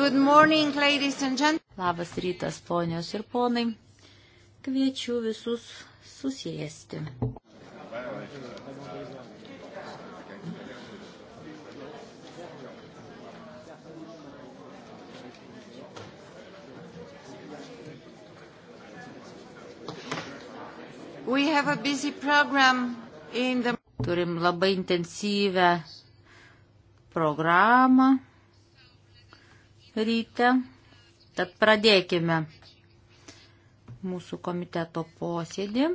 Good morning, ladies and gentlemen. Labas rytas, ponios ir ponai. Kviečiu visus susėsti. We have a busy program in the... Turim labai intensyvę programą ryte. Tad pradėkime mūsų komiteto posėdį.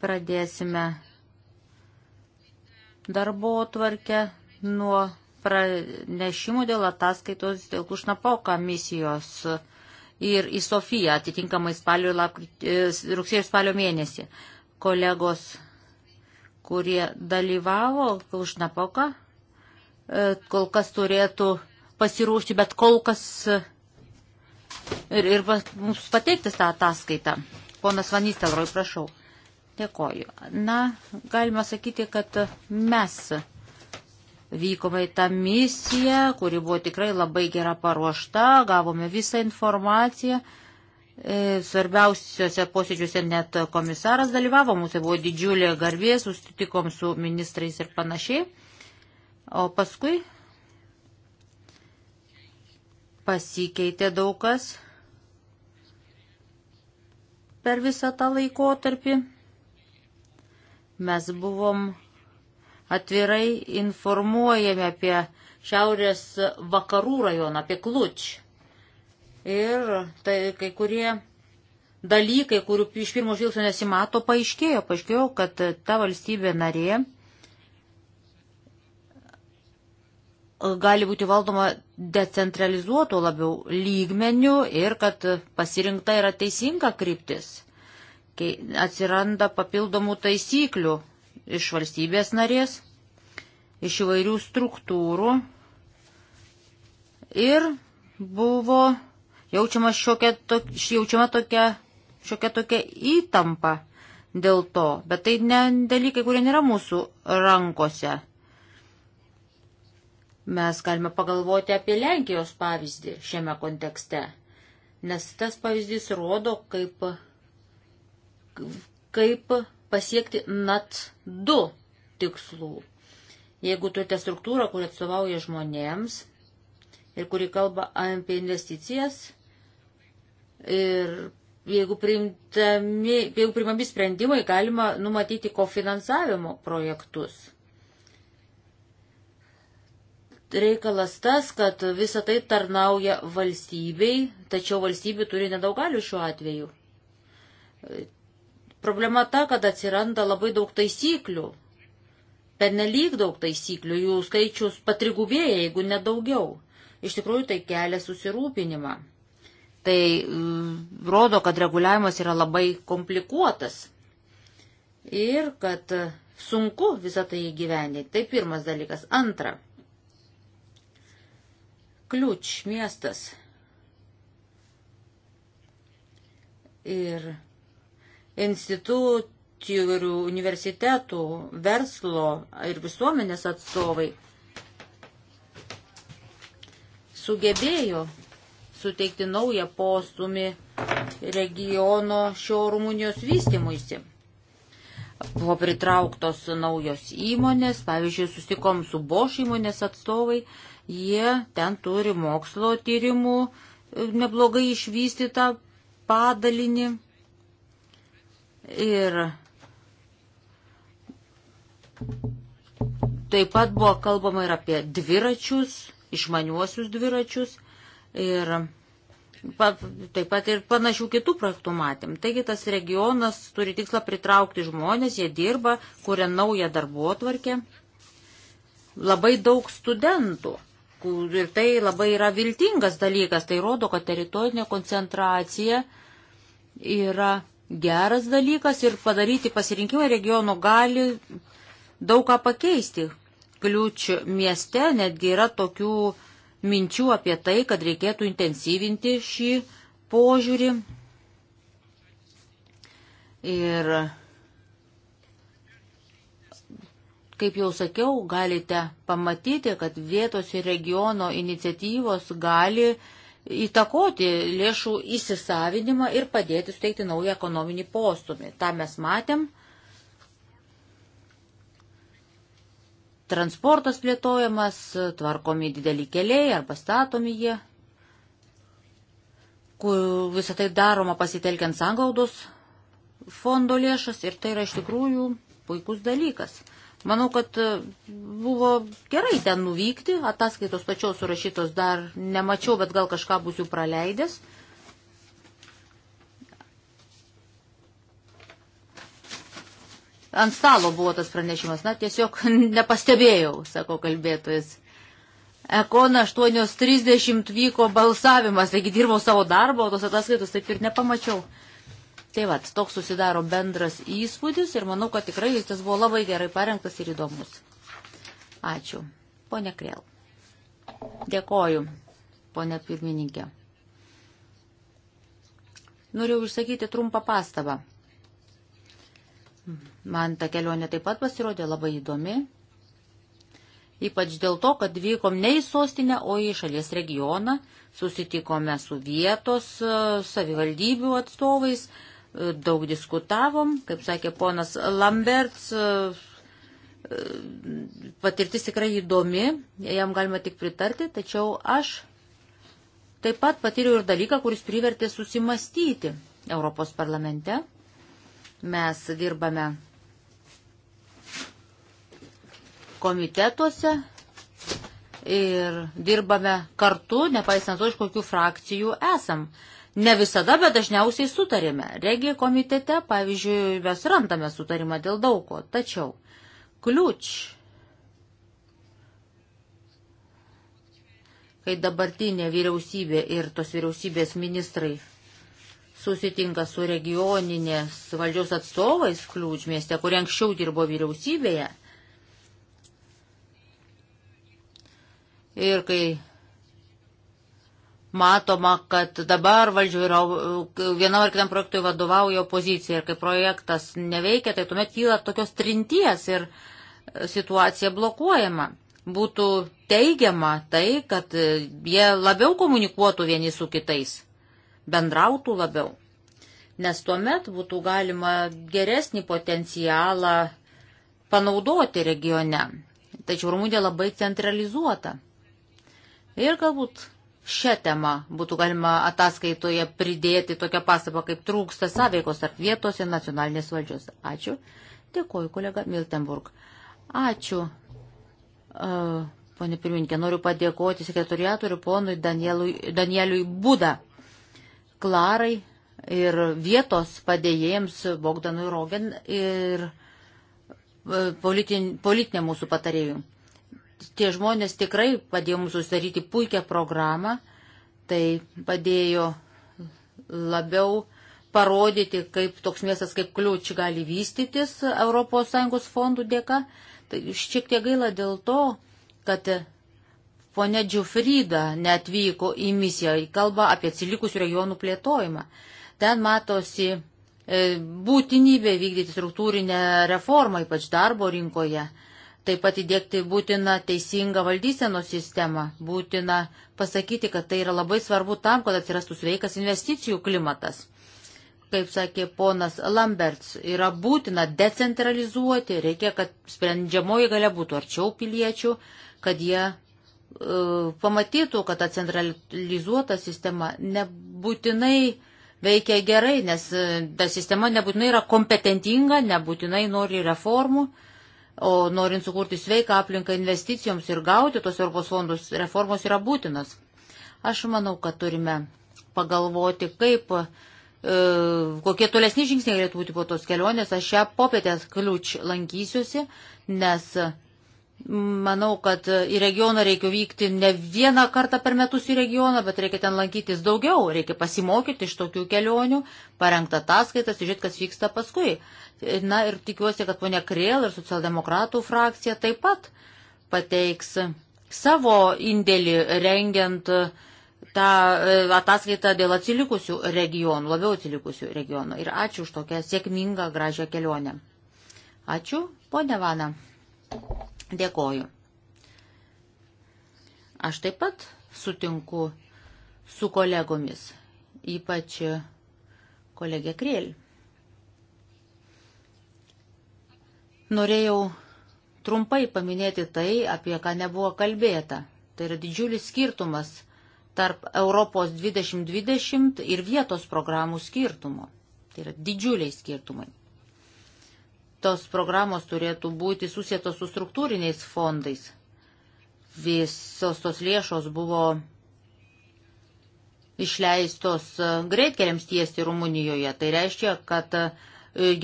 Pradėsime darbo tvarkę nuo pranešimų dėl ataskaitos dėl Kušnapoka misijos ir į Sofiją atitinkamai spalio, lapkritį, e, rugsėjo spalio mėnesį. Kolegos kurie dalyvavo už napoką, e, kol kas turėtų pasiruošti, bet kol kas e, ir, ir mums pateikti tą ataskaitą. Ponas Vanistelroj, prašau. Dėkoju. Na, galima sakyti, kad mes vykome į tą misiją, kuri buvo tikrai labai gera paruošta, gavome visą informaciją. Uh, E, Svarbiausiuose posėdžiuose net komisaras dalyvavo, mūsų buvo didžiulė garbė, susitikom su ministrais ir panašiai. O paskui pasikeitė daug kas per visą tą laikotarpį. Mes buvom atvirai informuojami apie šiaurės vakarų rajoną, apie Klučį. Ir tai kai kurie dalykai, kurių iš pirmo žvilgsnio nesimato, paaiškėjo. Paaiškėjo, kad ta valstybė narė gali būti valdoma decentralizuotų labiau lygmenių ir kad pasirinkta yra teisinga kryptis. Kai atsiranda papildomų taisyklių iš valstybės narės, iš įvairių struktūrų ir buvo Jaučiama, šiokia, to, jaučiama tokia, šiokia tokia įtampa dėl to, bet tai ne dalykai, kurie nėra mūsų rankose. Mes galime pagalvoti apie Lenkijos pavyzdį šiame kontekste, nes tas pavyzdys rodo, kaip, kaip pasiekti net du tikslų. Jeigu turite struktūrą, kuri atstovauja žmonėms ir kuri kalba apie investicijas, Ir jeigu, priimtami, jeigu primami sprendimai, galima numatyti kofinansavimo projektus. Reikalas tas, kad visa tai tarnauja valstybei, tačiau valstybė turi nedaug galių šiuo atveju. Problema ta, kad atsiranda labai daug taisyklių, pernelyg daug taisyklių, jų skaičius patrigubėja, jeigu nedaugiau. Iš tikrųjų tai kelia susirūpinimą. Tai e, rodo, kad reguliavimas yra labai komplikuotas ir kad sunku visą tai įgyvendinti. Tai pirmas dalykas. Antra. Kliūč miestas. Ir institucijų, universitetų, verslo ir visuomenės atstovai sugebėjo suteikti naują postumį regiono šio Rumunijos vystimuisi. Buvo pritrauktos naujos įmonės, pavyzdžiui, sustikom su Boš įmonės atstovai, jie ten turi mokslo tyrimų, e, neblogai išvystytą padalinį. Ir taip pat buvo kalbama ir apie dviračius, išmaniuosius dviračius. Ir pa, taip pat ir panašių kitų projektų matėm. Taigi tas regionas turi tikslą pritraukti žmonės, jie dirba, kuria naują darbuotvarkę. Labai daug studentų. Ir tai labai yra viltingas dalykas. Tai rodo, kad teritorinė koncentracija yra geras dalykas ir padaryti pasirinkimą regionų gali daug ką pakeisti. Kliūčių mieste netgi yra tokių minčių apie tai, kad reikėtų intensyvinti šį požiūrį. Ir kaip jau sakiau, galite pamatyti, kad vietos ir regiono iniciatyvos gali įtakoti lėšų įsisavinimą ir padėti suteikti naują ekonominį postumį. Ta mes matėm transportas plėtojamas, tvarkomi dideli keliai arba statomi jie, kur visą tai daroma pasitelkiant sanglaudos fondo lėšas ir tai yra iš tikrųjų puikus dalykas. Manau, kad e, buvo gerai ten nuvykti, ataskaitos pačios surašytos dar nemačiau, bet gal kažką būsiu praleidęs. ant stalo buvo tas pranešimas. Na, tiesiog nepastebėjau, sako kalbėtojas. Ekona 8.30 vyko balsavimas, taigi dirbau savo darbą, o tos ataskaitos taip ir nepamačiau. Tai va, toks susidaro bendras įspūdis ir manau, kad tikrai jis tas buvo labai gerai parengtas ir įdomus. Ačiū. Pone Krėl. Dėkoju, ponė pirmininkė. Norėjau išsakyti trumpą pastabą Man ta kelionė taip pat pasirodė labai įdomi, ypač dėl to, kad vykom ne į sostinę, o į šalies regioną, susitikome su vietos e, savivaldybių atstovais, e, daug diskutavom, kaip sakė ponas Lamberts, e, patirtis tikrai įdomi, jam galima tik pritarti, tačiau aš taip pat patyriau ir dalyką, kuris privertė susimastyti Europos parlamente. Mes dirbame komitetuose ir dirbame kartu, nepaisant to, iš kokių frakcijų esam. Ne visada, bet dažniausiai sutarėme. Regija komitete, pavyzdžiui, mes randame sutarimą dėl daugo. Tačiau kliūč, kai dabartinė vyriausybė ir tos vyriausybės ministrai susitinka su regioninės valdžios atstovais Kliūdžmėste, kur anksčiau dirbo vyriausybėje. Ir kai matoma, kad dabar valdžio yra vienam ar kitam projektui vadovauja opozicija ir kai projektas neveikia, tai tuomet kyla tokios trinties ir situacija blokuojama. Būtų teigiama tai, kad jie labiau komunikuotų vieni su kitais bendrautų labiau, nes tuomet būtų galima geresnį potencialą panaudoti regione. Tačiau Rumunija labai centralizuota. Ir galbūt šią temą būtų galima ataskaitoje pridėti tokią pastabą, kaip trūksta sąveikos tarp vietos ir nacionalinės valdžios. Ačiū. Dėkuoju, kolega Miltenburg. Ačiū. Uh, Pone pirmininkė, noriu padėkoti sekretoriatoriu ponui Danielui, Danieliui Buda Klarai ir vietos padėjėjams Bogdanui Rogen ir e, politin, politinė mūsų patarėjų. Tie žmonės tikrai padėjo mums susidaryti puikią programą, tai padėjo labiau parodyti, kaip toks miestas kaip kliūč gali vystytis ES fondų dėka. Tai šiek tiek gaila dėl to, kad Pone Džiufrida netvyko į misiją, kalba apie atsilikusių regionų plėtojimą. Ten matosi e, būtinybė vykdyti struktūrinę reformą, ypač darbo rinkoje. Taip pat įdėkti būtina teisinga valdysenos sistema, būtina pasakyti, kad tai yra labai svarbu tam, kad atsirastų sveikas investicijų klimatas. Kaip sakė ponas Lamberts, yra būtina decentralizuoti, reikia, kad sprendžiamoji galia būtų arčiau piliečių, kad jie E, pamatytų, kad ta centralizuota sistema nebūtinai veikia gerai, nes e, ta sistema nebūtinai yra kompetentinga, nebūtinai nori reformų, o norint sukurti sveiką aplinką investicijoms ir gauti tos Europos fondus, reformos yra būtinas. Aš manau, kad turime pagalvoti, kaip e, kokie tolesni žingsniai galėtų būti po tos kelionės. Aš šią popietę kliūč lankysiuosi, nes Manau, kad į regioną reikia vykti ne vieną kartą per metus į regioną, bet reikia ten lankytis daugiau, reikia pasimokyti iš tokių kelionių, parengti ataskaitas, žiūrėti, kas vyksta paskui. Na ir tikiuosi, kad ponia Kriel ir socialdemokratų frakcija taip pat pateiks savo indėlį rengiant tą e, ataskaitą dėl atsilikusių regionų, labiau atsilikusių regionų. Ir ačiū už tokią sėkmingą, gražią kelionę. Ačiū, ponia Vana. Dėkoju. Aš taip pat sutinku su kolegomis, ypač kolegė Krėl. Norėjau trumpai paminėti tai, apie ką nebuvo kalbėta. Tai yra didžiulis skirtumas tarp Europos 2020 ir vietos programų skirtumo. Tai yra didžiuliai skirtumai tos programos turėtų būti susijętos su struktūriniais fondais. Visos tos lėšos buvo išleistos greitkeliams tiesti Rumunijoje. Tai reiškia, kad e,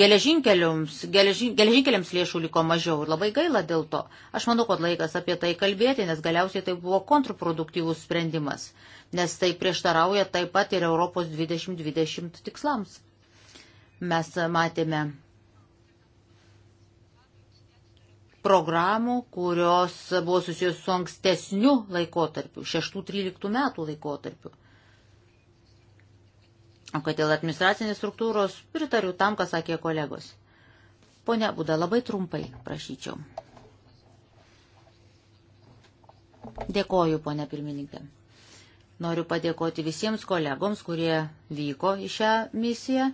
geležinkeliams, geležin, geležinkeliams lėšų liko mažiau ir labai gaila dėl to. Aš manau, kad laikas apie tai kalbėti, nes galiausiai tai buvo kontraproduktyvus sprendimas, nes tai prieštarauja taip pat ir Europos 2020 tikslams. Mes matėme programų, kurios buvo susijęs su ankstesniu laikotarpiu, 6-13 metų laikotarpiu. O kad dėl administracinės struktūros pritariu tam, ką sakė kolegos. Pone Būda, labai trumpai prašyčiau. Dėkoju, ponė pirmininkė. Noriu padėkoti visiems kolegoms, kurie vyko į šią misiją.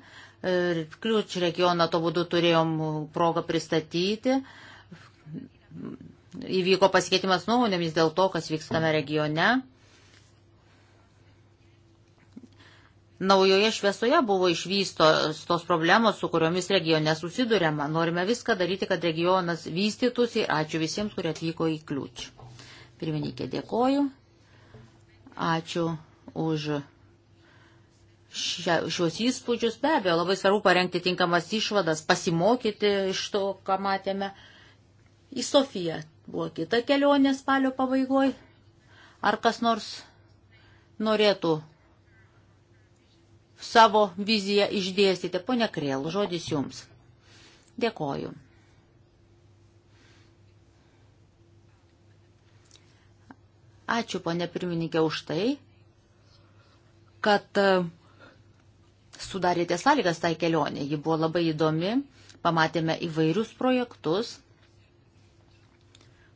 Ir kliūč regioną to būdu turėjom progą pristatyti įvyko pasikeitimas nuomonėmis dėl to, kas vyksta tame regione. Naujoje šviesoje buvo išvystos tos problemos, su kuriomis regione susidurėma. Norime viską daryti, kad regionas vystytųsi. Ačiū visiems, kurie atvyko į kliūčių. Pirmininkė, dėkoju. Ačiū už šia, šios įspūdžius. Be abejo, labai svarbu parengti tinkamas išvadas, pasimokyti iš to, ką matėme į Sofiją. Buvo kita kelionė spalio pabaigoj. Ar kas nors norėtų savo viziją išdėstyti? Pone Krėl, žodis jums. Dėkoju. Ačiū, ponė pirmininkė, už tai, kad e, sudarėte sąlygas tai kelionė. Ji buvo labai įdomi, pamatėme įvairius projektus –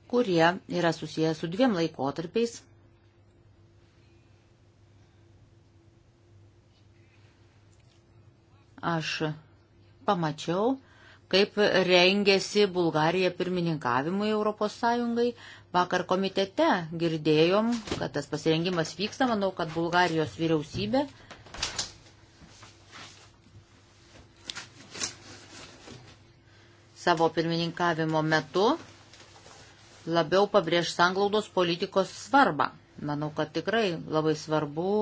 kurie yra susiję su dviem laikotarpiais. Aš pamačiau, kaip rengėsi Bulgarija pirmininkavimui Europos Sąjungai. Vakar komitete girdėjom, kad tas pasirengimas vyksta, manau, kad Bulgarijos vyriausybė savo pirmininkavimo metu labiau pabrėž sanglaudos politikos svarbą. Manau, kad tikrai labai svarbu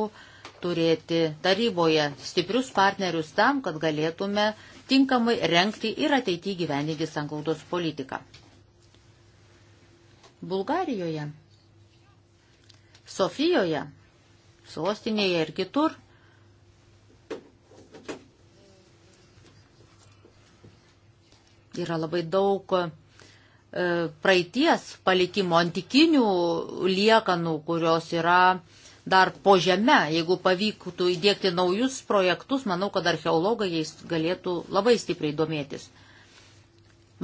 turėti taryboje stiprius partnerius tam, kad galėtume tinkamai renkti ir ateityje gyveninti sanglaudos politiką. Bulgarijoje, Sofijoje, sostinėje ir kitur yra labai daug E, praeities palikimo, antikinių liekanų, kurios yra dar po žeme. Jeigu pavyktų įdėkti naujus projektus, manau, kad archeologai jais galėtų labai stipriai domėtis.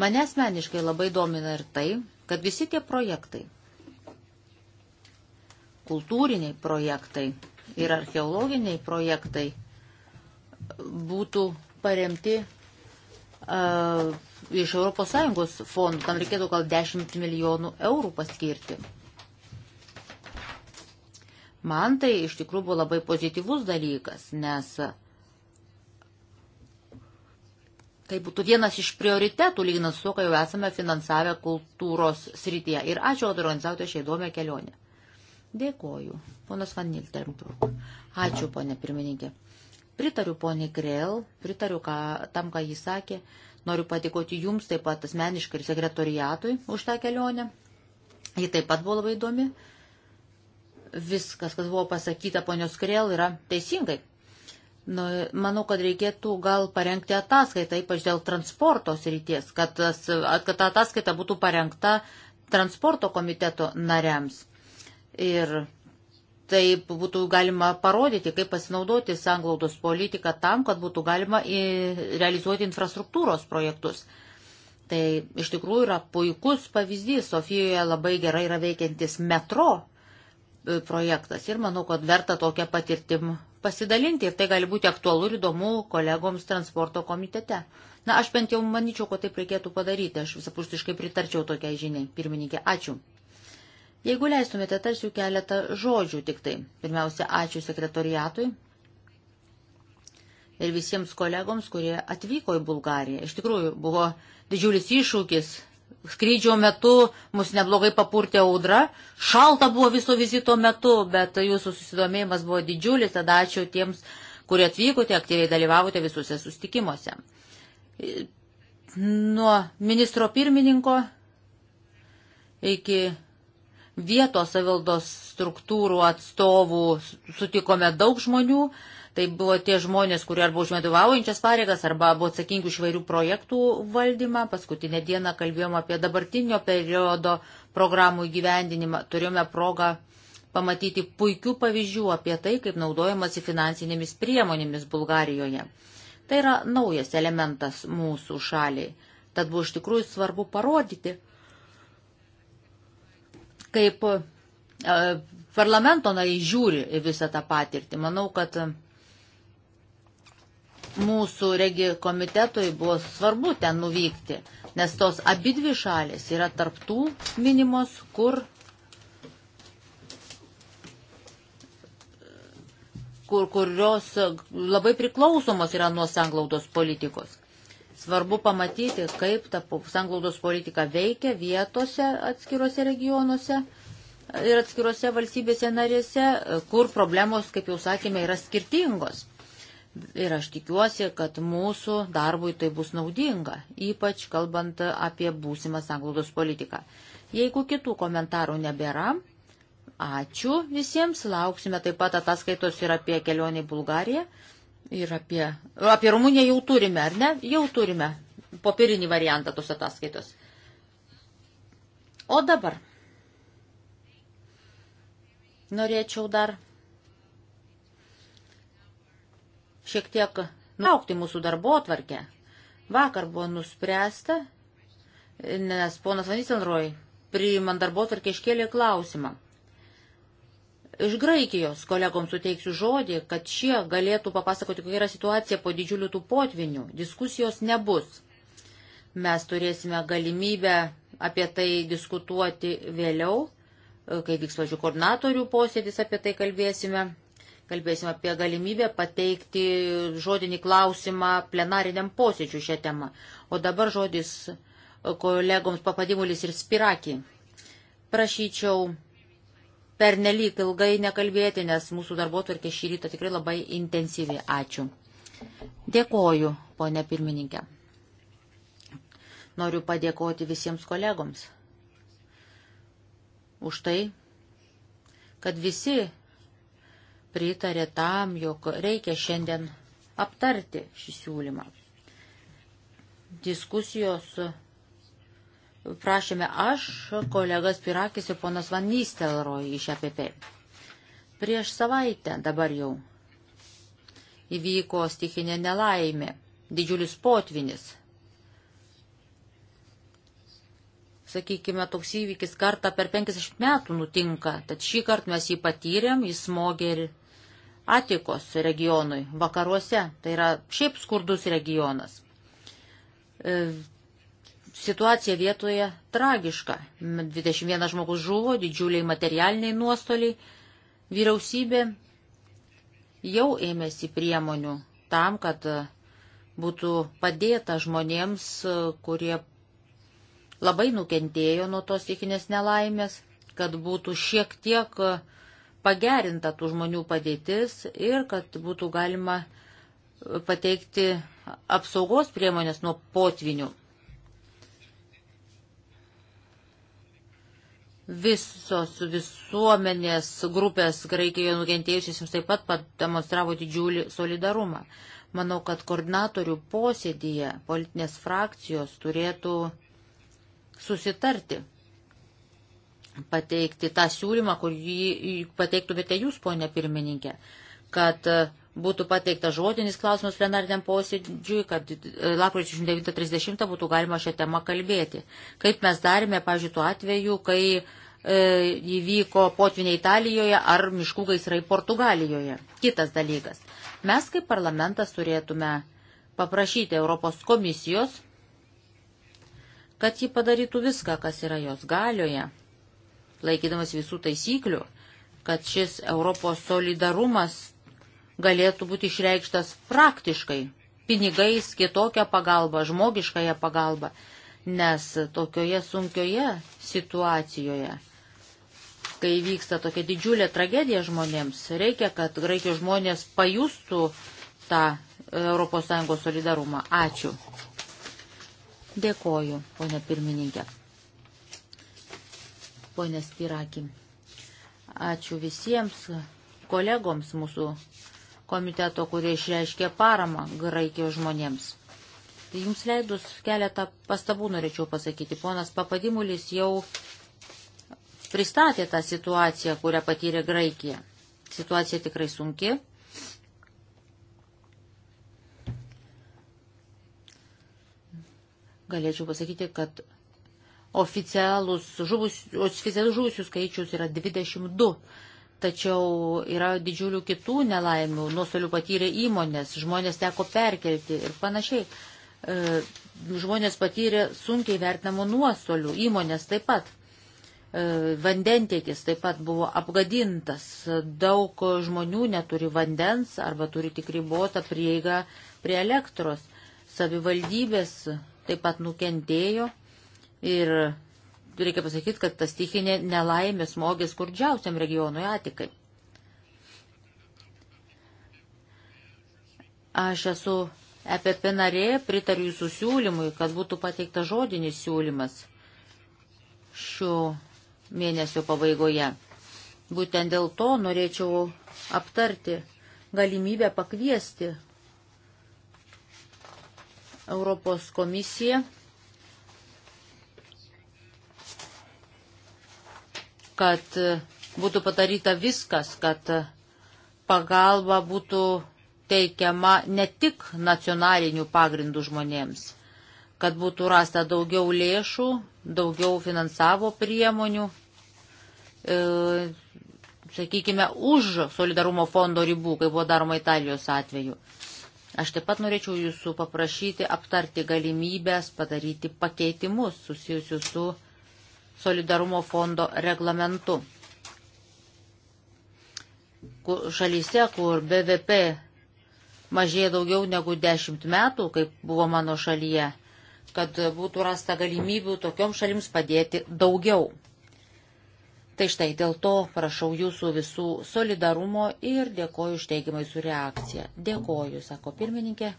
Mane asmeniškai labai domina ir tai, kad visi tie projektai, kultūriniai projektai ir archeologiniai projektai būtų paremti uh, iš ES fondų, tam reikėtų gal 10 milijonų eurų paskirti. Man tai iš tikrųjų buvo labai pozityvus dalykas, nes tai būtų vienas iš prioritetų, lyginant su to, ką jau esame finansavę kultūros srityje. Ir ačiū organizatoriui šią įdomią kelionę. Dėkoju, ponas Van Nilterbruk. Ačiū, ponė pirmininkė. Pritariu poniai Grėl, pritariu ką, tam, ką jis sakė. Noriu patikoti jums taip pat asmeniškai ir sekretoriatui už tą kelionę. Ji taip pat buvo labai įdomi. Viskas, kas buvo pasakyta ponios Grėl, yra teisingai. Nu, manau, kad reikėtų gal parengti ataskaitą, ypač dėl transporto srities, kad, tas, kad ta ataskaita būtų parengta transporto komiteto nariams. Ir Taip būtų galima parodyti, kaip pasinaudoti sanglaudos politiką tam, kad būtų galima realizuoti infrastruktūros projektus. Tai iš tikrųjų yra puikus pavyzdys. Sofijoje labai gerai yra veikiantis metro e, projektas ir manau, kad verta tokią patirtim pasidalinti ir tai gali būti aktualu ir įdomu kolegoms transporto komitete. Na, aš bent jau manyčiau, kad taip reikėtų padaryti. Aš visapustiškai pritarčiau tokiai žiniai. Pirmininkė, ačiū. Jeigu leistumėte, tarsiu keletą žodžių tik tai. Pirmiausia, ačiū sekretoriatui ir visiems kolegoms, kurie atvyko į Bulgariją. Iš tikrųjų, buvo didžiulis iššūkis. Skrydžio metu mus neblogai papurtė audra, šalta buvo viso vizito metu, bet jūsų susidomėjimas buvo didžiulis, tada ačiū tiems, kurie atvykote, aktyviai dalyvavote visuose sustikimuose. Nuo ministro pirmininko iki vietos savildos struktūrų atstovų sutikome daug žmonių. Tai buvo tie žmonės, kurie arba užmedovaujančias pareigas, arba buvo atsakingi už vairių projektų valdymą. Paskutinę dieną kalbėjom apie dabartinio periodo programų įgyvendinimą. Turėjome progą pamatyti puikių pavyzdžių apie tai, kaip naudojamasi finansinėmis priemonėmis Bulgarijoje. Tai yra naujas elementas mūsų šaliai. Tad buvo iš tikrųjų svarbu parodyti, kaip e, parlamento nariai žiūri į visą tą patirtį. Manau, kad e, mūsų regi komitetui buvo svarbu ten nuvykti, nes tos abidvi šalės yra tarptų minimos, kur, kur kurios labai priklausomos yra nuo sanglaudos politikos. Svarbu pamatyti, kaip ta sanglaudos politika veikia vietose atskiruose regionuose ir atskiruose valstybėse narėse, kur problemos, kaip jau sakėme, yra skirtingos. Ir aš tikiuosi, kad mūsų darbui tai bus naudinga, ypač kalbant apie būsimą sanglaudos politiką. Jeigu kitų komentarų nebėra, ačiū visiems, lauksime taip pat ataskaitos ir apie kelionį į Bulgariją ir apie, apie Rumuniją jau turime, ar ne? Jau turime popierinį variantą tos ataskaitos. O dabar norėčiau dar šiek tiek naukti mūsų darbo atvarkę. Vakar buvo nuspręsta, nes ponas Vanisenroj priimant darbo atvarkę iškėlė klausimą – iš Graikijos kolegoms suteiksiu žodį, kad šie galėtų papasakoti, kokia yra situacija po didžiulių tų potvinių. Diskusijos nebus. Mes turėsime galimybę apie tai diskutuoti vėliau, kai vyks, pažiūrėjau, koordinatorių posėdis apie tai kalbėsime. Kalbėsime apie galimybę pateikti žodinį klausimą plenariniam posėdžiu šią temą. O dabar žodis kolegoms Papadimulis ir Spiraki. Prašyčiau per nelik ilgai nekalbėti, nes mūsų darbo tvarkė šį rytą tikrai labai intensyvi. Ačiū. Dėkoju, ponė pirmininkė. Noriu padėkoti visiems kolegoms už tai, kad visi pritarė tam, jog reikia šiandien aptarti šį siūlymą. Diskusijos prašėme aš, kolegas Pirakis ir ponas Van Nistelroj iš APP. Prieš savaitę dabar jau įvyko stikinė nelaimė, didžiulis potvinis. Sakykime, toks įvykis kartą per 50 metų nutinka, tad šį kartą mes jį patyrėm, jis smogė ir Atikos regionui, vakaruose, tai yra šiaip skurdus regionas. E, situacija vietoje tragiška. 21 žmogus žuvo, didžiuliai materialiniai nuostoliai. Vyriausybė jau ėmėsi priemonių tam, kad būtų padėta žmonėms, kurie labai nukentėjo nuo tos tikinės nelaimės, kad būtų šiek tiek pagerinta tų žmonių padėtis ir kad būtų galima pateikti apsaugos priemonės nuo potvinių. Visos visuomenės grupės Graikijoje nukentėjusiesiems taip pat pademonstravo didžiulį solidarumą. Manau, kad koordinatorių posėdėje politinės frakcijos turėtų susitarti, pateikti tą siūlymą, kurį pateiktumėte jūs, ponė pirmininkė, kad būtų pateiktas žodinis klausimas plenariniam posėdžiui, kad e, lapkričio 29.30 būtų galima šią temą kalbėti. Kaip mes darėme, pažiūrėjau, tuo atveju, kai e, įvyko potviniai Italijoje ar miškų gaisrai Portugalijoje. Kitas dalykas. Mes kaip parlamentas turėtume paprašyti Europos komisijos, kad ji padarytų viską, kas yra jos galioje, laikydamas visų taisyklių, kad šis Europos solidarumas galėtų būti išreikštas praktiškai, pinigais, kitokią pagalbą, žmogiškąją pagalbą, nes tokioje sunkioje situacijoje kai vyksta tokia didžiulė tragedija žmonėms, reikia, kad graikijos žmonės pajustų tą ES solidarumą. Ačiū. Dėkoju, ponė pirmininkė. Ponė Spirakim. Ačiū visiems kolegoms mūsų komiteto, kurie išreiškė paramą Graikijos žmonėms. Tai jums leidus keletą pastabų norėčiau pasakyti. Ponas Papadimulis jau pristatė tą situaciją, kurią patyrė Graikija. Situacija tikrai sunki. Galėčiau pasakyti, kad oficialus žuvusių skaičius yra 22 tačiau yra didžiulių kitų nelaimių, nuostolių patyrė įmonės, žmonės teko perkelti ir panašiai. E, žmonės patyrė sunkiai vertinamų nuostolių, įmonės taip pat. E, Vandentėkis taip pat buvo apgadintas, daug žmonių neturi vandens arba turi tik ribotą prieigą prie elektros. Savivaldybės taip pat nukentėjo ir reikia pasakyti, kad tas stichinė nelaimė smogė skurdžiausiam regionui Atikai. Aš esu EPP narė, pritariu jūsų siūlymui, kad būtų pateikta žodinis siūlymas šio mėnesio pabaigoje. Būtent dėl to norėčiau aptarti galimybę pakviesti Europos komisiją kad būtų padaryta viskas, kad pagalba būtų teikiama ne tik nacionalinių pagrindų žmonėms, kad būtų rasta daugiau lėšų, daugiau finansavo priemonių, e, sakykime, už solidarumo fondo ribų, kaip buvo daroma Italijos atveju. Aš taip pat norėčiau jūsų paprašyti aptarti galimybės padaryti pakeitimus susijusius su solidarumo fondo reglamentu. Šalyse, kur BVP mažėja daugiau negu 10 metų, kaip buvo mano šalyje, kad būtų rasta galimybių tokiom šalims padėti daugiau. Tai štai dėl to prašau jūsų visų solidarumo ir dėkoju už teigiamą jūsų reakciją. Dėkoju, sako pirmininkė.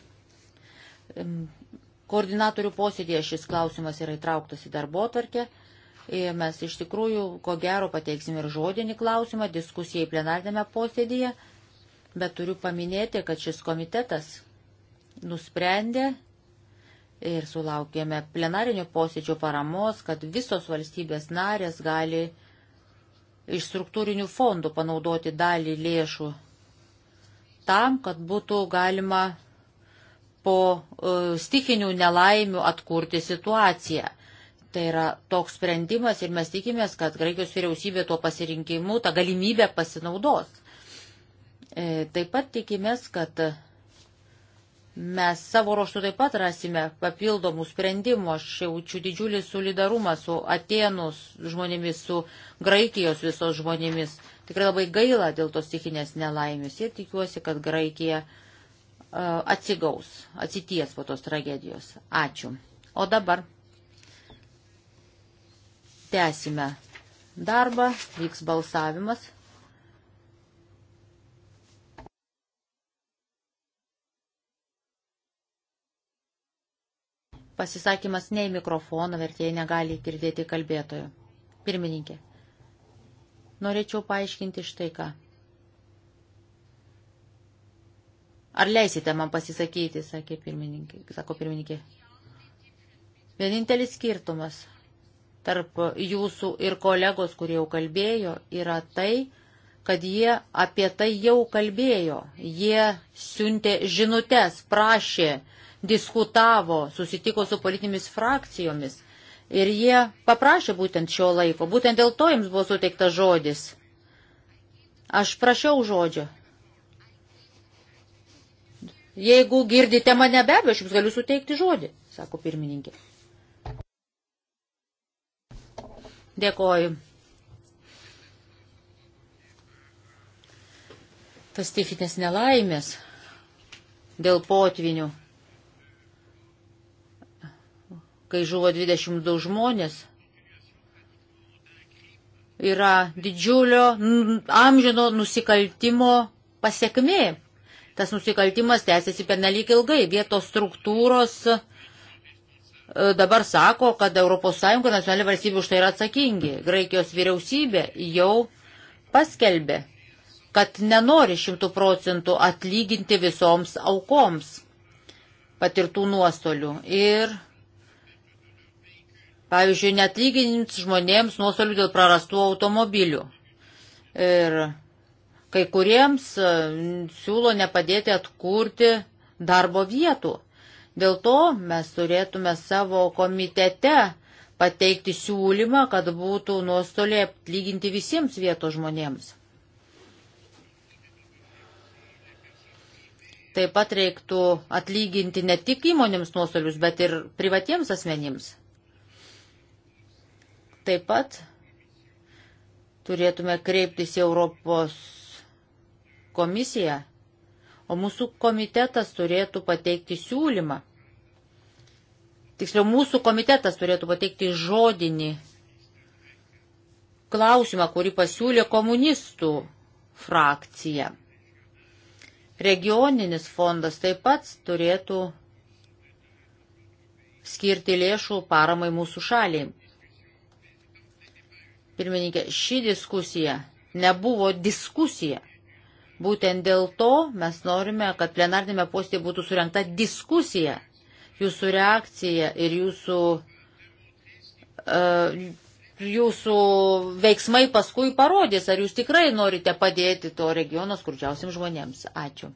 Koordinatorių posėdėje šis klausimas yra įtrauktas į darbo tarkę. Ir mes iš tikrųjų, ko gero, pateiksim ir žodinį klausimą diskusijai plenardėme posėdėje, bet turiu paminėti, kad šis komitetas nusprendė ir sulaukėme plenarinio posėdžio paramos, kad visos valstybės narės gali iš struktūrinių fondų panaudoti dalį lėšų tam, kad būtų galima po uh, e, stikinių nelaimių atkurti situaciją Tai yra toks sprendimas ir mes tikimės, kad Graikijos vyriausybė tuo pasirinkimu tą galimybę pasinaudos. E, taip pat tikimės, kad mes savo ruoštų taip pat rasime papildomų sprendimų. Aš jaučiu didžiulį solidarumą su Atenus žmonėmis, su Graikijos visos žmonėmis. Tikrai labai gaila dėl tos tikinės nelaimės ir tikiuosi, kad Graikija uh, atsigaus, atsities po tos tragedijos. Ačiū. O dabar Tęsime darbą, vyks balsavimas. Pasisakymas ne į mikrofoną, vertėjai negali girdėti kalbėtojo. Pirmininkė, norėčiau paaiškinti štai ką. Ar leisite man pasisakyti, sakė pirmininkė, sako pirmininkė. Vienintelis skirtumas tarp jūsų ir kolegos, kurie jau kalbėjo, yra tai, kad jie apie tai jau kalbėjo. Jie siuntė žinutės, prašė, diskutavo, susitiko su politinėmis frakcijomis. Ir jie paprašė būtent šio laiko. Būtent dėl to jums buvo suteiktas žodis. Aš prašiau žodžio. Jeigu girdite mane be abejo, aš jums galiu suteikti žodį, sako pirmininkė. Dėkoju. Tas stifinės nelaimės dėl potvinių, kai žuvo 22 žmonės, yra didžiulio amžino nusikaltimo pasiekmė. Tas nusikaltimas tęsiasi pernelyg ilgai. Vietos struktūros E, dabar sako, kad ES nacionalinė valstybė už tai yra atsakingi. Graikijos vyriausybė jau paskelbė, kad nenori šimtų procentų atlyginti visoms aukoms patirtų nuostolių. Ir, pavyzdžiui, netlyginims žmonėms nuostolių dėl prarastų automobilių. Ir kai kuriems e, siūlo nepadėti atkurti darbo vietų. Dėl to mes turėtume savo komitete pateikti siūlymą, kad būtų nuostoliai atlyginti visiems vietos žmonėms. Taip pat reiktų atlyginti ne tik įmonėms nuostolius, bet ir privatiems asmenims. Taip pat turėtume kreiptis į Europos komisiją o mūsų komitetas turėtų pateikti siūlymą. Tiksliau, mūsų komitetas turėtų pateikti žodinį klausimą, kurį pasiūlė komunistų frakcija. Regioninis fondas taip pat turėtų skirti lėšų paramai mūsų šaliai. Pirmininkė, ši diskusija nebuvo diskusija. Būtent dėl to mes norime, kad plenarnėme postėje būtų surinkta diskusija, jūsų reakcija ir jūsų, e, jūsų veiksmai paskui parodys, ar jūs tikrai norite padėti to regiono skurdžiausiam žmonėms. Ačiū.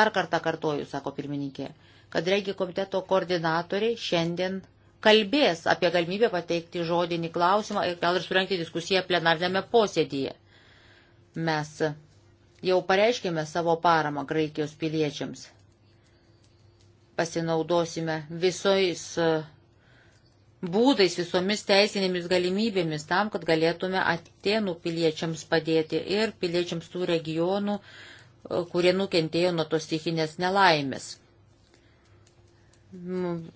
Dar kartą kartoju, sako pirmininkė, kad regio komiteto koordinatoriai šiandien kalbės apie galimybę pateikti žodinį klausimą ir gal ir surenkti diskusiją plenarnėme posėdyje. Mes jau pareiškėme savo paramą Graikijos piliečiams. Pasinaudosime visais e, būdais, visomis teisinėmis galimybėmis tam, kad galėtume atėnų piliečiams padėti ir piliečiams tų regionų, e, kurie nukentėjo nuo tos stichinės nelaimės.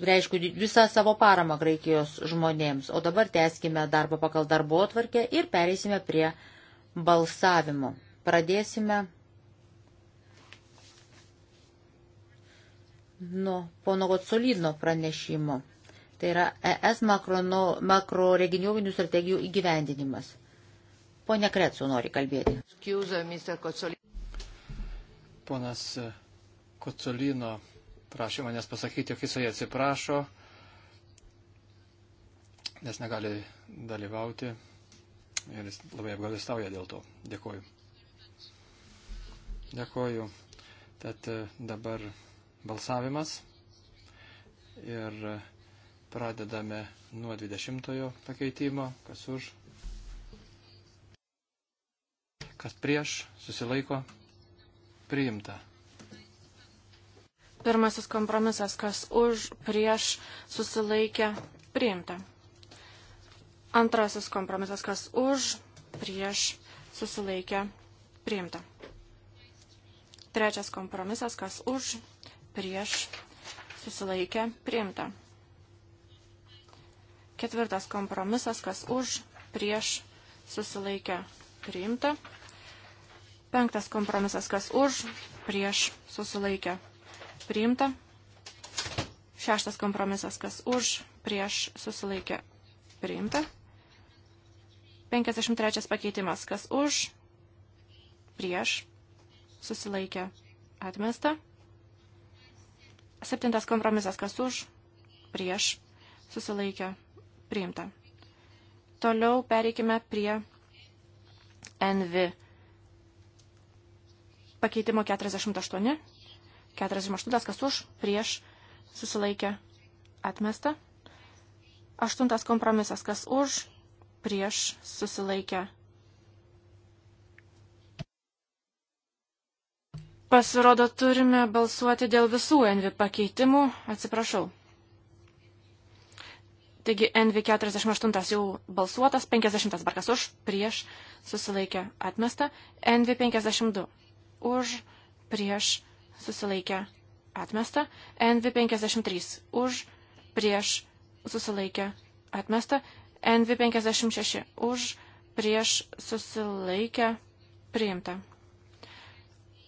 Reišku, visą savo paramą Graikijos žmonėms. O dabar tęskime darbą pagal darbo atvarkę ir pereisime prie balsavimo. Pradėsime nuo pono Gotsolino pranešimo. Tai yra ES makrono, makro regioninių strategijų įgyvendinimas. Pone Kretsu nori kalbėti. Ponas Kocolino prašė manęs pasakyti, jog jisai atsiprašo, nes negali dalyvauti ir jis labai apgalistauja dėl to. Dėkuoju. Dėkoju. Tad e, dabar balsavimas ir e, pradedame nuo 20 pakeitimo, kas už, kas prieš, susilaiko, priimta. Pirmasis kompromisas, kas už, prieš, susilaikė, priimta. Antrasis kompromisas, kas už, prieš, susilaikė, priimta. Trečias kompromisas, kas už, prieš, susilaikė, priimta. Ketvirtas kompromisas, kas už, prieš, susilaikė, priimta. Penktas kompromisas, kas už, prieš, susilaikė, priimta. Šeštas kompromisas, kas už, prieš, susilaikė, priimta. 53 pakeitimas, kas už, prieš, susilaikė, atmesta. Septintas kompromisas, kas už, prieš, susilaikė, priimta. Toliau pereikime prie NV pakeitimo 48. 48, kas už, prieš, susilaikė, atmesta. Aštuntas kompromisas, kas už, prieš, susilaikė, atmesta Pasirodo, turime balsuoti dėl visų NV pakeitimų. Atsiprašau. Taigi NV 48 jau balsuotas, 50 barkas už, prieš, susilaikė, atmesta. NV 52 už, prieš, susilaikė, atmesta. NV 53 už, prieš, susilaikė, atmesta. NV 56 už, prieš, susilaikė, priimta.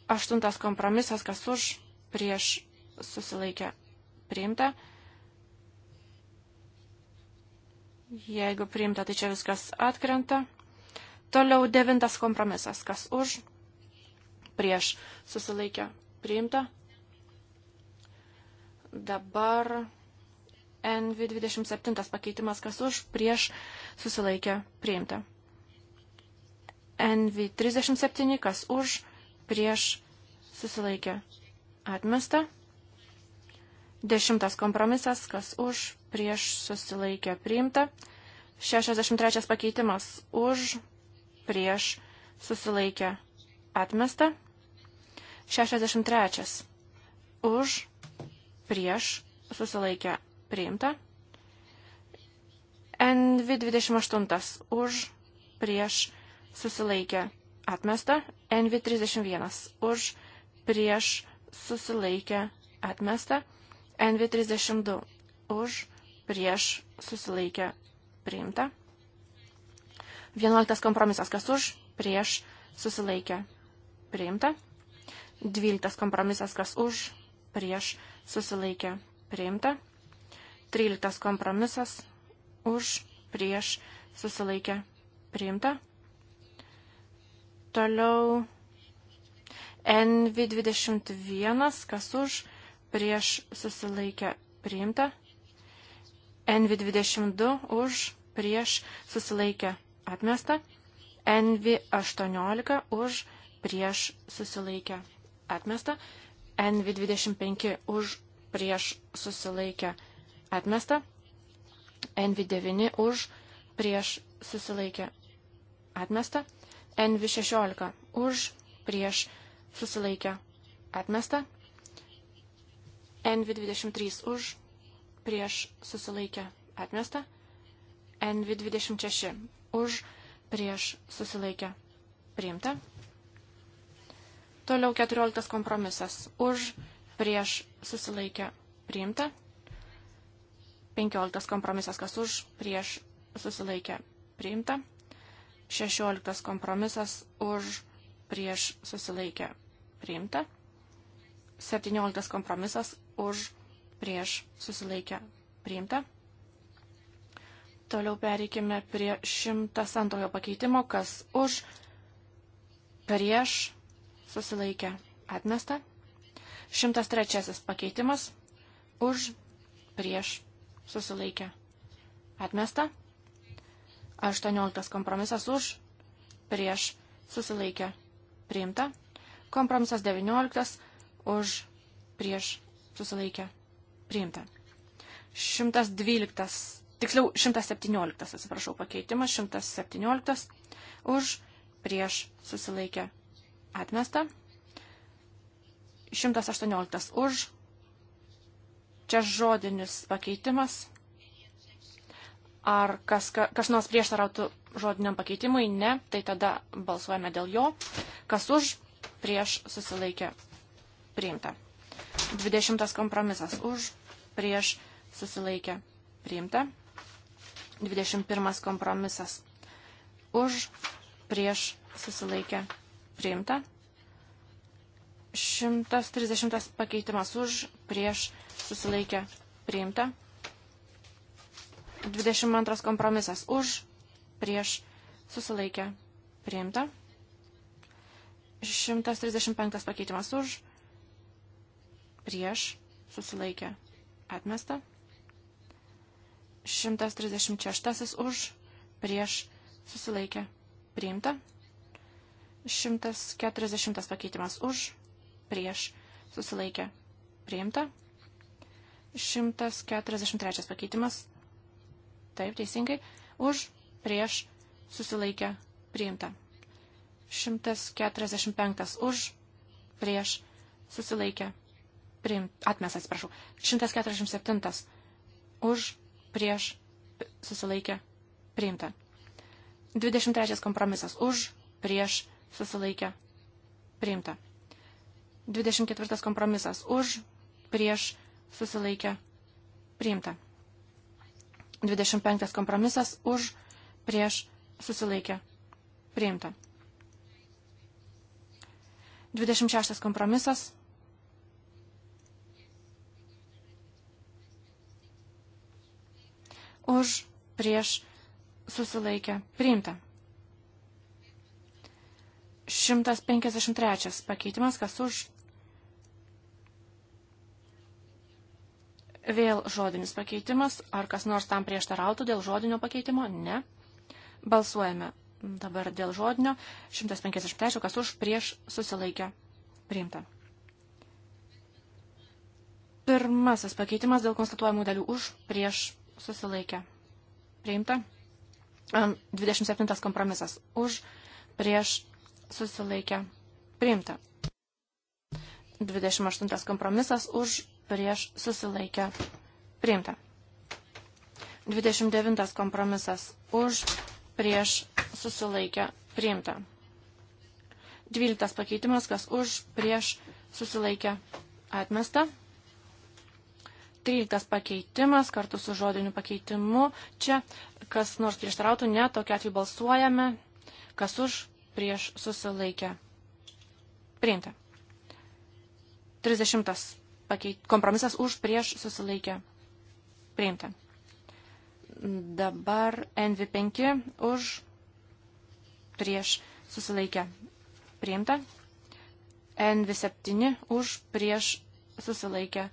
Aštuntas kompromisas, kas už, prieš susilaikė priimta. Jeigu priimta, tai čia viskas atkrenta. Toliau devintas kompromisas, kas už, prieš susilaikė priimta. Dabar NV27 pakeitimas, kas už, prieš susilaikė priimta. NV37, kas už, prieš prieš susilaikė atmesta. Dešimtas kompromisas, kas už, prieš susilaikė priimta. 63 pakeitimas už, prieš susilaikė atmesta. 63 už, prieš susilaikė priimta. NV28 už, prieš susilaikė atmesta. NV31 už prieš susilaikę atmestą, NV32 už prieš susilaikę priimtą. 11 kompromisas kas už prieš susilaikę priimtą. 12 kompromisas kas už prieš susilaikę priimtą. 13 kompromisas už prieš susilaikę priimtą. Toliau NV21, kas už, prieš susilaikę priimta. NV22 už, prieš susilaikę atmesta. NV18 už, prieš susilaikę atmesta. NV25 už, prieš susilaikę atmesta. NV9 už, prieš susilaikę atmesta. NV16 už prieš susilaikę atmesta. NV23 už prieš susilaikę atmesta. NV26 už prieš susilaikę priimta. Toliau 14 kompromisas už prieš susilaikę priimta. 15 kompromisas kas už prieš susilaikę priimta. 16 kompromisas už prieš susilaikę priimta. 17 kompromisas už prieš susilaikę priimta. Toliau pereikime prie 102 pakeitimo, kas už prieš susilaikę atmesta. 103 pakeitimas už prieš susilaikę atmesta. 18 kompromisas už, prieš, susilaikė, priimta. Kompromisas 19 už, prieš, susilaikė, priimta. 112, tiksliau 117, atsiprašau, pakeitimas, 117 už, prieš, susilaikė, atmesta. 118 už, čia žodinis pakeitimas Ar kas, kas nors prieštarautų žodiniam pakeitimui? Ne. Tai tada balsuojame dėl jo. Kas už, prieš susilaikė priimta. 20 kompromisas už, prieš susilaikė priimta. 21 kompromisas už, prieš susilaikė priimta. 130 pakeitimas už, prieš susilaikė priimta. 22 kompromisas už, prieš, susilaikė, priimta. 135 pakeitimas už, prieš, susilaikė, atmesta. 136 už, prieš, susilaikė, priimta. 140 pakeitimas už, prieš, susilaikė, priimta. 143 pakeitimas Taip, teisingai. Už, prieš, susilaikę, priimta. 145 už, prieš, susilaikę, priimta. Atmes, atsiprašau. 147 už, prieš, susilaikę, priimta. 23 kompromisas už, prieš, susilaikę, priimta. 24 kompromisas už, prieš, susilaikę, priimta. 25 kompromisas už prieš susilaikę priimta. 26 kompromisas. Už prieš susilaikę priimta. 153 pakeitimas, kas už Vėl žodinis pakeitimas. Ar kas nors tam prieštarautų dėl žodinio pakeitimo? Ne. Balsuojame dabar dėl žodinio. 153, kas už prieš susilaikę. Priimta. Pirmasis pakeitimas dėl konstatuojamų dalių už prieš susilaikę. Priimta. 27 kompromisas už prieš susilaikę. Priimta. 28 kompromisas už prieš susilaikę priimta. 29 kompromisas už prieš susilaikę priimta. 12 pakeitimas, kas už prieš susilaikę atmesta. 13 pakeitimas kartu su žodiniu pakeitimu. Čia kas nors prieštarautų, ne, tokia atveju balsuojame, kas už prieš susilaikę priimta. 30 pakeit, kompromisas už prieš susilaikė priimta. Dabar NV5 už prieš susilaikė priimta. NV7 už prieš susilaikė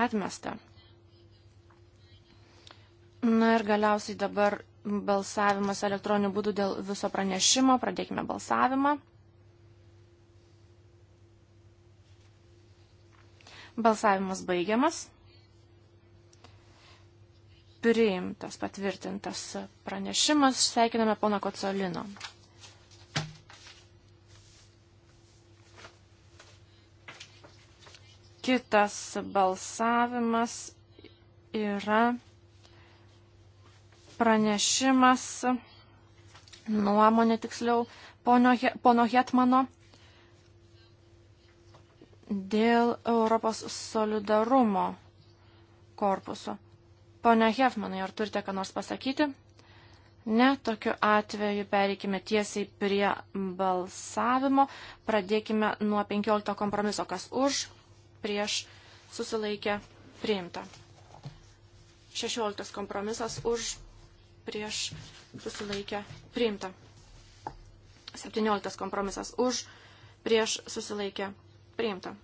atmesta. Na ir galiausiai dabar balsavimas elektroniniu būdu dėl viso pranešimo. Pradėkime balsavimą. Balsavimas baigiamas. Priimtas, patvirtintas pranešimas. Sveikiname pono Kocolino. Kitas balsavimas yra pranešimas, nuomonė tiksliau, pono, pono Hetmano dėl Europos solidarumo korpuso. Pone Hefmanai, ar turite ką nors pasakyti? Ne, tokiu atveju pereikime tiesiai prie balsavimo. Pradėkime nuo 15 kompromiso, kas už, prieš, susilaikė, priimta. 16 kompromisas už, prieš, susilaikė, priimta. 17 kompromisas už, prieš, susilaikė, Priimta.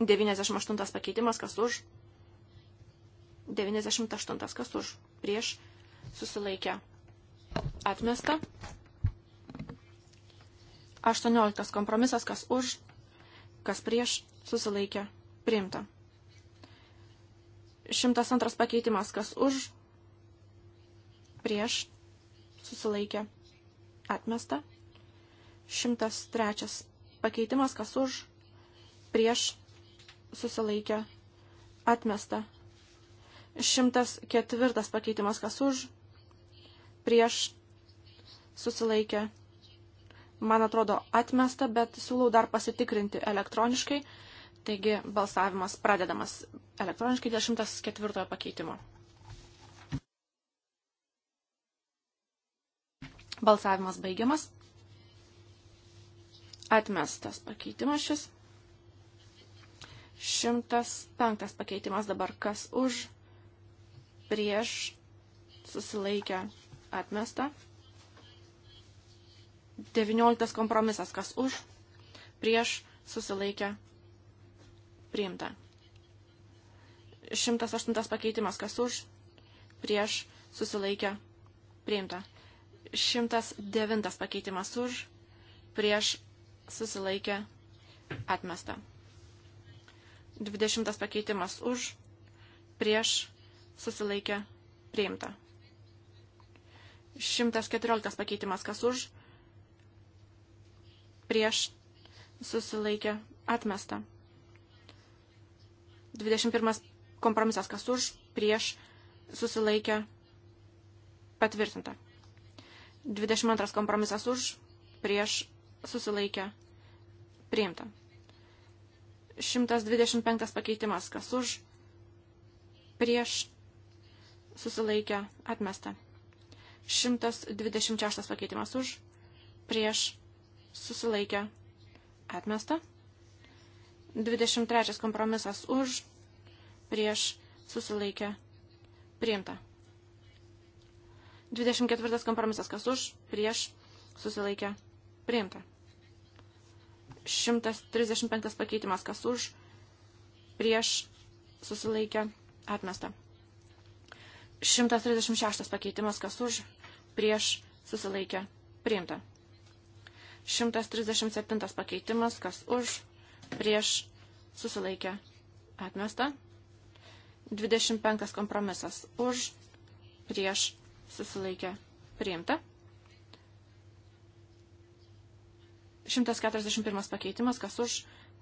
98 pakeitimas, kas už. 98 kas už. Prieš susilaikę. Atmesta. 18 kompromisas, kas už, kas prieš, susilaikė, priimta. 102 pakeitimas, kas už, prieš, susilaikė, atmesta. 103 pakeitimas, kas už, prieš, susilaikė, atmesta. 104 pakeitimas, kas už, prieš, susilaikė, man atrodo, atmesta, bet siūlau dar pasitikrinti elektroniškai. Taigi balsavimas pradedamas elektroniškai dėl 104 pakeitimo. Balsavimas baigiamas. Atmestas pakeitimas šis. 105 pakeitimas dabar kas už, prieš, susilaikę, atmesta. 19 kompromisas kas už, prieš, susilaikę, priimta. 108 pakeitimas kas už, prieš, susilaikę, priimta. 109 pakeitimas už, prieš, susilaikė, atmesta. 20 pakeitimas už, prieš, susilaikė, priimta. 114 pakeitimas kas už, prieš, susilaikė, atmesta. 21 kompromisas kas už, prieš, susilaikė, patvirtinta. 22 kompromisas už, prieš, susilaikė, Priimta. 125 pakeitimas. Kas už? Prieš. Susilaikę. Atmesta. 126 pakeitimas už. Prieš. Susilaikę. Atmesta. 23 kompromisas už. Prieš. Susilaikę. Priimta. 24 kompromisas kas už. Prieš. Susilaikę. Priimta. 135 pakeitimas, kas už, prieš, susilaikė, atmesta. 136 pakeitimas, kas už, prieš, susilaikė, priimta. 137 pakeitimas, kas už, prieš, susilaikė, atmesta. 25 kompromisas, už, prieš, susilaikė, priimta. 141 pakeitimas, kas už,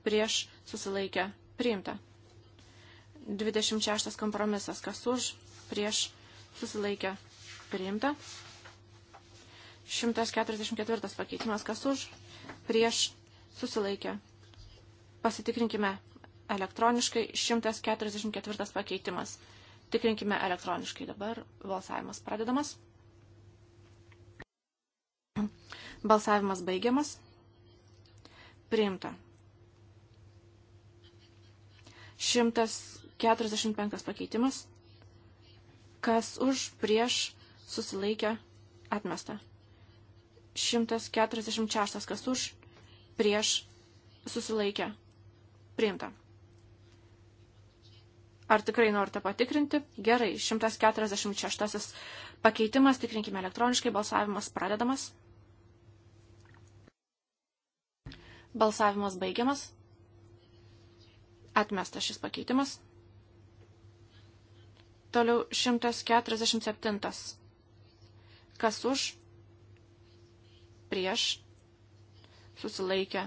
prieš, susilaikę, priimta. 26 kompromisas, kas už, prieš, susilaikę, priimta. 144 pakeitimas, kas už, prieš, susilaikę. Pasitikrinkime elektroniškai 144 pakeitimas. Tikrinkime elektroniškai dabar. Balsavimas pradedamas. Balsavimas baigiamas. Priimta. 145 pakeitimas. Kas už, prieš, susilaikė, atmesta. 146 kas už, prieš, susilaikė, priimta. Ar tikrai norite patikrinti? Gerai, 146 pakeitimas, tikrinkime elektroniškai, balsavimas pradedamas. Balsavimas baigiamas. Atmestas šis pakeitimas. Toliau 147. Kas už? Prieš. Susilaikė.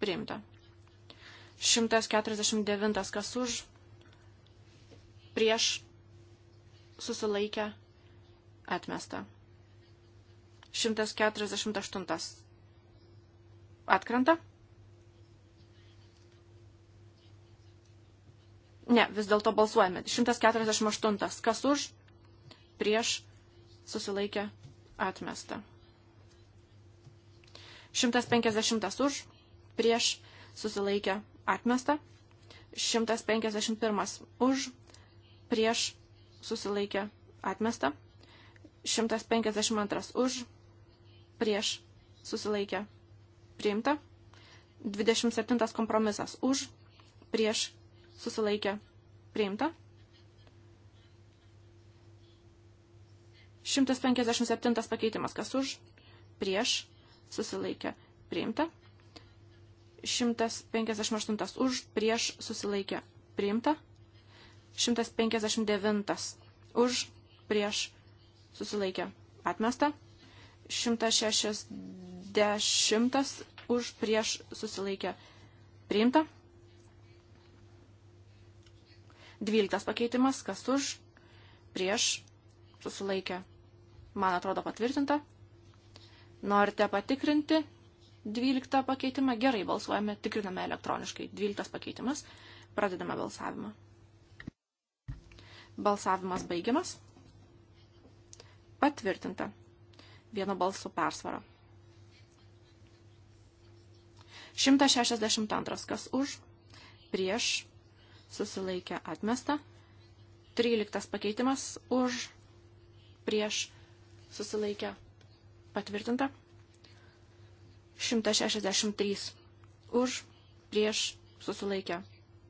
Priimta. 149. Kas už? Prieš. Susilaikė. Atmesta. 148 Atkrenta? Ne, vis dėlto balsuojame. 148. Kas už? Prieš susilaikė atmesta. 150 už, prieš susilaikė atmesta. 151 už, prieš susilaikė atmesta. 152 už, prieš susilaikė priimta. 27 kompromisas už, prieš, susilaikė, priimta. 157 pakeitimas, kas už, prieš, susilaikė, priimta. 158 už, prieš, susilaikė, priimta. 159 už, prieš, susilaikė, atmesta. 160 dešimtas už prieš susilaikę priimta. Dvyliktas pakeitimas, kas už prieš susilaikę, man atrodo patvirtinta. Norite patikrinti dvyliktą pakeitimą? Gerai, balsuojame, tikriname elektroniškai. Dvyliktas pakeitimas, pradedame balsavimą. Balsavimas baigiamas. Patvirtinta. Vieno balsų persvara. 162. Kas už, prieš, susilaikė atmesta. 13. Pakeitimas už, prieš, susilaikė patvirtinta. 163. Už, prieš, susilaikė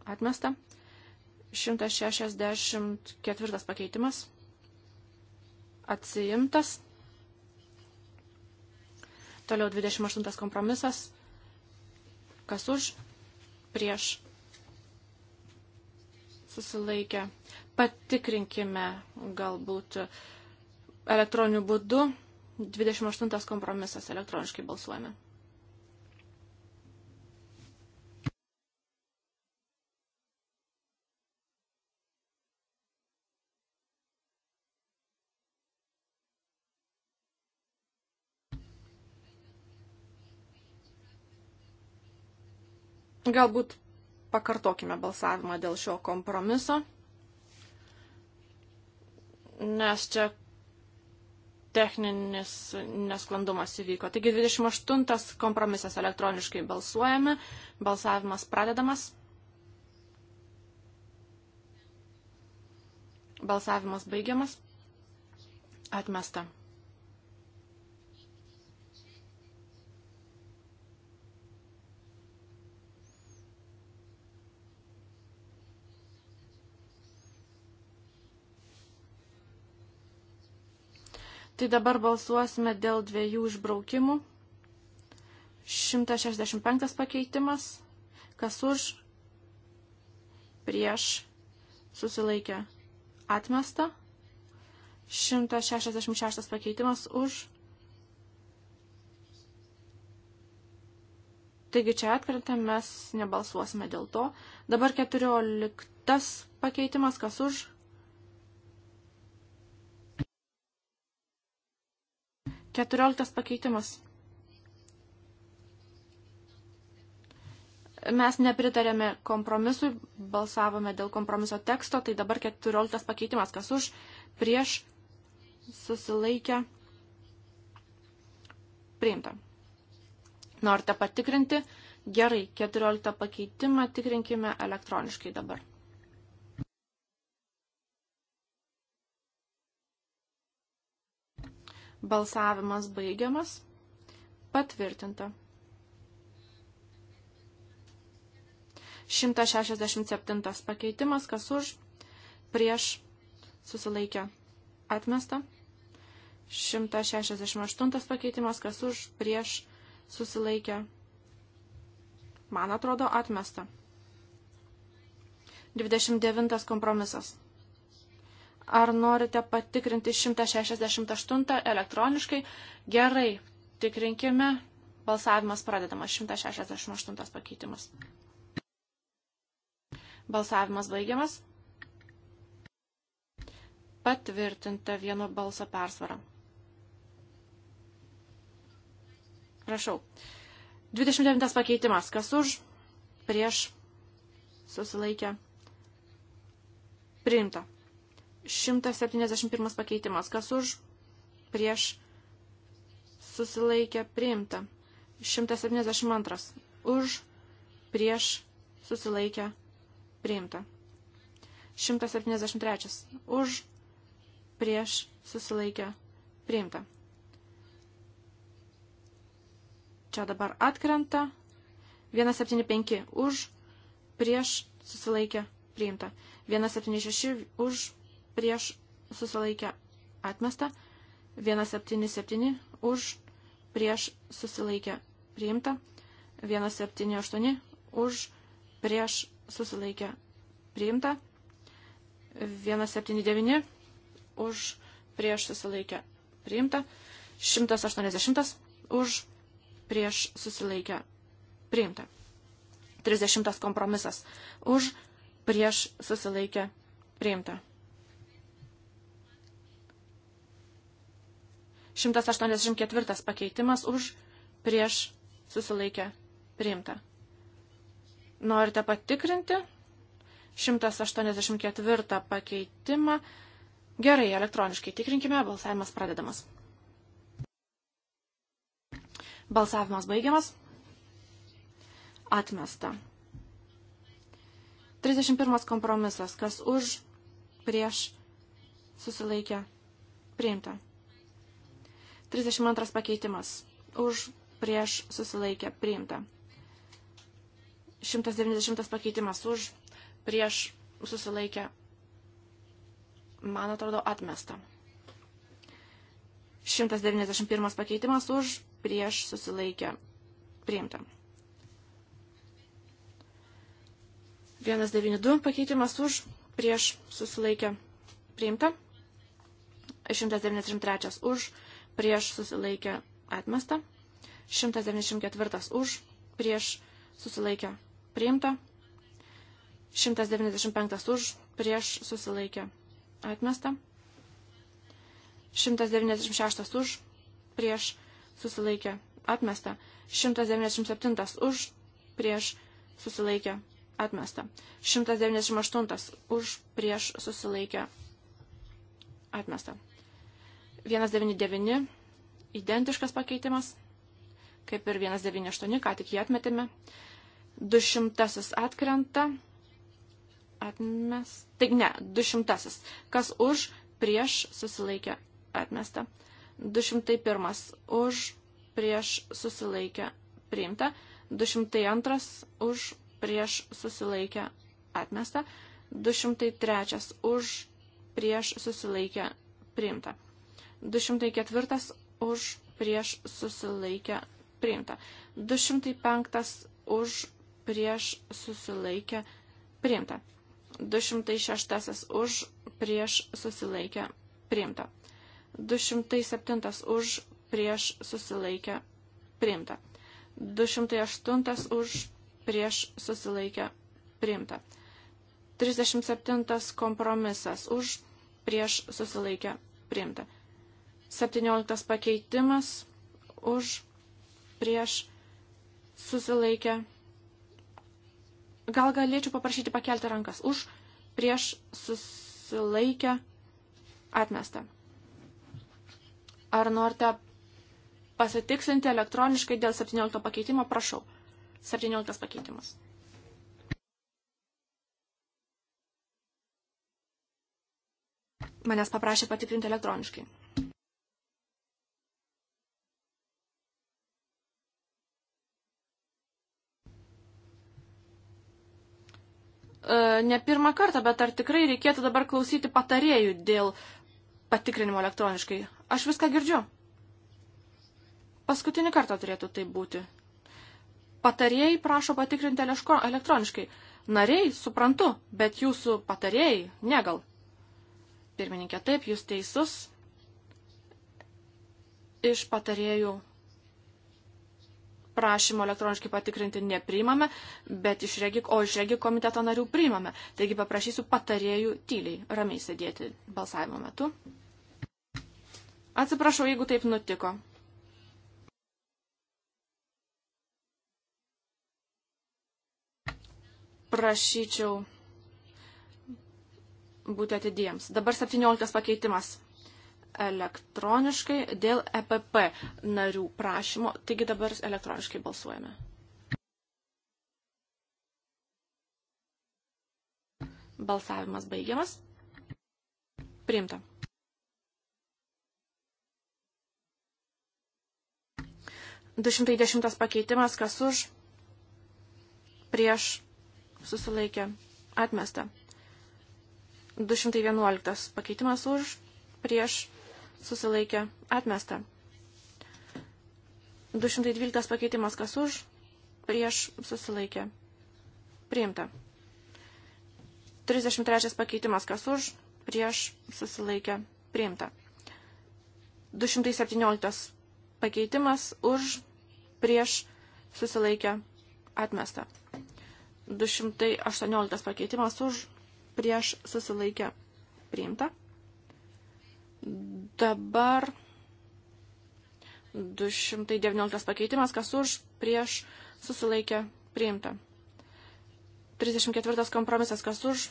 atmesta. 164 pakeitimas atsiimtas. Toliau 28 kompromisas Kas už? Prieš. Susilaikę. Patikrinkime galbūt elektroniniu būdu. 28 kompromisas elektroniškai balsuojame. Galbūt pakartokime balsavimą dėl šio kompromiso, nes čia techninis nesklandumas įvyko. Taigi 28 kompromisas elektroniškai balsuojame, balsavimas pradedamas. Balsavimas baigiamas. Atmesta. Tai dabar balsuosime dėl dviejų išbraukimų. 165 pakeitimas. Kas už? Prieš. Susilaikė. Atmesta. 166 pakeitimas už. Taigi čia atkrenta, mes nebalsuosime dėl to. Dabar 14 pakeitimas, kas už, Keturioliktas pakeitimas. Mes nepritarėme kompromisui, balsavome dėl kompromiso teksto, tai dabar keturioliktas pakeitimas, kas už, prieš, susilaikę, priimta. Norite patikrinti? Gerai, keturioliktą pakeitimą tikrinkime elektroniškai dabar. Balsavimas baigiamas. Patvirtinta. 167 pakeitimas, kas už, prieš, susilaikė, atmesta. 168 pakeitimas, kas už, prieš, susilaikė, man atrodo, atmesta. 29 kompromisas. Ar norite patikrinti 168 elektroniškai? Gerai, tikrinkime. Balsavimas pradedamas. 168 pakeitimas. Balsavimas baigiamas. Patvirtinta vieno balso persvara. Prašau. 29 pakeitimas. Kas už? Prieš. Susilaikę. Priimta. 171 pakeitimas. Kas už? Prieš susilaikė priimta. 172. Už? Prieš susilaikė priimta. 173. Už? Prieš susilaikė priimta. Čia dabar atkrenta. 175. Už? Prieš susilaikė priimta. 176 už prieš susilaikę atmesta, 177 už prieš susilaikę priimta, 178 už prieš susilaikę priimta, 179 už prieš susilaikę priimta, 180 už prieš susilaikę priimta. 30 kompromisas už prieš susilaikę priimta. 184 pakeitimas už prieš susilaikę priimta. Norite patikrinti 184 pakeitimą? Gerai, elektroniškai tikrinkime, balsavimas pradedamas. Balsavimas baigiamas. Atmesta. 31 kompromisas. Kas už, prieš, susilaikė, priimta. 32 pakeitimas. Už prieš susilaikę priimta. 190 pakeitimas už prieš susilaikę, man atrodo, atmesta. 191 pakeitimas už prieš susilaikę priimta. 192 pakeitimas už prieš susilaikę priimta. 193 už prieš prieš susilaikę atmesta, 194 už, prieš susilaikę priimta, 195 už, prieš susilaikę atmesta, 196 už, prieš susilaikę atmesta, 197 už, prieš susilaikę atmesta, 198 už, prieš susilaikę atmesta. 199 identiškas pakeitimas, kaip ir 198, ką tik jį atmetėme. 200 atkrenta, atmes, tai ne, 200, kas už, prieš susilaikė atmesta. 201 už, prieš susilaikė priimta. 202 už, prieš susilaikė atmesta. 203 už, prieš susilaikė priimta. 204 už prieš susilaikę priimta. 205 už prieš susilaikę priimta. 206 už prieš susilaikę priimta. 207 už prieš susilaikę priimta. 208 už prieš susilaikę priimta. 37 kompromisas už prieš susilaikę priimta. 17 pakeitimas už prieš susilaikę. Gal galėčiau paprašyti pakelti rankas. Už prieš susilaikę atmestą. Ar norite pasitikslinti elektroniškai dėl 17 pakeitimo? Prašau. 17 pakeitimas. Manęs paprašė patikrinti elektroniškai. E, ne pirmą kartą, bet ar tikrai reikėtų dabar klausyti patarėjų dėl patikrinimo elektroniškai? Aš viską girdžiu. Paskutinį kartą turėtų tai būti. Patarėjai prašo patikrinti elektroniškai. Nariai, suprantu, bet jūsų patarėjai negal. Pirmininkė, taip, jūs teisus. Iš patarėjų prašymo elektroniškai patikrinti nepriimame, bet iš regi, o iš regi komiteto narių priimame. Taigi paprašysiu patarėjų tyliai, ramiai sėdėti balsavimo metu. Atsiprašau, jeigu taip nutiko. Prašyčiau būti atidiems. Dabar 17 pakeitimas elektroniškai dėl EPP narių prašymo. Taigi dabar elektroniškai balsuojame. Balsavimas baigiamas. Priimta. Du šimtai dešimtas pakeitimas, kas už, prieš, susilaikė, atmesta. 211 pakeitimas už, prieš, susilaikė, atmesta. 212 pakeitimas kas už, prieš susilaikė, priimta. 33 pakeitimas kas už, prieš susilaikė, priimta. 217 pakeitimas už, prieš susilaikė, atmesta. 218 pakeitimas už, prieš susilaikė, priimta. Dabar 219 pakeitimas, kas už, prieš, susilaikė, priimta. 34 kompromisas, kas už,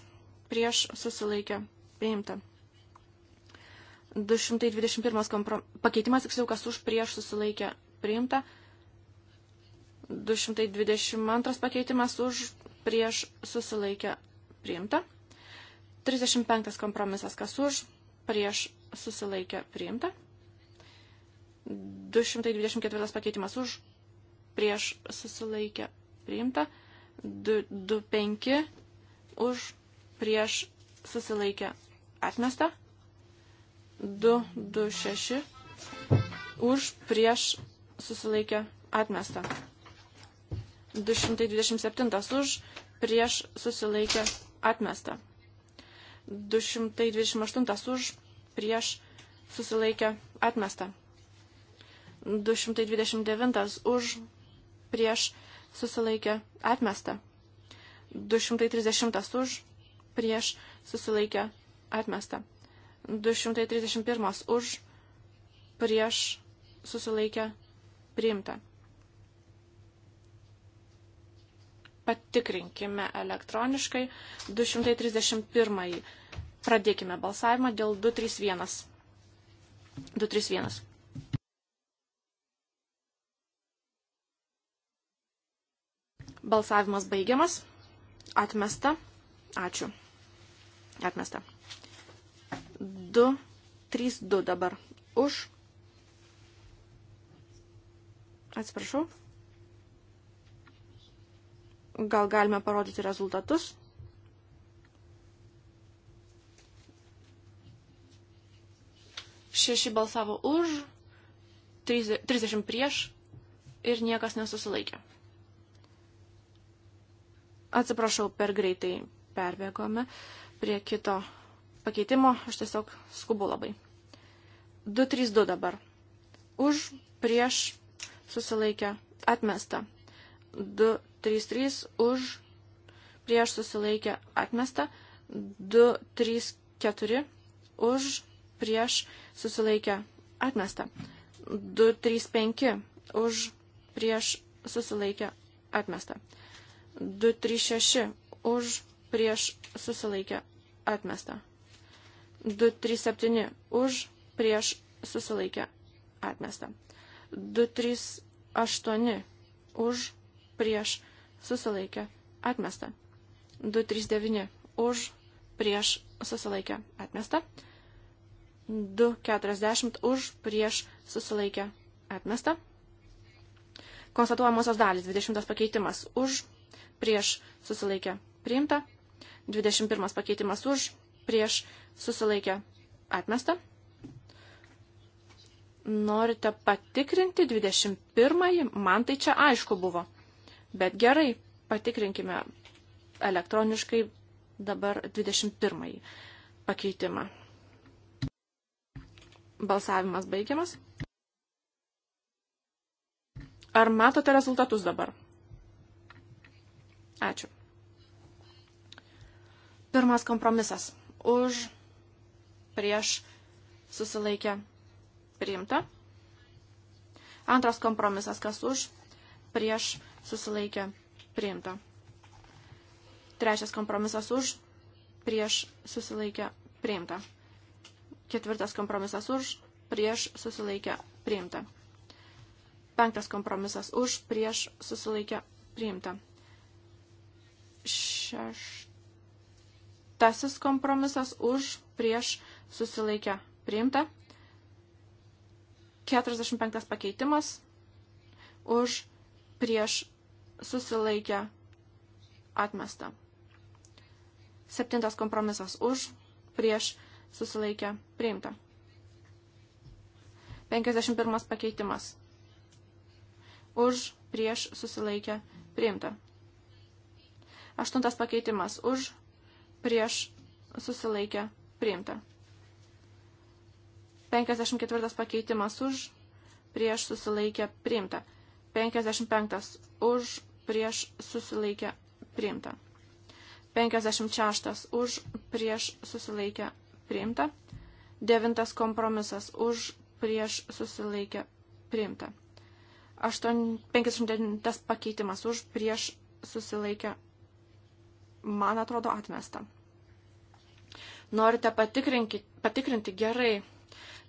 prieš, susilaikė, priimta. 221 komprom... pakeitimas, tiksliau, kas už, prieš, susilaikė, priimta. 222 pakeitimas už, prieš, susilaikė, priimta. 35 kompromisas, kas už, prieš, susilaikė priimta. 224 pakeitimas už, prieš susilaikė priimta. 25 už, prieš susilaikė atmesta. 226 už, prieš susilaikė atmesta. 227 už, prieš susilaikė atmesta. 228 už, prieš susilaikė atmesta. 229 už prieš susilaikė atmesta. 230 už prieš susilaikė atmesta. 231 už prieš susilaikė priimta. Patikrinkime elektroniškai 231 Pradėkime balsavimą dėl 231. 231. Balsavimas baigiamas. Atmesta. Ačiū. Atmesta. 2, 3, 2 dabar. Už. Atsiprašau. Gal galime parodyti rezultatus. 6 balsavo už, 30 prieš ir niekas nesusilaikė. Atsiprašau, per greitai perbėgome prie kito pakeitimo, aš tiesiog skubu labai. 2-3-2 dabar. Už, prieš, susilaikę, atmesta. 2-3-3, už, prieš, susilaikę, atmesta. 2-3-4, už, prieš susilaikę atmesta. 2, 3, 5 už prieš susilaikę atmesta. 2, 3, 6 už prieš susilaikę atmesta. 2, 3, 7 už prieš susilaikę atmesta. 2, 3, 8 už prieš susilaikę atmesta. 2, 3, 9 už prieš susilaikę atmesta. 2, 3, 9 už prieš susilaikę atmesta. 2,40 už prieš susilaikę atmestą. Konstatuojamosios dalys 20 pakeitimas už prieš susilaikę priimta. 21 pakeitimas už prieš susilaikę atmestą. Norite patikrinti 21-ąjį, man tai čia aišku buvo. Bet gerai, patikrinkime elektroniškai dabar 21-ąjį pakeitimą. Balsavimas baigiamas. Ar matote rezultatus dabar? Ačiū. Pirmas kompromisas. Už, prieš, susilaikę, priimta. Antras kompromisas. Kas už, prieš, susilaikę, priimta. Trečias kompromisas už, prieš, susilaikę, priimta. Ketvirtas kompromisas už, prieš susilaikę priimta. Penktas kompromisas už, prieš susilaikę priimta. Šeštasis kompromisas už, prieš susilaikę priimta. 45 pakeitimas už, prieš susilaikę atmesta. Septintas kompromisas už, prieš susilaikę priimta susilaikė, priimta. 51 pakeitimas. Už, prieš, susilaikė, priimta. 8 pakeitimas. Už, prieš, susilaikė, priimta. 54 pakeitimas. Už, prieš, susilaikė, priimta. 55 už, prieš, susilaikė, priimta. 56 už, prieš, susilaikė, priimta. Devintas kompromisas už prieš susilaikę priimta. 59 pakeitimas už prieš susilaikę, man atrodo, atmesta. Norite patikrinti gerai.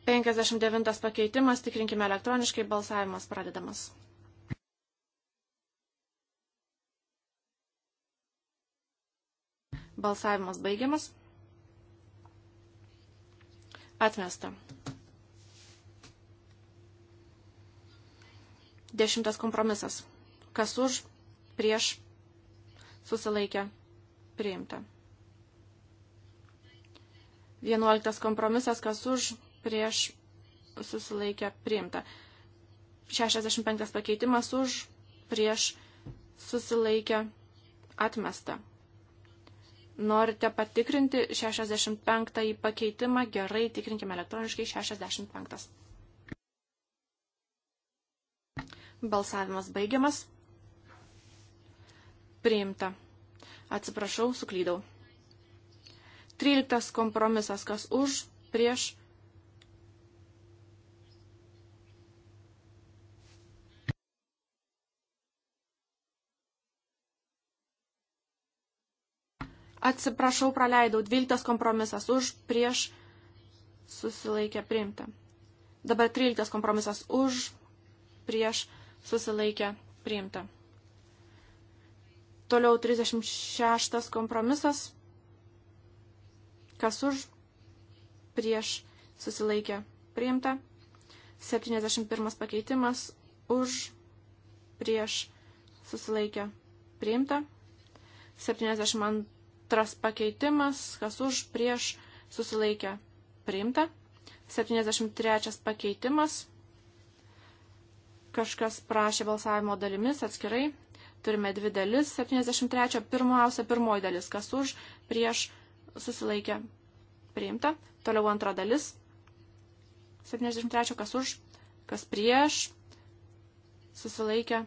59 pakeitimas, tikrinkime elektroniškai, balsavimas pradedamas. Balsavimas baigiamas. Atmesta. Dešimtas kompromisas. Kas už, prieš, susilaikė, priimta. Vienuoliktas kompromisas. Kas už, prieš, susilaikė, priimta. 65 pakeitimas už, prieš, susilaikė, atmesta. Norite patikrinti 65 pakeitimą? Gerai, tikrinkime elektroniškai 65. Balsavimas baigiamas. Priimta. Atsiprašau, suklydau. 13 kompromisas, kas už, prieš, Atsiprašau, praleidau. 12 kompromisas už, prieš, susilaikė priimta. Dabar 13 kompromisas už, prieš, susilaikė priimta. Toliau 36 kompromisas. Kas už, prieš, susilaikė priimta. 71 pakeitimas už, prieš, susilaikė priimta. 72 Antras pakeitimas, kas už prieš susilaikė priimta. 73 pakeitimas. Kažkas prašė balsavimo dalimis atskirai. Turime dvi dalis. 73 pirmiausia pirmoji dalis, kas už prieš susilaikė priimta. Toliau antra dalis. 73 kas už, kas prieš susilaikė,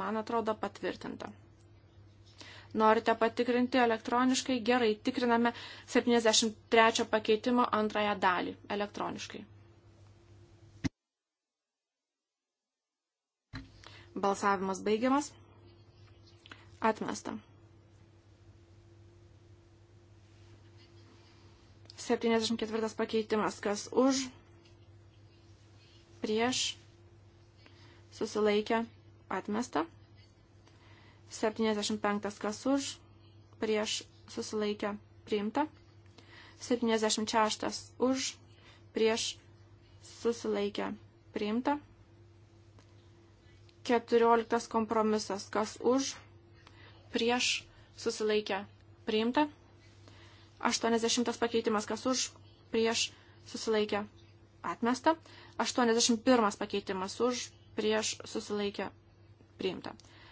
man atrodo, patvirtinta. Norite patikrinti elektroniškai? Gerai, tikriname 73 pakeitimo antrąją dalį elektroniškai. Balsavimas baigiamas. Atmesta. 74 pakeitimas. Kas už, prieš, susilaikę, atmesta. 75 kas už, prieš susilaikę priimta. 76 už, prieš susilaikę priimta. 14 kompromisas kas už, prieš susilaikę priimta. 80 pakeitimas kas už, prieš susilaikę atmesta. 81 pakeitimas už, prieš susilaikę priimta.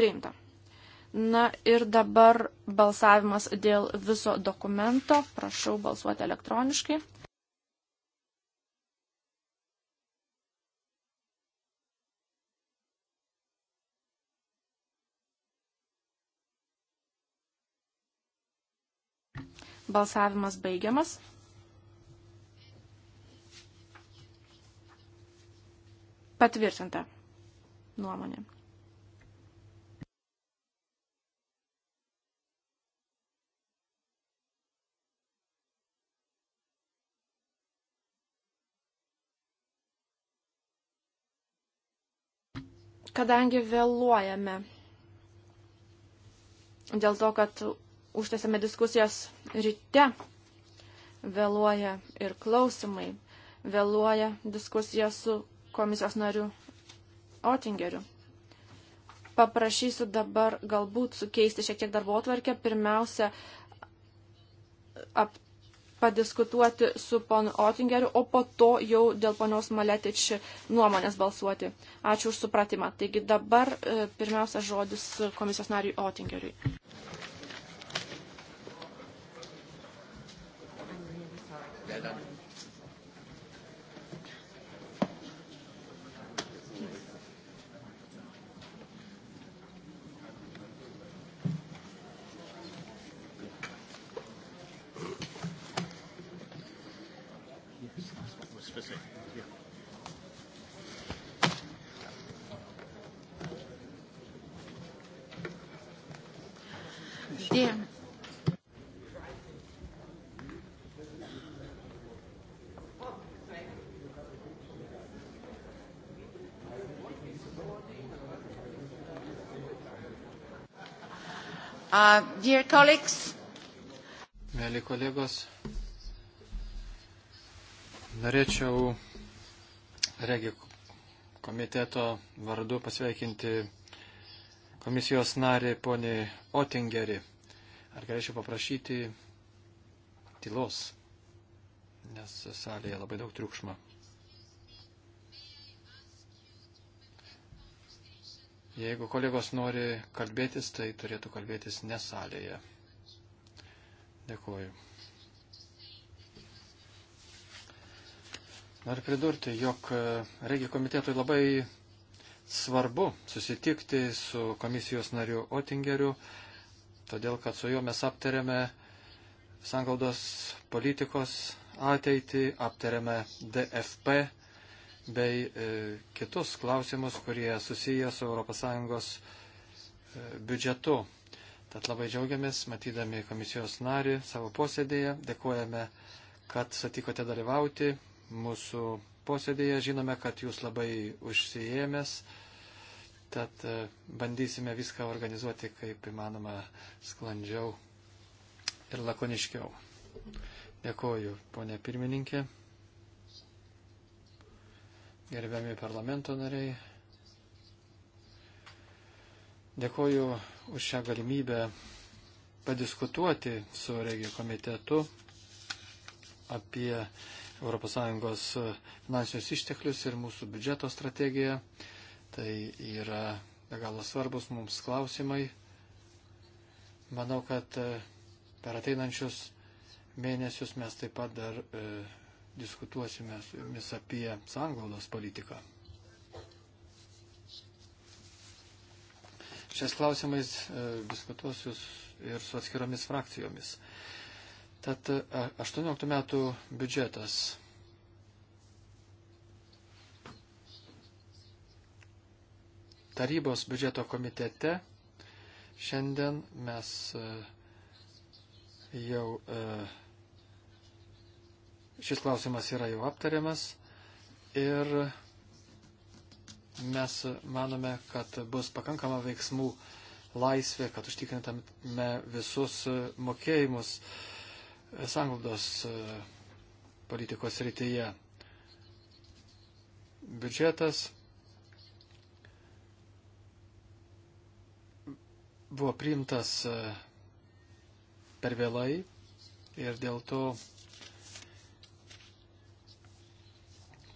priimta. Na ir dabar balsavimas dėl viso dokumento. Prašau balsuoti elektroniškai. Balsavimas baigiamas. Patvirtinta nuomonė. kadangi vėluojame dėl to, kad užtęsėme diskusijas ryte, vėluoja ir klausimai, vėluoja diskusija su komisijos nariu Otingeriu. Paprašysiu dabar galbūt sukeisti šiek tiek darbo atvarkę, pirmiausia aptarti padiskutuoti su ponu Otingeriu, o po to jau dėl ponios Maletič nuomonės balsuoti. Ačiū už supratimą. Taigi dabar e, pirmiausia žodis komisijos nariui Otingeriui. Uh, dear colleagues. Mėly kolegos, norėčiau Regi komiteto vardu pasveikinti komisijos narį ponį Otingerį. Ar galėčiau paprašyti tylos, nes salėje labai daug triukšmo. Jeigu kolegos nori kalbėtis, tai turėtų kalbėtis ne salėje. Dėkuoju. Noriu pridurti, jog e, Regi komitetui labai svarbu susitikti su komisijos nariu Otingeriu, todėl kad su juo mes aptarėme sangaldos politikos ateitį, aptarėme DFP bei e, kitus klausimus, kurie susiję su ES e, biudžetu. Tad labai džiaugiamės, matydami komisijos narį savo posėdėje, dėkojame, kad satikote dalyvauti mūsų posėdėje, žinome, kad jūs labai užsijėmės, tad e, bandysime viską organizuoti kaip įmanoma sklandžiau ir lakoniškiau. Dėkoju, ponė pirmininkė gerbiami parlamento nariai. Dėkoju už šią galimybę padiskutuoti su regijų komitetu apie ES finansinius išteklius ir mūsų biudžeto strategiją. Tai yra be galo svarbus mums klausimai. Manau, kad e, per ateinančius mėnesius mes taip pat dar e, diskutuosime su jumis apie sanglaudos politiką. Šiais klausimais e, diskutuosiu ir su atskiromis frakcijomis. Tad 18 e, metų biudžetas tarybos biudžeto komitete šiandien mes e, jau uh, Šis klausimas yra jau aptariamas ir mes manome, kad bus pakankama veiksmų laisvė, kad užtikrintame visus mokėjimus sanglaudos e, politikos rytyje. Biudžetas buvo priimtas e, per vėlai ir dėl to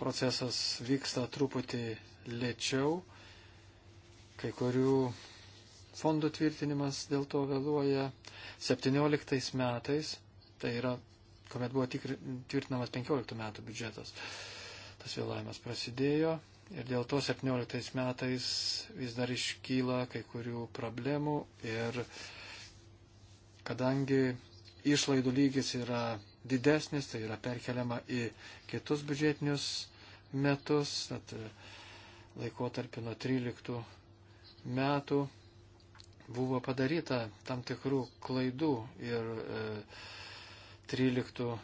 procesas vyksta truputį lėčiau, kai kurių fondų tvirtinimas dėl to vėluoja 17 metais, tai yra, kuomet buvo tikri, tvirtinamas 15 metų biudžetas. Tas vėlavimas prasidėjo ir dėl to 17 metais vis dar iškyla kai kurių problemų ir kadangi išlaidų lygis yra didesnis, tai yra perkeliama į kitus biudžetinius metus, tad laikotarpį nuo 13 metų buvo padaryta tam tikrų klaidų ir e, 13-17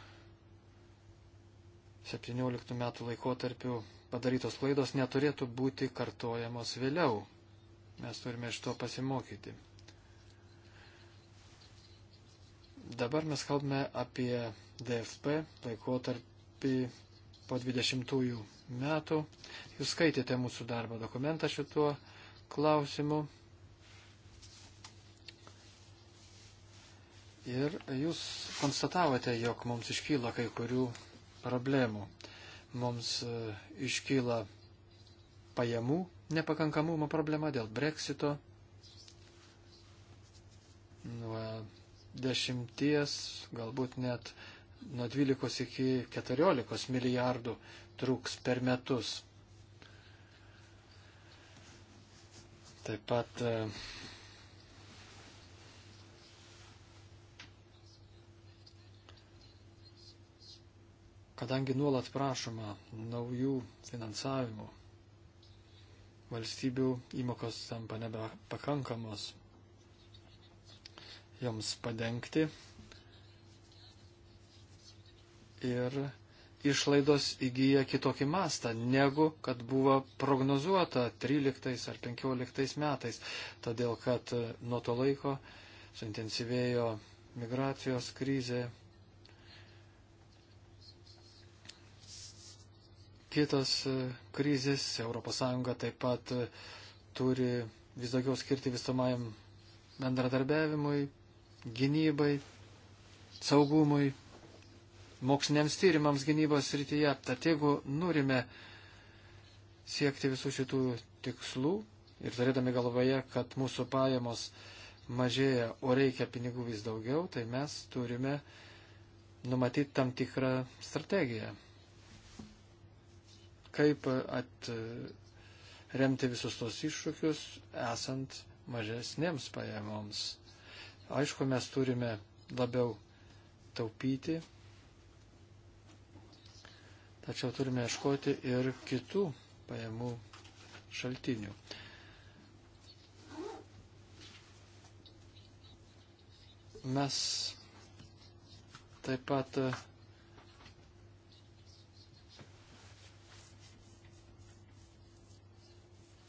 metų laikotarpių padarytos klaidos neturėtų būti kartojamos vėliau. Mes turime iš to pasimokyti. Dabar mes kalbame apie DFP laikotarpį po 20 metų. Jūs skaitėte mūsų darbo dokumentą šituo klausimu. Ir jūs konstatavote, jog mums iškyla kai kurių problemų. Mums e, iškyla pajamų nepakankamumo problema dėl breksito. Nuo 10, galbūt net nuo 12 iki 14 milijardų trūks per metus. Taip pat e, kadangi nuolat prašoma naujų finansavimų, valstybių įmokos tampa nebepakankamos joms padengti. Ir išlaidos įgyja kitokį mastą, negu kad buvo prognozuota 13 ar 15 metais, todėl kad nuo to laiko suintensyvėjo migracijos krizė, kitos krizės, ES taip pat turi vis daugiau skirti visomajam bendradarbiavimui, gynybai, saugumui, moksliniams tyrimams gynybos rytyje. Tad jeigu norime siekti visų šitų tikslų ir turėdami galvoje, kad mūsų pajamos mažėja, o reikia pinigų vis daugiau, tai mes turime numatyti tam tikrą strategiją. Kaip atremti visus tos iššūkius, esant mažesniems pajamoms. Aišku, mes turime labiau taupyti, tačiau turime ieškoti ir kitų pajamų šaltinių. Mes taip pat e,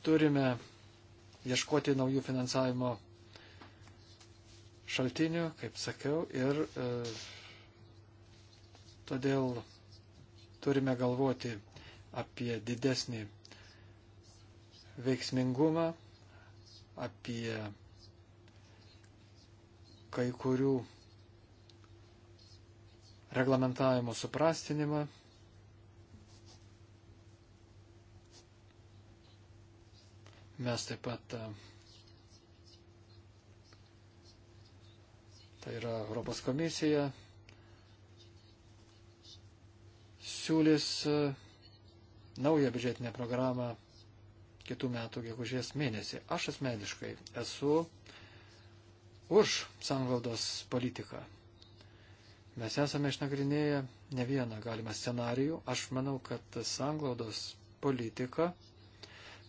turime ieškoti naujų finansavimo šaltinių, kaip sakiau, ir e, todėl turime galvoti apie didesnį veiksmingumą, apie kai kurių reglamentavimo suprastinimą. Mes taip pat e, tai yra Europos komisija, siūlys e, naują biudžetinę programą kitų metų gegužės mėnesį. Aš asmeniškai esu už sanglaudos politiką. Mes esame išnagrinėję ne vieną galimą scenarijų. Aš manau, kad sanglaudos politika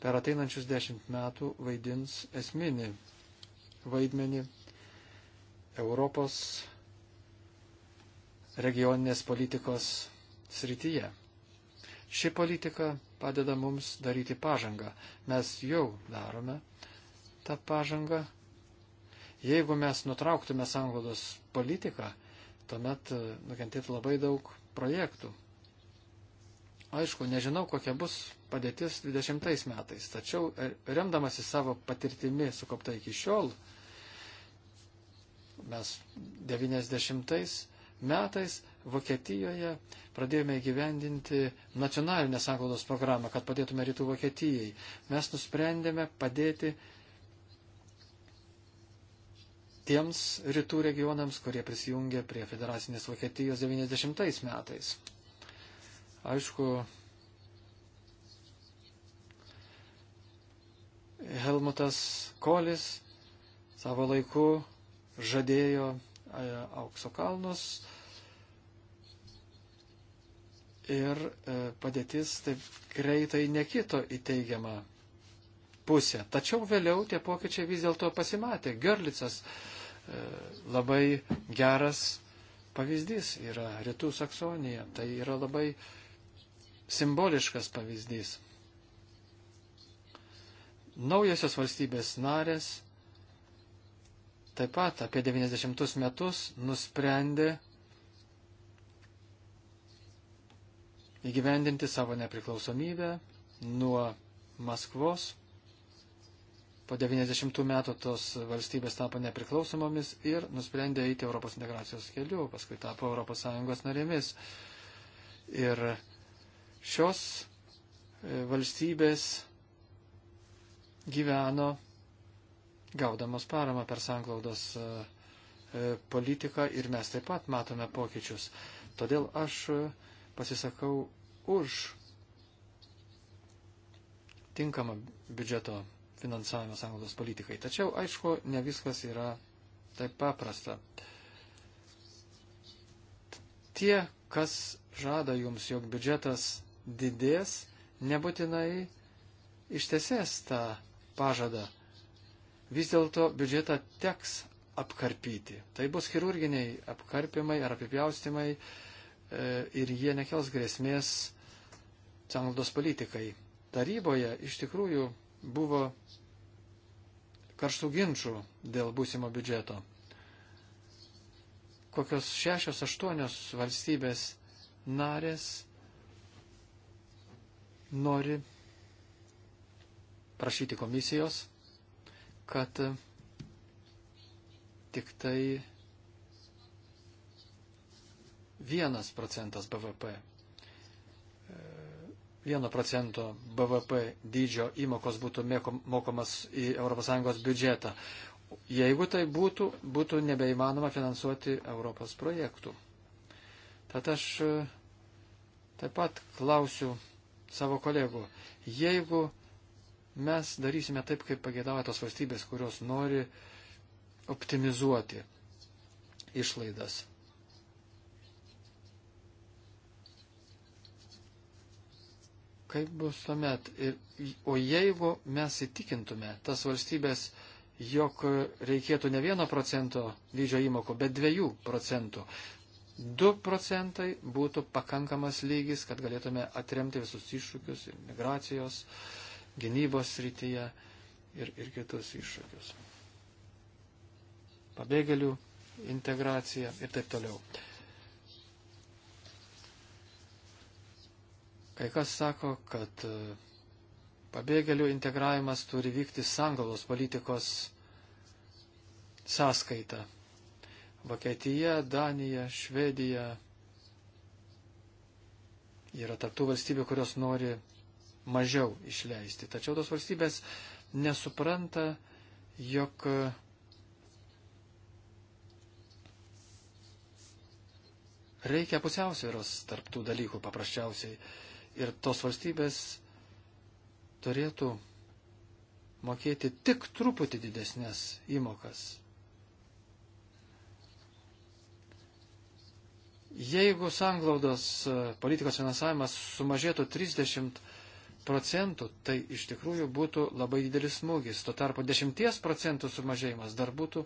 per ateinančius dešimt metų vaidins esminį vaidmenį Europos regioninės politikos srityje. Ši politika padeda mums daryti pažangą. Mes jau darome tą pažangą. Jeigu mes nutrauktume sanglodos politiką, tuomet e, nukentėtų labai daug projektų. Aišku, nežinau, kokia bus padėtis 20 metais, tačiau e, remdamasi savo patirtimi sukaupta iki šiol, Mes 90 metais Vokietijoje pradėjome gyvendinti nacionalinę sanglaudos programą, kad padėtume rytų Vokietijai. Mes nusprendėme padėti tiems rytų regionams, kurie prisijungė prie federacinės Vokietijos 90 metais. Aišku, Helmutas Kolis savo laiku žadėjo e, aukso kalnus ir e, padėtis taip greitai nekito į teigiamą pusę. Tačiau vėliau tie pokyčiai vis dėlto pasimatė. Görlicas e, labai geras pavyzdys yra Rytų Saksonija. Tai yra labai simboliškas pavyzdys. Naujosios valstybės narės taip pat apie 90 metus nusprendė įgyvendinti savo nepriklausomybę nuo Maskvos. Po 90 metų tos valstybės tapo nepriklausomomis ir nusprendė eiti Europos integracijos keliu, paskui tapo ES narėmis. Ir šios e, valstybės gyveno gaudamos paramą per sanglaudos e, e, politiką ir mes taip pat matome pokyčius. Todėl aš e, pasisakau už tinkamą biudžeto finansavimą sanglaudos politikai. Tačiau, aišku, ne viskas yra taip paprasta. Tie, kas žada jums, jog biudžetas didės, nebūtinai ištesės tą pažadą vis dėlto biudžetą teks apkarpyti. Tai bus chirurginiai apkarpimai ar apipjaustimai e, ir jie nekels grėsmės sanaldos politikai. Taryboje iš tikrųjų buvo karštų ginčių dėl būsimo biudžeto. Kokios šešios, aštuonios valstybės narės nori prašyti komisijos kad tik tai vienas procentas BVP, e, vieno procento BVP dydžio įmokos būtų mokomas į ES biudžetą. Jeigu tai būtų, būtų nebeįmanoma finansuoti Europos projektų. Tad aš e, taip pat klausiu savo kolegų, jeigu Mes darysime taip, kaip pagėdavo tos valstybės, kurios nori optimizuoti išlaidas. Kaip bus tuomet? Ir, o jeigu mes įtikintume tas valstybės, jog reikėtų ne vieno procento dydžio įmokų, bet dviejų procentų. 2 procentai būtų pakankamas lygis, kad galėtume atremti visus iššūkius ir migracijos, uh, gynybos srityje ir, ir kitus iššūkius. Pabėgėlių integracija ir taip toliau. Kai kas sako, kad e, pabėgėlių integravimas turi vykti sangalos politikos sąskaita. Vokietija, Danija, Švedija yra tarptų valstybių, kurios nori mažiau išleisti. Tačiau tos valstybės nesupranta, jog reikia pusiausvėros tarptų dalykų paprasčiausiai. Ir tos valstybės turėtų mokėti tik truputį didesnės įmokas. Jeigu sanglaudos politikos finansavimas sumažėtų 30 procentų, tai iš tikrųjų būtų labai didelis smūgis. Tuo tarpu 10 procentų sumažėjimas dar būtų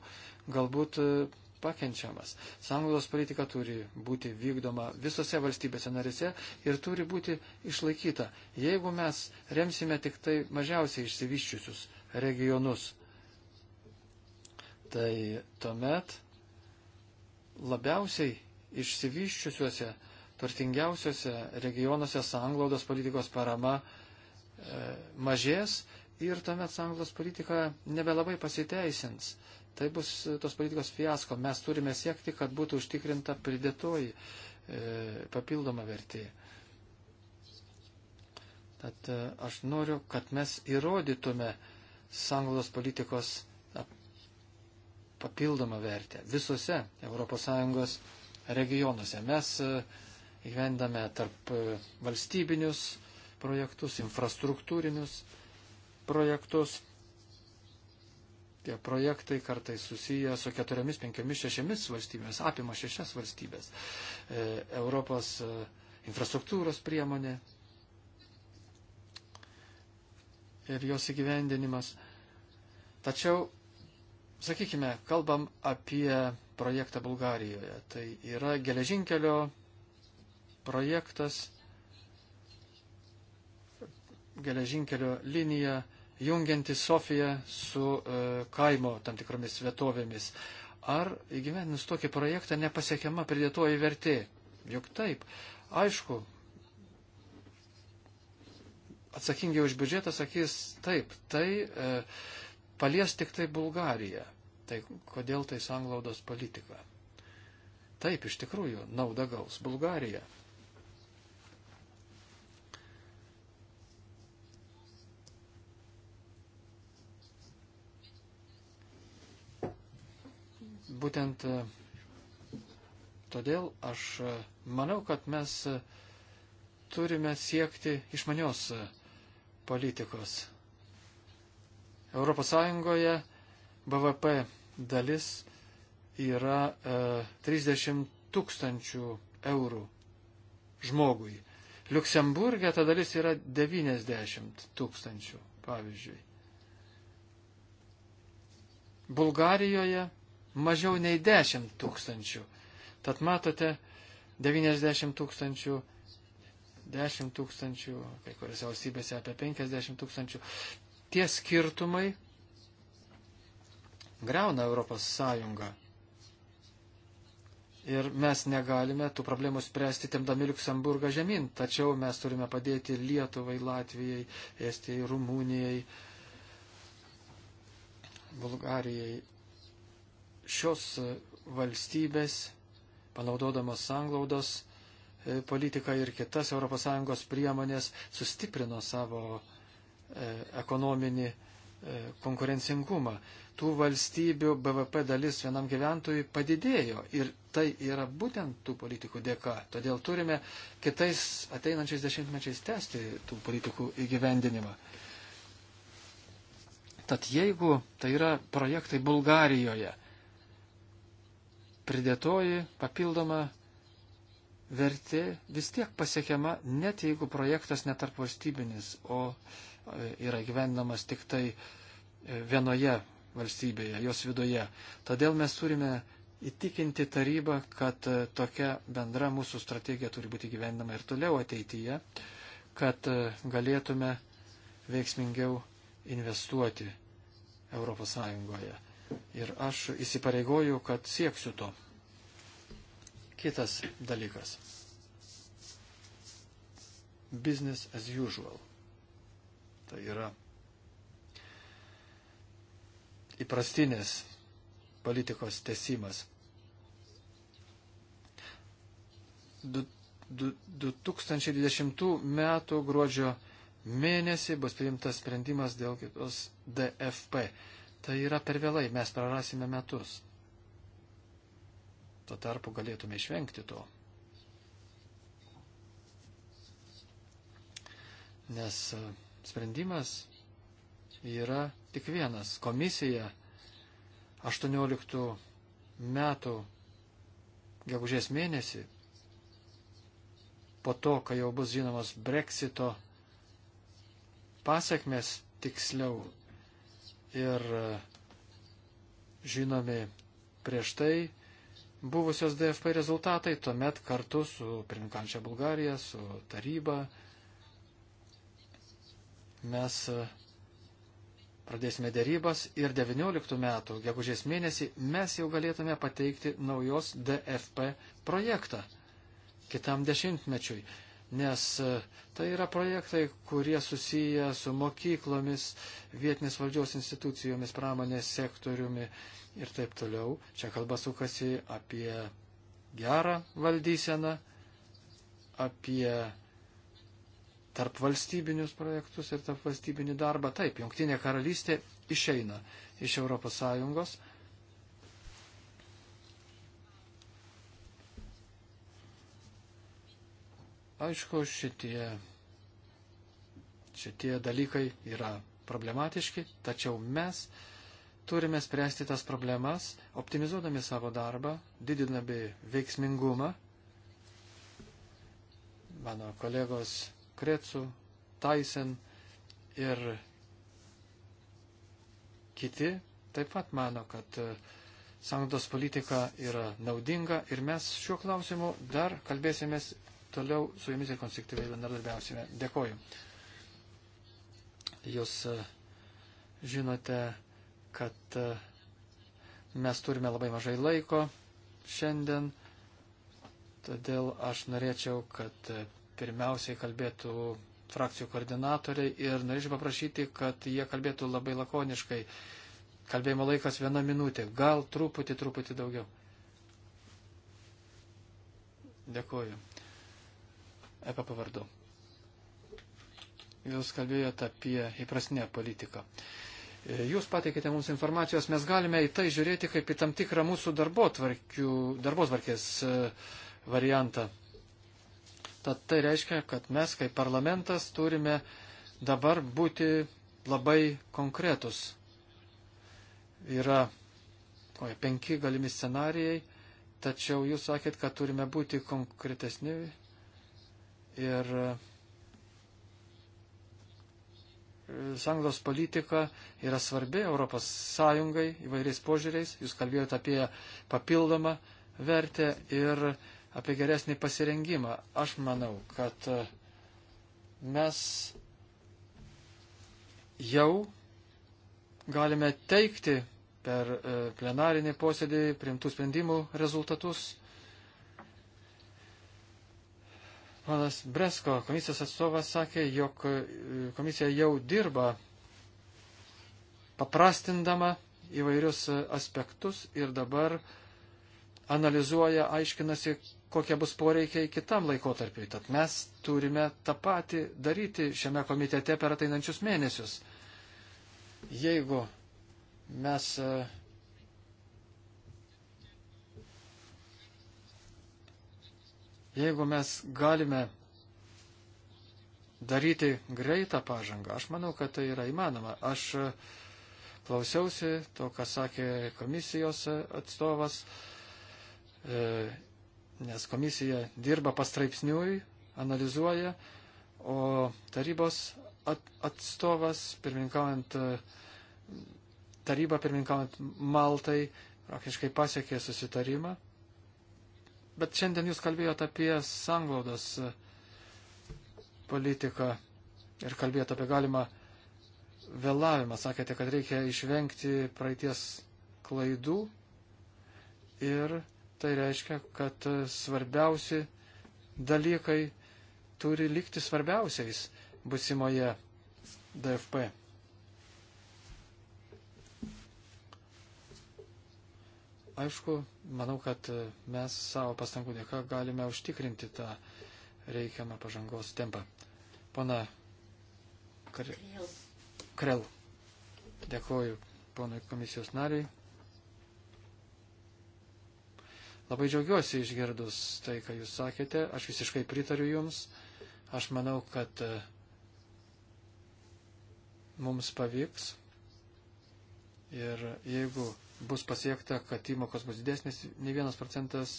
galbūt e, pakenčiamas. Sanglaudos politika turi būti vykdoma visose valstybėse narise ir turi būti išlaikyta. Jeigu mes remsime tik tai mažiausiai išsivyščiusius regionus, tai tuomet labiausiai išsivyščiusiuose turtingiausiuose regionuose sanglaudos politikos parama E, mažės ir tuomet sąjungos politika nebelabai pasiteisins. Tai bus tos politikos fiasko. Mes turime siekti, kad būtų užtikrinta pridėtoji e, papildoma vertė. Tad e, aš noriu, kad mes įrodytume sąjungos politikos papildomą vertę visose ES regionuose. Mes įgyvendame tarp valstybinius projektus, infrastruktūrinius projektus. Tie projektai kartais susiję su keturiomis, penkiomis, šešiamis valstybėmis, apima šešias valstybės. E, Europos e, infrastruktūros priemonė ir jos įgyvendinimas. Tačiau, sakykime, kalbam apie projektą Bulgarijoje. Tai yra geležinkelio projektas geležinkelio linija jungianti Sofiją su e, kaimo tam tikromis vietovėmis. Ar įgyvendinus tokį projektą nepasiekiama pridėtoji vertė? Juk taip. Aišku, atsakingi už biudžetą sakys taip, tai e, palies tik tai Bulgariją. Tai kodėl tai sanglaudos politika? Taip, iš tikrųjų, nauda gaus Bulgarija. Būtent e, todėl aš e, manau, kad mes e, turime siekti išmanios politikos. Europos Sąjungoje BVP dalis yra e, 30 tūkstančių eurų žmogui. Luksemburgė ta dalis yra 90 tūkstančių, pavyzdžiui. Bulgarijoje mažiau nei 10 tūkstančių. Tad matote, 90 tūkstančių, 10 tūkstančių, kai kuriuose valstybėse apie 50 tūkstančių. Tie skirtumai greuna Europos Sąjungą. Ir mes negalime tų problemų spręsti temdami Luksemburgą žemyn, tačiau mes turime padėti Lietuvai, Latvijai, Estijai, Rumunijai, Bulgarijai šios valstybės, panaudodamos sanglaudos e, politiką ir kitas ES priemonės, sustiprino savo e, ekonominį e, konkurencingumą. Tų valstybių BVP dalis vienam gyventojui padidėjo ir tai yra būtent tų politikų dėka. Todėl turime kitais ateinančiais dešimtmečiais tęsti tų politikų įgyvendinimą. Tad jeigu tai yra projektai Bulgarijoje, pridėtoji papildoma vertė vis tiek pasiekiama, net jeigu projektas netarp valstybinis, o e, yra gyvenamas tik tai e, vienoje valstybėje, jos viduje. Todėl mes turime įtikinti tarybą, kad e, tokia bendra mūsų strategija turi būti gyvenama ir toliau ateityje, kad galėtume veiksmingiau investuoti Europos Sąjungoje. Ir aš įsipareigoju, kad sieksiu to. Kitas dalykas. Business as usual. Tai yra įprastinės politikos tesimas. 2020 m. gruodžio mėnesį bus priimtas sprendimas dėl kitos DFP Tai yra per vėlai, mes prarasime metus. Tuo tarpu galėtume išvengti to. Nes e, sprendimas yra tik vienas. Komisija 18 metų gegužės mėnesį, po to, kai jau bus žinomas Brexito pasiekmes tiksliau, ir e, žinomi prieš tai buvusios DFP rezultatai, tuomet kartu su pirmininkančia Bulgarija, su taryba mes e, pradėsime dėrybas ir 19 metų, gegužės mėnesį, mes jau galėtume pateikti naujos DFP projektą kitam dešimtmečiui nes e, tai yra projektai, kurie susiję su mokyklomis, vietinės valdžios institucijomis, pramonės sektoriumi ir taip toliau. Čia kalba sukasi apie gerą valdyseną, apie tarp valstybinius projektus ir tarp valstybinį darbą. Taip, Junktinė karalystė išeina iš ES, Aišku, šitie, šitie dalykai yra problematiški, tačiau mes turime spręsti tas problemas, optimizuodami savo darbą, didinami veiksmingumą. Mano kolegos Krecu, Tyson ir kiti taip pat mano, kad e, sangdos politika yra naudinga ir mes šiuo klausimu dar kalbėsimės toliau su jumis ir konstruktyviai bendradarbiausime. Dėkoju. Jūs e, žinote, kad e, mes turime labai mažai laiko šiandien, todėl aš norėčiau, kad e, pirmiausiai kalbėtų frakcijų koordinatoriai ir norėčiau paprašyti, kad jie kalbėtų labai lakoniškai. Kalbėjimo laikas viena minutė, gal truputį, truputį daugiau. Dėkuoju. EPP vardu. Jūs kalbėjote apie įprasnę politiką. Jūs pateikėte mums informacijos, mes galime į tai žiūrėti kaip į tam tikrą mūsų darbotvarkės e, variantą. Tad tai reiškia, kad mes kaip parlamentas turime dabar būti labai konkretus. Yra o, penki galimi scenarijai, tačiau jūs sakėt, kad turime būti konkretesni Ir e, sąjungos politika yra svarbi Europos Sąjungai įvairiais požiūriais. Jūs kalbėjote apie papildomą vertę ir apie geresnį pasirengimą. Aš manau, kad e, mes jau galime teikti per e, plenarinį posėdį priimtų sprendimų rezultatus Manas Bresko, komisijos atstovas, sakė, jog e, komisija jau dirba paprastindama įvairius e, aspektus ir dabar analizuoja, aiškinasi, kokie bus poreikiai kitam laikotarpiui. Tad mes turime tą patį daryti šiame komitete per ateinančius mėnesius. Jeigu mes uh, Jeigu mes galime daryti greitą pažangą, aš manau, kad tai yra įmanoma. Aš e, klausiausi to, ką sakė komisijos atstovas, e, nes komisija dirba pastraipsniui, analizuoja, o tarybos atstovas, pirmininkaujant taryba, pirmininkaujant Maltai, praktiškai pasiekė susitarimą. Bet šiandien jūs kalbėjote apie sanglaudos politiką ir kalbėjote apie galimą vėlavimą. Sakėte, kad reikia išvengti praeities klaidų ir tai reiškia, kad svarbiausi dalykai turi likti svarbiausiais busimoje DFP. Aišku, manau, kad mes savo pastangų dėka galime užtikrinti tą reikiamą pažangos tempą. Pana Kar... Krel, dėkoju ponui komisijos nariui. Labai džiaugiuosi išgirdus tai, ką jūs sakėte. Aš visiškai pritariu jums. Aš manau, kad e, mums pavyks. Ir jeigu bus pasiekta, kad įmokos bus didesnės, ne vienas procentas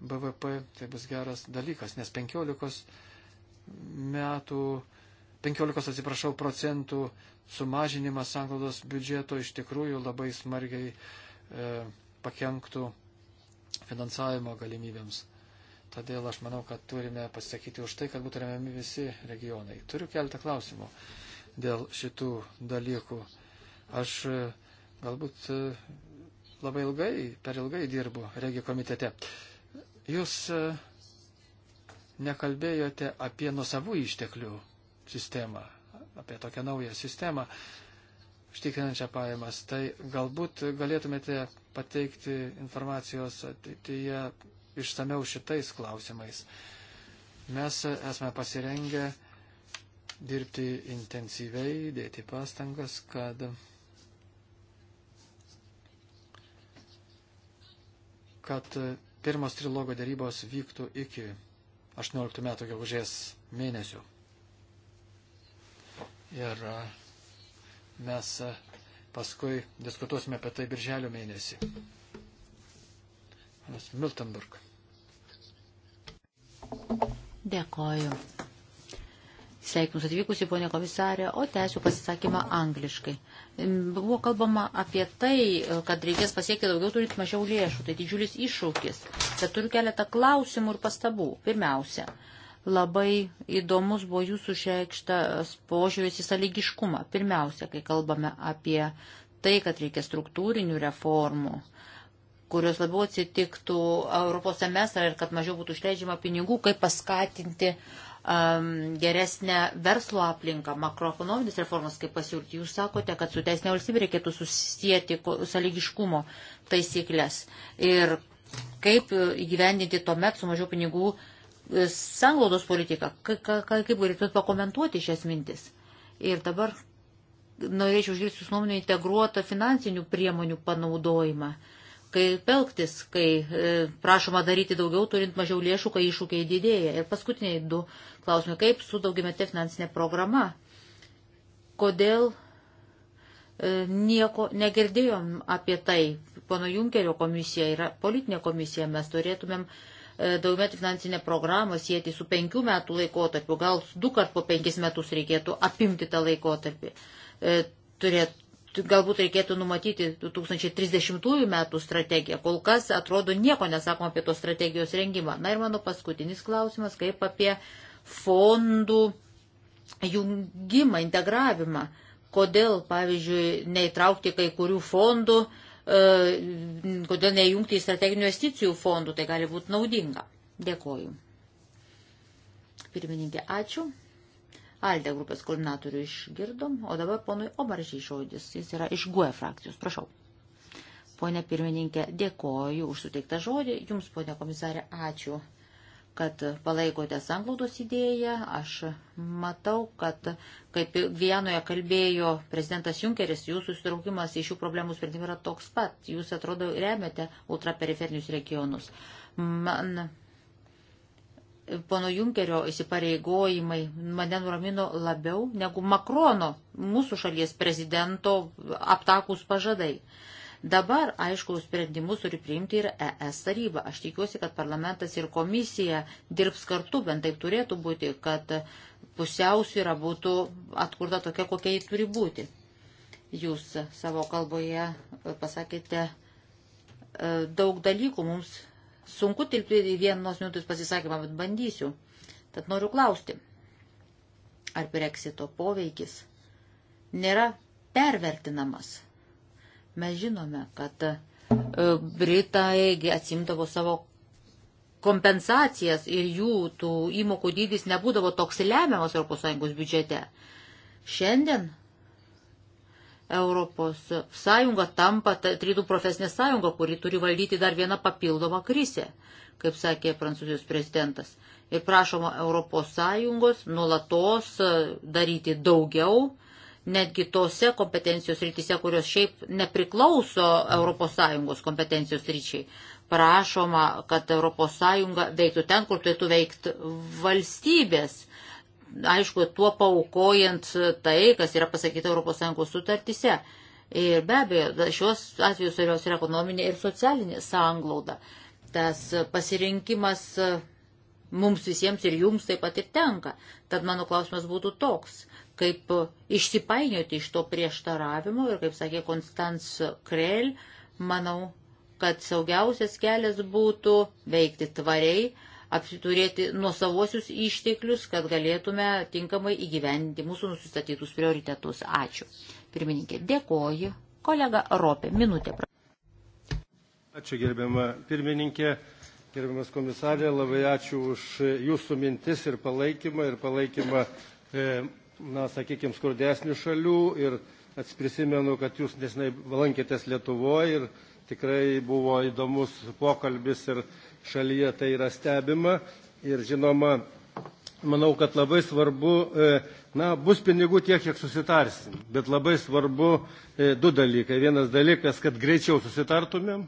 BVP, tai bus geras dalykas, nes 15 metų, 15 atsiprašau, procentų sumažinimas sanglaudos biudžeto iš tikrųjų labai smarkiai e, pakenktų finansavimo galimybėms. Todėl aš manau, kad turime pasisakyti už tai, kad būtų remiami visi regionai. Turiu keletą klausimų dėl šitų dalykų. Aš e, galbūt e, labai ilgai, per ilgai dirbu regio komitete. Jūs e, nekalbėjote apie nusavų išteklių sistemą, apie tokią naują sistemą, užtikrinančią pajamas. Tai galbūt galėtumėte pateikti informacijos ateityje išsameu šitais klausimais. Mes esame pasirengę dirbti intensyviai, dėti pastangas, kad kad pirmos trilogo dėrybos vyktų iki 18 metų gegužės mėnesių. Ir e, mes e, paskui diskutuosime apie tai birželio mėnesį. Miltenburg. Dėkoju. Sveikinus atvykusi, ponė komisarė, o tęsiu pasisakymą angliškai. Buvo kalbama apie tai, kad reikės pasiekti daugiau turint mažiau lėšų. Tai didžiulis iššūkis. Bet turiu keletą klausimų ir pastabų. Pirmiausia, labai įdomus buvo jūsų išreikštas požiūris į sąlygiškumą. Pirmiausia, kai kalbame apie tai, kad reikia struktūrinių reformų kurios labiau atsitiktų Europos semestrą ir kad mažiau būtų išleidžiama pinigų, kaip paskatinti uh, um, geresnę verslo aplinką, makroekonominės reformas, kaip pasiūlyti. Jūs sakote, kad su teisinė valstybė reikėtų susijęti sąlygiškumo taisyklės ir kaip įgyvendinti tuomet su mažiau pinigų e, sanglaudos politiką. Ka, ka, kaip galėtumėt pakomentuoti šias mintis? Ir dabar norėčiau išgirsti jūsų nuomonę integruotą finansinių priemonių panaudojimą. Uh, kaip elgtis, kai e, prašoma daryti daugiau, turint mažiau lėšų, kai iššūkiai didėja. Ir paskutiniai du klausimai, kaip su daugiametė finansinė programa, kodėl e, nieko negirdėjom apie tai. Pono Junkerio komisija yra politinė komisija, mes turėtumėm e, daugiametį finansinę programą sieti su penkių metų laikotarpiu, gal du kart po penkis metus reikėtų apimti tą laikotarpį. Turėt, galbūt reikėtų numatyti 2030 metų strategiją. Kol kas atrodo nieko nesakom apie tos strategijos rengimą. Na ir mano paskutinis klausimas, kaip apie fondų jungimą, integravimą. Kodėl, pavyzdžiui, neįtraukti kai kurių fondų, e, kodėl neįjungti į strateginių investicijų fondų, tai gali būti naudinga. Dėkoju. Pirmininkė, ačiū. Alde grupės koordinatorių išgirdom, o dabar ponui Obaržiai žodis, jis yra iš GUE frakcijos, prašau. Pone pirmininkė, dėkoju už suteiktą žodį, jums, ponė komisarė, ačiū, kad palaikote sanglaudos idėją. Aš matau, kad kaip Vienoje kalbėjo prezidentas Junkeris, jūsų susitraukimas į šių problemų sprendimą yra toks pat, jūs atrodo remiate ultraperiferinius regionus. Man pono Junkerio įsipareigojimai mane nuramino labiau negu Makrono, mūsų šalies prezidento, aptakus pažadai. Dabar, aišku, sprendimus turi priimti ir ES taryba. Aš tikiuosi, kad parlamentas ir komisija dirbs kartu, bent taip turėtų būti, kad pusiausvyra būtų atkurta tokia, kokia ji turi būti. Jūs savo kalboje pasakėte e, daug dalykų mums Sunku tilpti į vienos minutės pasisakymą, bet bandysiu. Tad noriu klausti, ar Brexito poveikis nėra pervertinamas. Mes žinome, kad e, Britai atsimdavo savo kompensacijas ir jų tų įmokų dydis nebūdavo toks lemiamas ES biudžete. Šiandien Europos sąjunga tampa trydų profesinė sąjunga, kuri turi valdyti dar vieną papildomą krizę, kaip sakė prancūzijos prezidentas. Ir prašoma Europos sąjungos nulatos e, daryti daugiau, netgi tose kompetencijos rytise, kurios šiaip nepriklauso Europos sąjungos kompetencijos ryčiai. Prašoma, kad Europos sąjunga veiktų ten, kur turėtų veikti valstybės aišku, tuo paukojant tai, kas yra pasakyta ES sutartise. Ir be abejo, šios atvejus svarbiausia yra ekonominė ir socialinė sąnglauda. Tas pasirinkimas mums visiems ir jums taip pat ir tenka. Tad mano klausimas būtų toks, kaip išsipainioti iš to prieštaravimo ir, kaip sakė Konstans Krell, manau, kad saugiausias kelias būtų veikti tvariai, apsiturėti nuosavosius išteklius, kad galėtume tinkamai įgyvendinti mūsų nusistatytus prioritetus. Ačiū. Pirmininkė, dėkoju. Kolega Ropė, minutė. Ačiū gerbiama pirmininkė, gerbiamas komisarė, labai ačiū už jūsų mintis ir palaikymą, ir palaikymą, e, na, sakykime, skurdesnių šalių. Ir atsiprisimenu, kad jūs nesinai lankėtės Lietuvoje ir tikrai buvo įdomus pokalbis ir šalyje tai yra stebima ir žinoma, manau, kad labai svarbu, e, na, bus pinigų tiek, kiek susitarsim, bet labai svarbu e, du dalykai. Vienas dalykas, kad greičiau susitartumėm,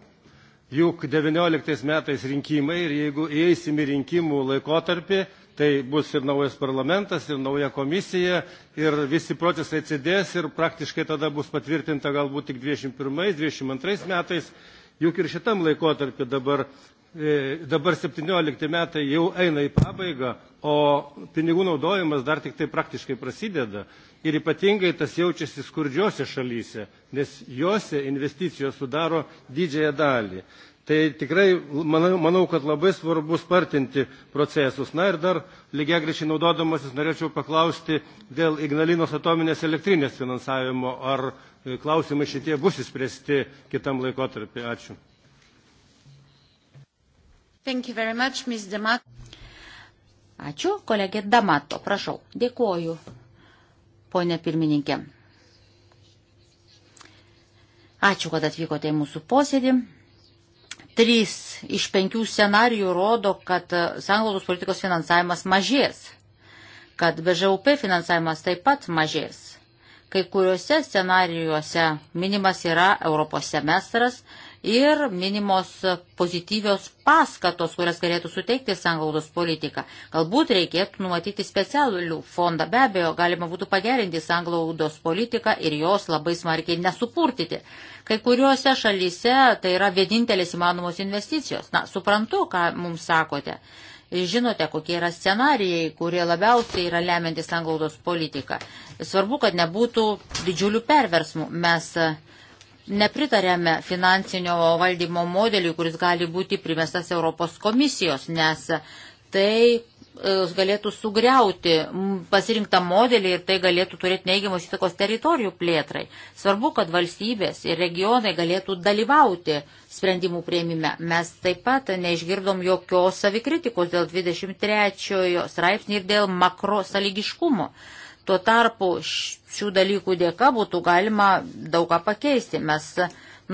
juk 19 metais rinkimai ir jeigu įeisim į rinkimų laikotarpį, tai bus ir naujas parlamentas, ir nauja komisija, ir visi procesai atsidės ir praktiškai tada bus patvirtinta galbūt tik 21-22 metais. Juk ir šitam laikotarpiu dabar E, dabar 17 metai jau eina į pabaigą, o pinigų naudojimas dar tik tai praktiškai prasideda. Ir ypatingai tas jaučiasi skurdžiose šalyse, nes juose investicijos sudaro didžiąją dalį. Tai tikrai manau, manau, kad labai svarbu spartinti procesus. Na ir dar lygiai grečiai naudodamasis norėčiau paklausti dėl Ignalinos atominės elektrinės finansavimo, ar klausimai šitie bus įspręsti kitam laikotarpiu. Ačiū. Much, Ačiū, kolegė Damato, prašau. Dėkuoju, ponė pirmininkė. Ačiū, kad atvykote į mūsų posėdį. Trys iš penkių scenarijų rodo, kad sanglaudos politikos finansavimas mažės, kad BŽUP finansavimas taip pat mažės. Kai kuriuose scenarijuose minimas yra Europos semestras, ir minimos pozityvios paskatos, kurias galėtų suteikti sanglaudos politika. Galbūt reikėtų numatyti specialių fondą. Be abejo, galima būtų pagerinti sanglaudos politiką ir jos labai smarkiai nesupurtyti. Kai kuriuose šalyse tai yra vienintelės įmanomos investicijos. Na, suprantu, ką mums sakote. Žinote, kokie yra scenarijai, kurie labiausiai yra lemiantis sanglaudos politiką. Svarbu, kad nebūtų didžiulių perversmų. Mes nepritarėme finansinio valdymo modeliui, kuris gali būti primestas Europos komisijos, nes tai e, galėtų sugriauti pasirinktą modelį ir tai galėtų turėti neigiamos įtakos teritorijų plėtrai. Svarbu, kad valstybės ir regionai galėtų dalyvauti sprendimų prieimime. Mes taip pat neišgirdom jokios savikritikos dėl 23 straipsnį ir dėl makrosaligiškumo. Tuo tarpu šių dalykų dėka būtų galima daugą pakeisti. Mes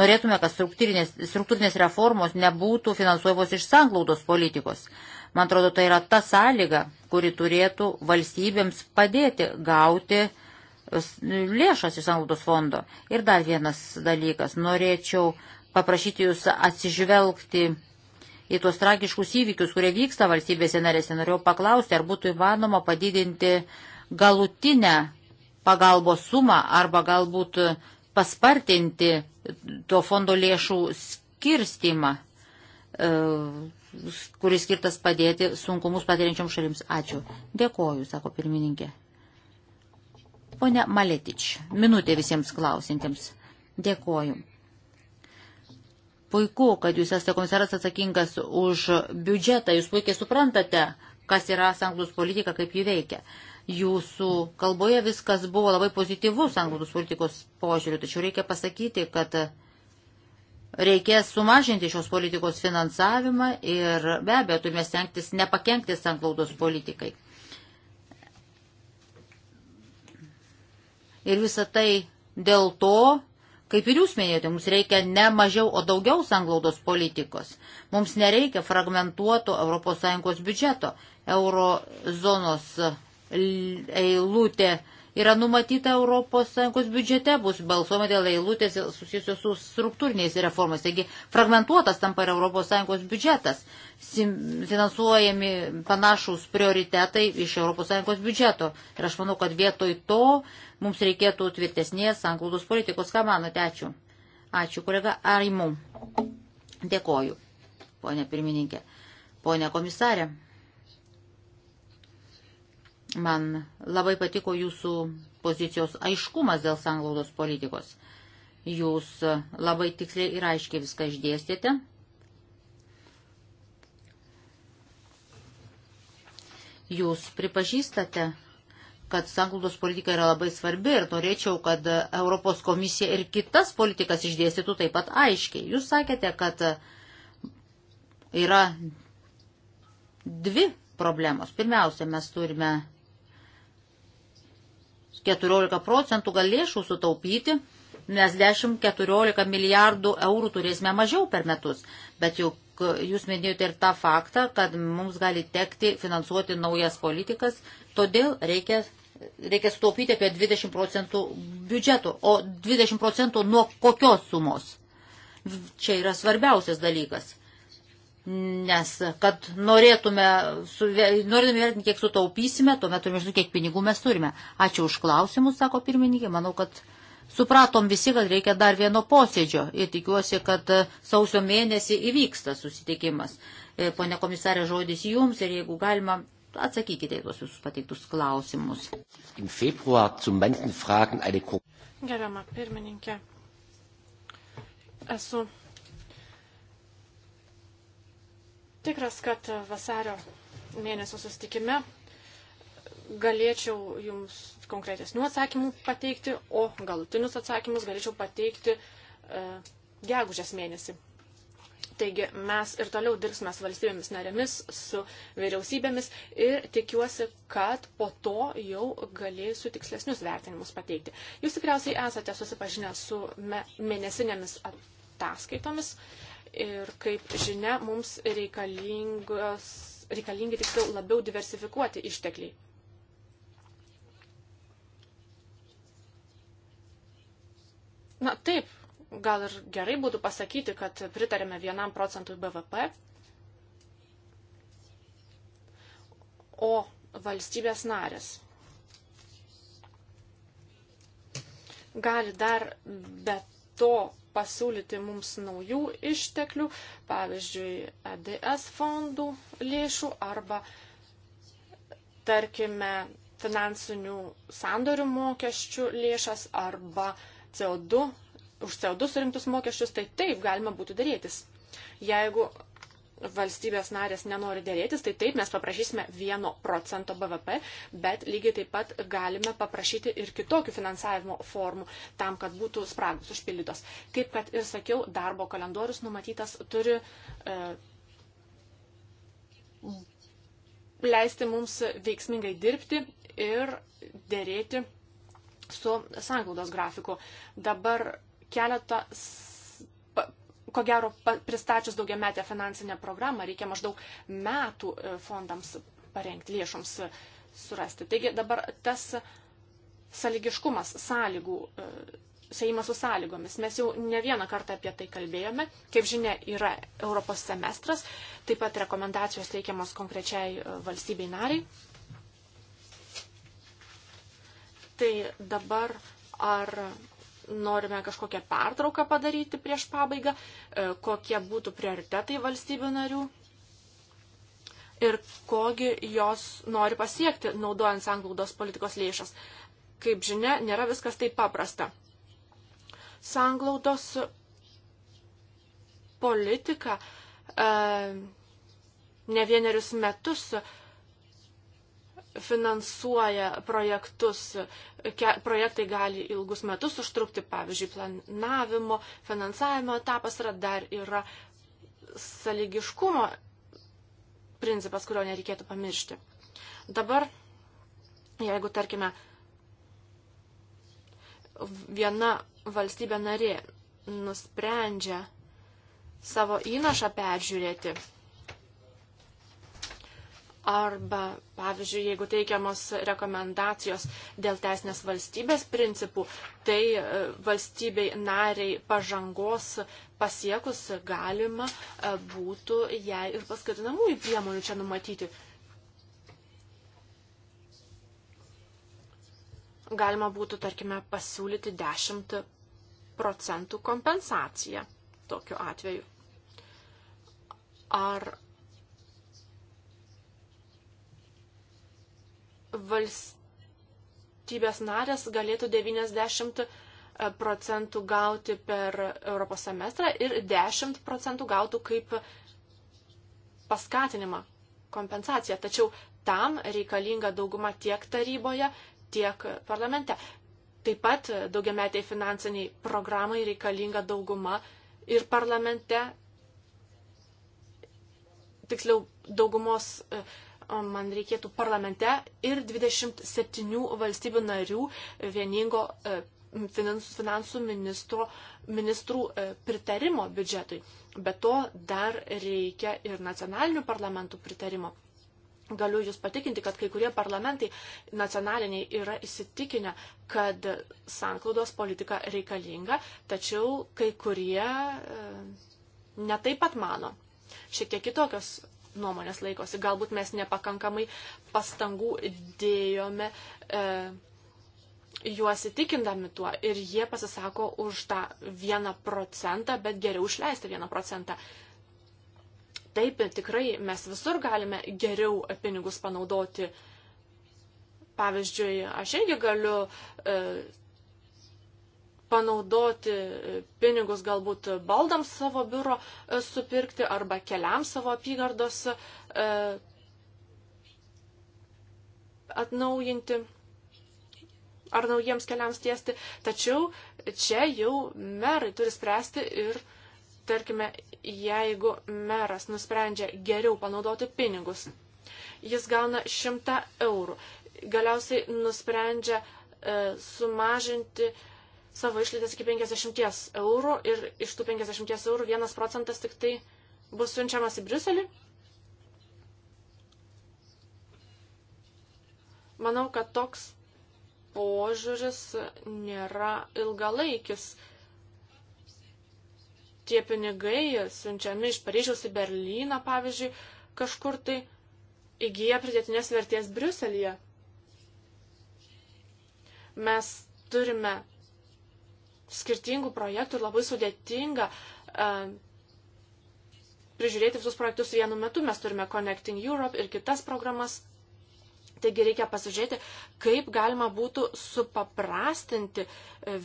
norėtume, kad struktūrinės, struktūrinės reformos nebūtų finansuojamos iš sanglaudos politikos. Man atrodo, tai yra ta sąlyga, kuri turėtų valstybėms padėti gauti e, lėšas iš sanglaudos fondo. Ir dar vienas dalykas. Norėčiau paprašyti jūs atsižvelgti į tuos tragiškus įvykius, kurie vyksta valstybėse narėse. Norėjau paklausti, ar būtų įmanoma padidinti galutinę pagalbos sumą arba galbūt paspartinti to fondo lėšų skirstimą, e, kuris skirtas padėti sunkumus patiriančiom šalims. Ačiū. Dėkoju, sako pirmininkė. Pone Maletič, minutė visiems klausintiems. Dėkoju. Puiku, kad jūs esate komisaras atsakingas už biudžetą, jūs puikiai suprantate, kas yra sanglus politika, kaip jį veikia. Uh, Jūsų kalboje viskas buvo labai pozityvus anglų politikos požiūriu, tačiau reikia pasakyti, kad reikės sumažinti šios politikos finansavimą ir be abejo turime stengtis nepakengti sanklaudos politikai. Ir visą tai dėl to, kaip ir jūs minėjote, mums reikia ne mažiau, o daugiau sanglaudos politikos. Mums nereikia fragmentuoto ES biudžeto. Eurozonos eilutė yra numatyta ES biudžete, bus balsuoma dėl eilutės susijusios su struktūriniais reformas. Taigi fragmentuotas tampa ir ES biudžetas, finansuojami panašus prioritetai iš ES biudžeto. Ir aš manau, kad vietoj to mums reikėtų tvirtesnės anglūdus politikos. Ką manote? Ačiū. Ačiū, kolega Arimum. Dėkoju, ponė pirmininkė. Ponė komisarė. Man labai patiko jūsų pozicijos aiškumas dėl sanglaudos politikos. Jūs labai tiksliai ir aiškiai viską išdėstėte. Jūs pripažįstate, kad sanglaudos politika yra labai svarbi ir norėčiau, kad Europos komisija ir kitas politikas išdėstytų taip pat aiškiai. Jūs sakėte, kad yra dvi problemos. Pirmiausia, mes turime 14 procentų gal lėšų sutaupyti, nes 10-14 milijardų eurų turėsime mažiau per metus. Bet juk e, jūs minėjote ir tą faktą, kad mums gali tekti finansuoti naujas politikas, todėl reikia, reikia sutaupyti apie 20 procentų biudžeto. O 20 procentų nuo kokios sumos? Čia yra svarbiausias dalykas. Nes kad norėtume, norėtume vertinti, kiek sutaupysime, tuomet turime žinoti, kiek pinigų mes turime. Ačiū už klausimus, sako pirmininkė. Manau, kad supratom visi, kad reikia dar vieno posėdžio ir tikiuosi, kad sausio mėnesį įvyks tas susitikimas. E, pone komisarė, žodis jums ir jeigu galima, atsakykite į tuos jūsų pateiktus klausimus. Gerama pirmininkė, esu tikras, kad vasario mėnesio sustikime galėčiau jums konkretesnių atsakymų pateikti, o galutinius atsakymus galėčiau pateikti e, gegužės mėnesį. Taigi mes ir toliau dirbsime su valstybėmis narėmis, su vyriausybėmis ir tikiuosi, kad po to jau galėsiu tikslesnius vertinimus pateikti. Jūs tikriausiai esate susipažinę su mėnesinėmis ataskaitomis. E, Ir kaip žinia, mums reikalingi tiksliau labiau diversifikuoti ištekliai. Na taip, gal ir gerai būtų pasakyti, kad pritarėme vienam procentui BVP, o valstybės narės gali dar be to pasiūlyti mums naujų išteklių, pavyzdžiui, EDS fondų lėšų arba, tarkime, finansinių sandorių mokesčių lėšas arba CO2, už CO2 surinktus mokesčius, tai taip galima būtų darytis. Jeigu valstybės narės nenori dėrėtis, tai taip mes paprašysime 1 procento BVP, bet lygiai taip pat galime paprašyti ir kitokių finansavimo formų tam, kad būtų spragos užpildytos. Kaip kad ir sakiau, darbo kalendorius numatytas turi e, leisti mums veiksmingai dirbti ir dėrėti su sanglaudos grafiku. Dabar keletą ko gero, pristačius daugiametę finansinę programą, reikia maždaug metų e, fondams parengti lėšoms e, surasti. Taigi dabar tas sąlygiškumas, sąlygų, e, seimas su sąlygomis. Mes jau ne vieną kartą apie tai kalbėjome. Kaip žinia, yra Europos semestras, taip pat rekomendacijos teikiamos konkrečiai valstybei nariai. Tai dabar ar norime kažkokią pertrauką padaryti prieš pabaigą, e, kokie būtų prioritetai valstybių narių ir kogi jos nori pasiekti, naudojant sanglaudos politikos lėšas. Kaip žinia, nėra viskas taip paprasta. Sanglaudos politika e, ne vienerius metus e, finansuoja projektus. Ke, projektai gali ilgus metus užtrukti, pavyzdžiui, planavimo, finansavimo etapas yra dar yra saligiškumo principas, kurio nereikėtų pamiršti. Dabar, jeigu, tarkime, viena valstybė narė nusprendžia savo įnašą peržiūrėti, Arba, pavyzdžiui, jeigu teikiamos rekomendacijos dėl teisinės valstybės principų, tai e, valstybei nariai pažangos pasiekus galima e, būtų jai ir paskatinamųjų priemonių čia numatyti. Galima būtų, tarkime, pasiūlyti 10 procentų kompensaciją tokiu atveju. Ar valstybės narės galėtų 90 e, procentų gauti per Europos semestrą ir 10 procentų gautų kaip paskatinimą, kompensaciją. Tačiau tam reikalinga dauguma tiek taryboje, tiek parlamente. Taip pat daugiametiai finansiniai programai reikalinga dauguma ir parlamente, tiksliau daugumos e, man reikėtų parlamente ir 27 valstybių narių e, vieningo e, finansų ministro, ministrų e, pritarimo biudžetui. Be to dar reikia ir nacionalinių parlamentų pritarimo. Galiu Jūs patikinti, kad kai kurie parlamentai nacionaliniai yra įsitikinę, kad sanklaudos politika reikalinga, tačiau kai kurie e, netaip pat mano. Šiek tiek kitokios nuomonės laikosi. Galbūt mes nepakankamai pastangų dėjome e, juos įtikindami tuo ir jie pasisako už tą vieną procentą, bet geriau išleisti vieną procentą. Taip, tikrai mes visur galime geriau pinigus panaudoti. Pavyzdžiui, aš irgi galiu e, panaudoti e, pinigus galbūt baldams savo biuro e, supirkti arba keliams savo apygardos e, atnaujinti ar naujiems keliams tiesti. Tačiau čia jau merai turi spręsti ir, tarkime, jeigu meras nusprendžia geriau panaudoti pinigus, jis gauna 100 eurų. Galiausiai nusprendžia e, sumažinti e, savo išlygas iki 50 eurų ir iš tų 50 eurų 1 procentas tik tai bus siunčiamas į Briuselį. Manau, kad toks požiūris nėra ilgalaikis. Tie pinigai siunčiami iš Paryžiaus į Berlyną, pavyzdžiui, kažkur tai įgyja pridėtinės vertės Briuselėje. Mes turime skirtingų projektų ir labai sudėtinga e, prižiūrėti visus projektus vienu metu. Mes turime Connecting Europe ir kitas programas. Taigi reikia pasižiūrėti, kaip galima būtų supaprastinti e,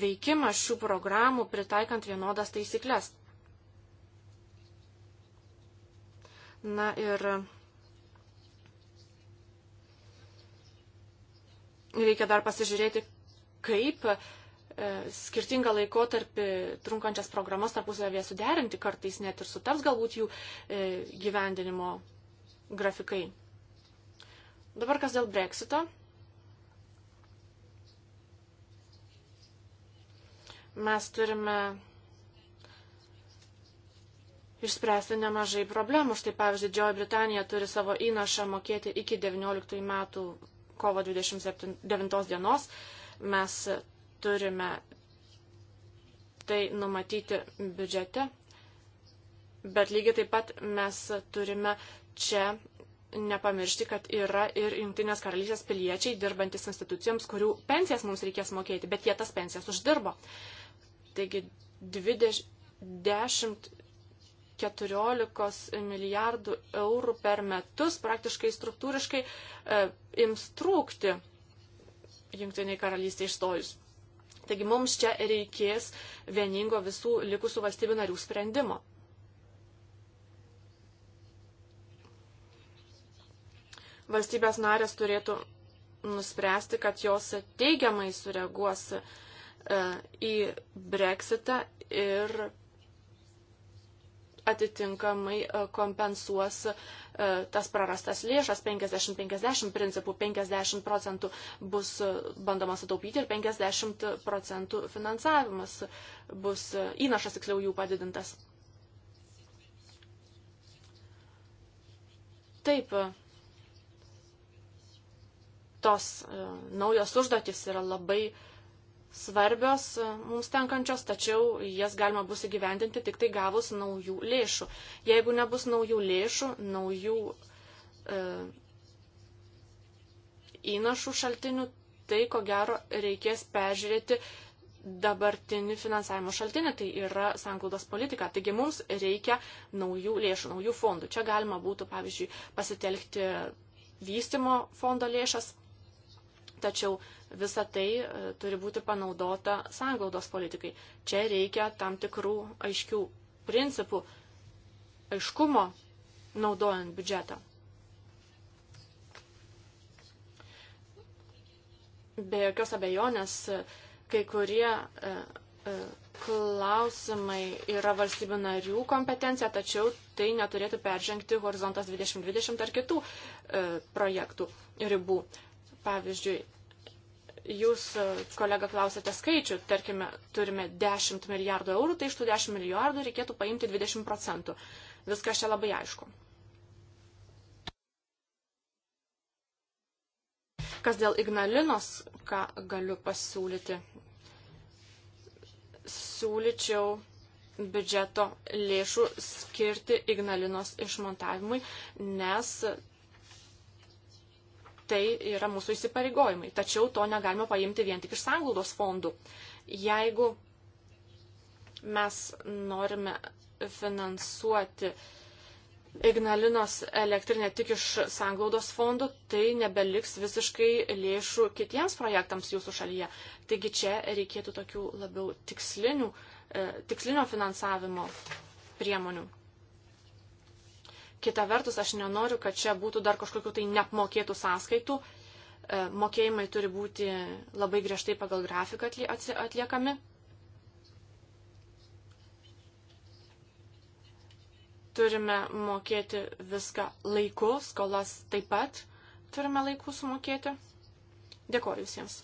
veikimą šių programų, pritaikant vienodas taisyklės. Na ir e, reikia dar pasižiūrėti, kaip E, skirtingą laikotarpį trunkančias programas tarpusavėje suderinti, kartais net ir sutaps galbūt jų e, gyvendinimo grafikai. Dabar kas dėl breksito. Mes turime išspręsti nemažai problemų. Štai pavyzdžiui, Džioji Britanija turi savo įnašą mokėti iki 19 metų kovo 29 dienos. Mes turime tai numatyti biudžete, bet lygiai taip pat mes turime čia nepamiršti, kad yra ir Junktinės karalystės piliečiai dirbantis institucijoms, kurių pensijas mums reikės mokėti, bet jie tas pensijas uždirbo. Taigi 10-14 milijardų eurų per metus praktiškai struktūriškai e, ims trūkti Junktiniai karalystė išstojus. Taigi mums čia reikės vieningo visų likusių valstybių narių sprendimo. Valstybės narės turėtų nuspręsti, kad jos teigiamai sureaguos e, į breksitą ir atitinkamai e, kompensuos E, tas prarastas lėšas 50-50 principų 50 procentų bus e, bandoma sutaupyti ir 50 procentų finansavimas bus e, įnašas tiksliau jų padidintas. Taip, tos naujos užduotis yra labai uh, svarbios mums tenkančios, tačiau jas galima bus įgyvendinti tik tai gavus naujų lėšų. Jeigu nebus naujų lėšų, naujų e, įnašų šaltinių, tai ko gero reikės peržiūrėti dabartinį finansavimo šaltinį, tai yra sanklaudos politika. Taigi mums reikia naujų lėšų, naujų fondų. Čia galima būtų, pavyzdžiui, pasitelkti vystimo fondo lėšas, tačiau visa tai e, turi būti panaudota sanglaudos politikai. Čia reikia tam tikrų aiškių principų, aiškumo naudojant biudžetą. Be jokios abejonės, e, kai kurie e, klausimai yra valstybių narių kompetencija, tačiau tai neturėtų peržengti Horizontas 2020 ar kitų projektų ribų. Pavyzdžiui, Jūs, e, kolega, klausėte skaičių, tarkime, turime 10 milijardų eurų, tai iš tų 10 milijardų reikėtų paimti 20 procentų. Viskas čia labai aišku. Kas dėl Ignalinos, ką galiu pasiūlyti? Siūlyčiau biudžeto lėšų skirti Ignalinos išmontavimui, nes Tai yra mūsų įsipareigojimai. Tačiau to negalime paimti vien tik iš sanglaudos fondų. Jeigu mes norime finansuoti Ignalinos elektrinę tik iš sanglaudos fondų, tai nebeliks visiškai lėšų kitiems projektams jūsų šalyje. Taigi čia reikėtų tokių labiau tikslinių, e, tikslinio finansavimo priemonių. Kita vertus, aš nenoriu, kad čia būtų dar kažkokių tai neapmokėtų sąskaitų. E, mokėjimai turi būti labai griežtai pagal grafiką atliekami. Turime mokėti viską laiku, skolas taip pat turime laiku sumokėti. Dėkoju visiems.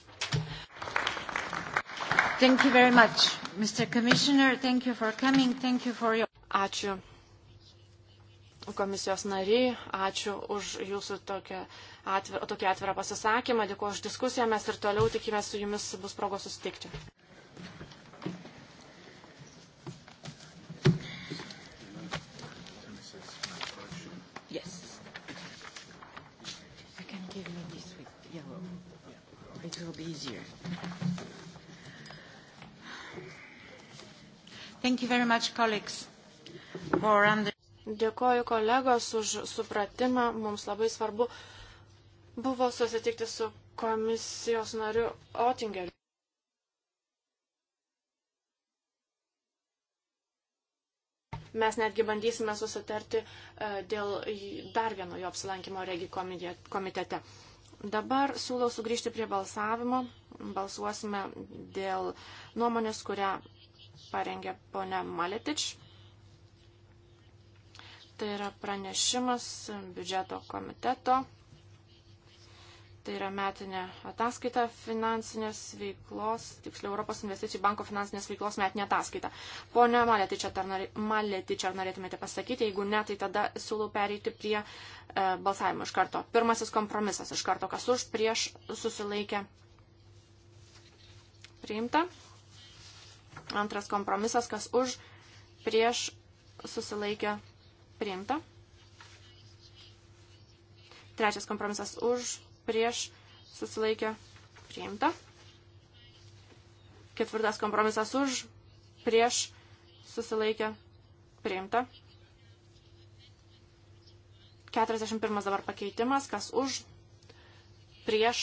Thank you very much, Mr. Commissioner. Thank you for coming. Thank you for your... Ačiū komisijos nariai, ačiū už jūsų tokią atvirą, tokį atvirą pasisakymą, dėkuoju už diskusiją, mes ir toliau tikimės su jumis bus progos susitikti. Yes. Yeah, well, Thank you very much, colleagues, for under Dėkoju kolegos už supratimą. Mums labai svarbu buvo susitikti su komisijos nariu Otingeriu. Mes netgi bandysime susitarti e, dėl dar vieno jo apsilankimo regi komitete. Dabar siūlau sugrįžti prie balsavimo. Balsuosime dėl nuomonės, kurią parengė ponia Maletič. Tai yra pranešimas biudžeto komiteto. Tai yra metinė ataskaita finansinės veiklos, tiksliau Europos investicijų banko finansinės veiklos metinė ataskaita. Pone Maletič, ar, norė, Maletič, ar norėtumėte pasakyti, jeigu ne, tai tada siūlau pereiti prie e, balsavimo iš karto. Pirmasis kompromisas iš karto, kas už, prieš susilaikė. Priimta. Antras kompromisas, kas už, prieš susilaikė. Priimta priimta. Trečias kompromisas už, prieš, susilaikė, priimta. Ketvirtas kompromisas už, prieš, susilaikė, priimta. 41 dabar pakeitimas, kas už, prieš,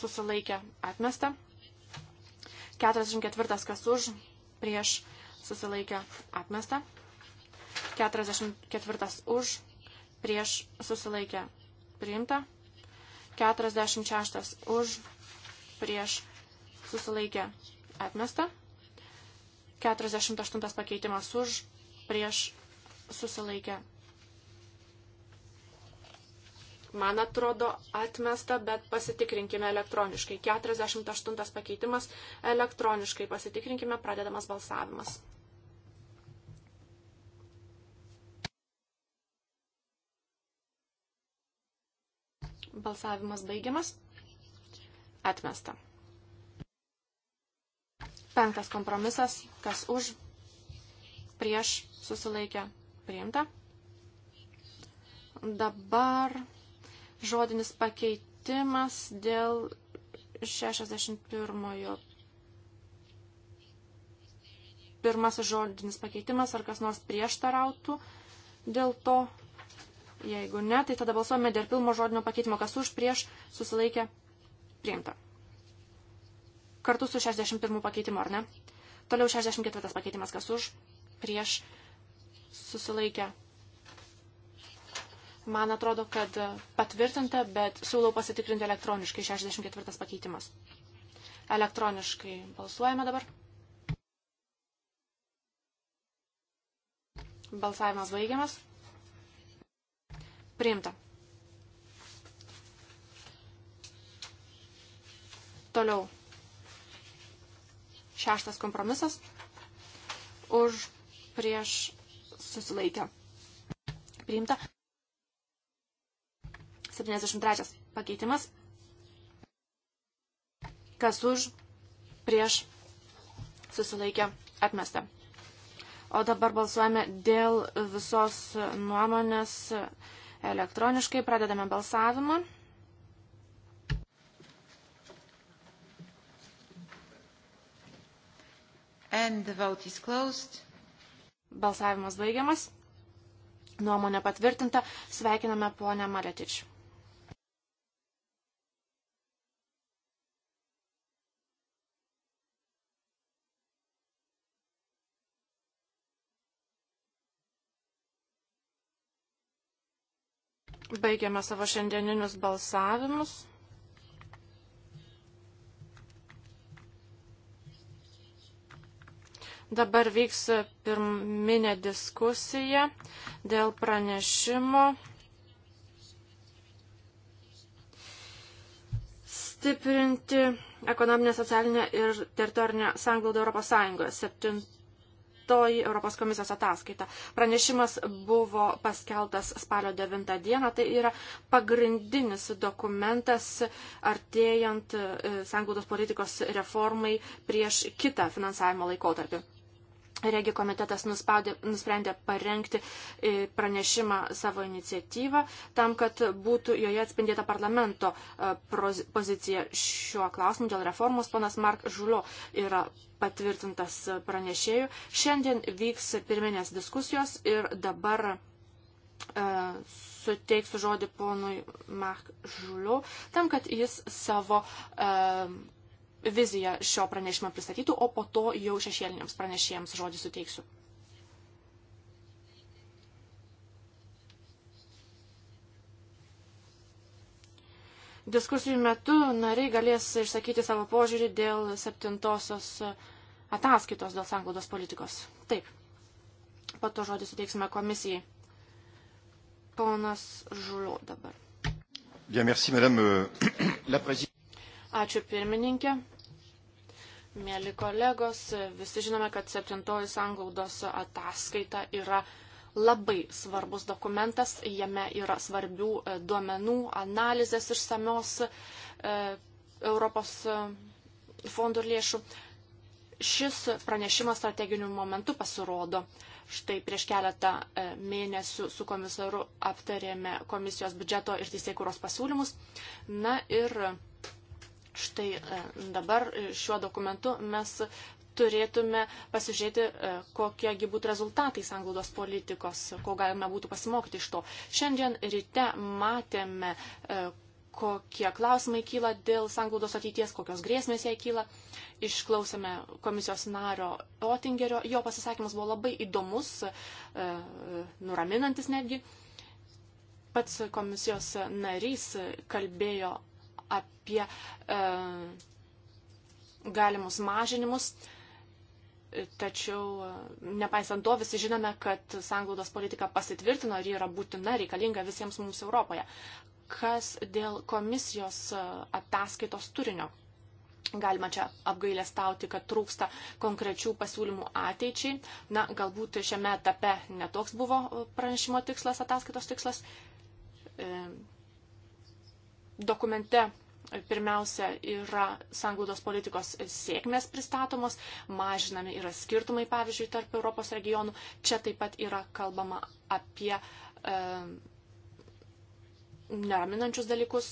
susilaikė, atmesta. 44 kas už, prieš, susilaikė, atmesta. 44 už, prieš susilaikė priimta, 46 už, prieš susilaikė atmesta, 48 pakeitimas už, prieš susilaikė. Man atrodo atmesta, bet pasitikrinkime elektroniškai. 48 pakeitimas elektroniškai pasitikrinkime pradedamas balsavimas. Balsavimas baigiamas. Atmesta. Penktas kompromisas. Kas už? Prieš susilaikę. Priimta. Dabar žodinis pakeitimas dėl 61 pirmasis žodinis pakeitimas, ar kas nors prieštarautų dėl to, Jeigu ne, tai tada balsuojame dėl pilno žodinio pakeitimo, kas už prieš susilaikė priimta. Kartu su 61 pakeitimu, ar ne? Toliau 64 pakeitimas, kas už prieš susilaikė. Man atrodo, kad patvirtinta, bet siūlau pasitikrinti elektroniškai 64 pakeitimas. Elektroniškai balsuojame dabar. Balsavimas baigiamas. Priimta. Toliau. Šeštas kompromisas. Už prieš susilaikę. Priimta. 73 pakeitimas. Kas už prieš susilaikę atmestą. O dabar balsuojame dėl visos nuomonės Elektroniškai pradedame balsavimą. And the vote is closed. Balsavimas baigiamas. Nuomonė patvirtinta. Sveikiname ponę Maletič. Baigiame savo šiandieninius balsavimus. Dabar vyks pirminė diskusija dėl pranešimo stiprinti ekonominę, socialinę ir teritorinę sąnglaudą Europos Sąjungoje. Septint toji Europos komisijos ataskaita. Pranešimas buvo paskeltas spalio 9 dieną, tai yra pagrindinis dokumentas artėjant e, sanglaudos politikos reformai prieš kitą finansavimo laikotarpį. Regi komitetas nuspaudė, nusprendė parengti e, pranešimą savo iniciatyvą tam, kad būtų joje atspindėta parlamento e, pozicija šiuo klausimu dėl reformos. Ponas Mark Žulio yra patvirtintas pranešėjų. Šiandien vyks pirminės diskusijos ir dabar e, suteiksiu žodį ponui Mark Žulio tam, kad jis savo e, viziją šio pranešimo pristatytų, o po to jau šešėliniams pranešėjams žodį suteiksiu. Diskusijų metu nariai galės išsakyti savo požiūrį dėl septintosios ataskaitos dėl sanglaudos politikos. Taip. Po to žodį suteiksime komisijai. Ponas Žuliu dabar. Bien, merci, madame euh, la présidente. Ačiū pirmininkė. Mėly kolegos, visi žinome, kad septintoji sanglaudos ataskaita yra labai svarbus dokumentas, jame yra svarbių e, duomenų, analizės išsamios e, Europos e, fondų lėšų. Šis pranešimas strateginiu momentu pasirodo. Štai prieš keletą mėnesių su komisaru aptarėme komisijos biudžeto ir teisėkūros pasiūlymus. Na ir Štai e, dabar e, šiuo dokumentu mes turėtume pasižiūrėti, e, kokiegi būtų rezultatai sanglaudos politikos, ko galime būtų pasimokyti iš to. Šiandien ryte matėme, kokie klausimai kyla dėl sanglaudos ateities, kokios grėsmės jai kyla. Išklausėme komisijos nario Otingerio, jo pasisakymas buvo labai įdomus, nuraminantis netgi. Pats komisijos narys kalbėjo apie e, galimus mažinimus. Tačiau, e, nepaisant to, visi žinome, kad sanglaudos politika pasitvirtino ir yra būtina, reikalinga visiems mums Europoje. Kas dėl komisijos e, ataskaitos turinio? Galima čia apgailestauti, kad trūksta konkrečių pasiūlymų ateičiai. Na, galbūt šiame etape netoks buvo pranešimo tikslas, ataskaitos tikslas. E, dokumente pirmiausia yra sanglaudos politikos sėkmės pristatomos, mažinami yra skirtumai, pavyzdžiui, tarp Europos regionų. Čia taip pat yra kalbama apie e, neraminančius dalykus,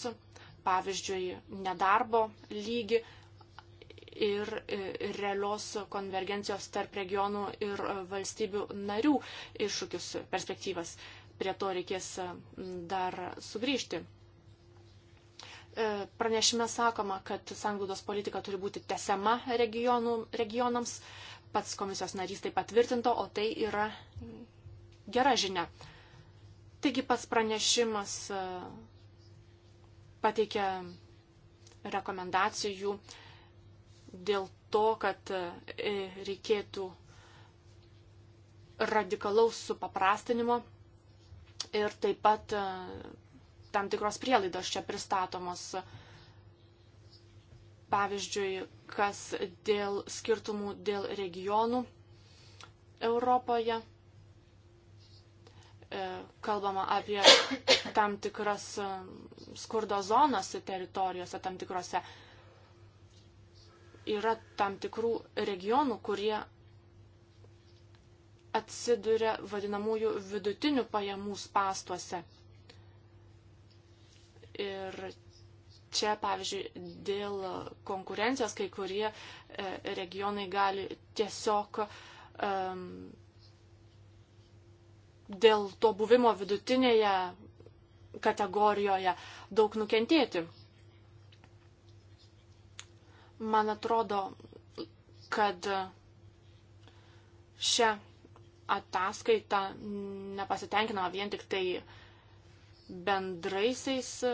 pavyzdžiui, nedarbo lygį ir e, realios konvergencijos tarp regionų ir valstybių narių iššūkius perspektyvas. Prie to reikės dar sugrįžti. E, pranešime sakoma, kad sanglaudos politika turi būti tesiama regionų, regionams. Pats komisijos narys tai patvirtinto, o tai yra gera žinia. Taigi pats pranešimas e, pateikia rekomendacijų dėl to, kad e, reikėtų radikalaus supaprastinimo ir taip pat tam tikros prielaidos čia pristatomos. Pavyzdžiui, kas dėl skirtumų dėl regionų Europoje. E, kalbama apie tam tikras e, skurdo zonas teritorijose, tam tikrose. Yra tam tikrų regionų, kurie atsiduria vadinamųjų vidutinių pajamų spastuose. Ir čia, pavyzdžiui, dėl konkurencijos kai kurie e, regionai gali tiesiog um, dėl to buvimo vidutinėje kategorijoje daug nukentėti. Man atrodo, kad šią ataskaitą nepasitenkinama vien tik tai uh, bendraisiais e,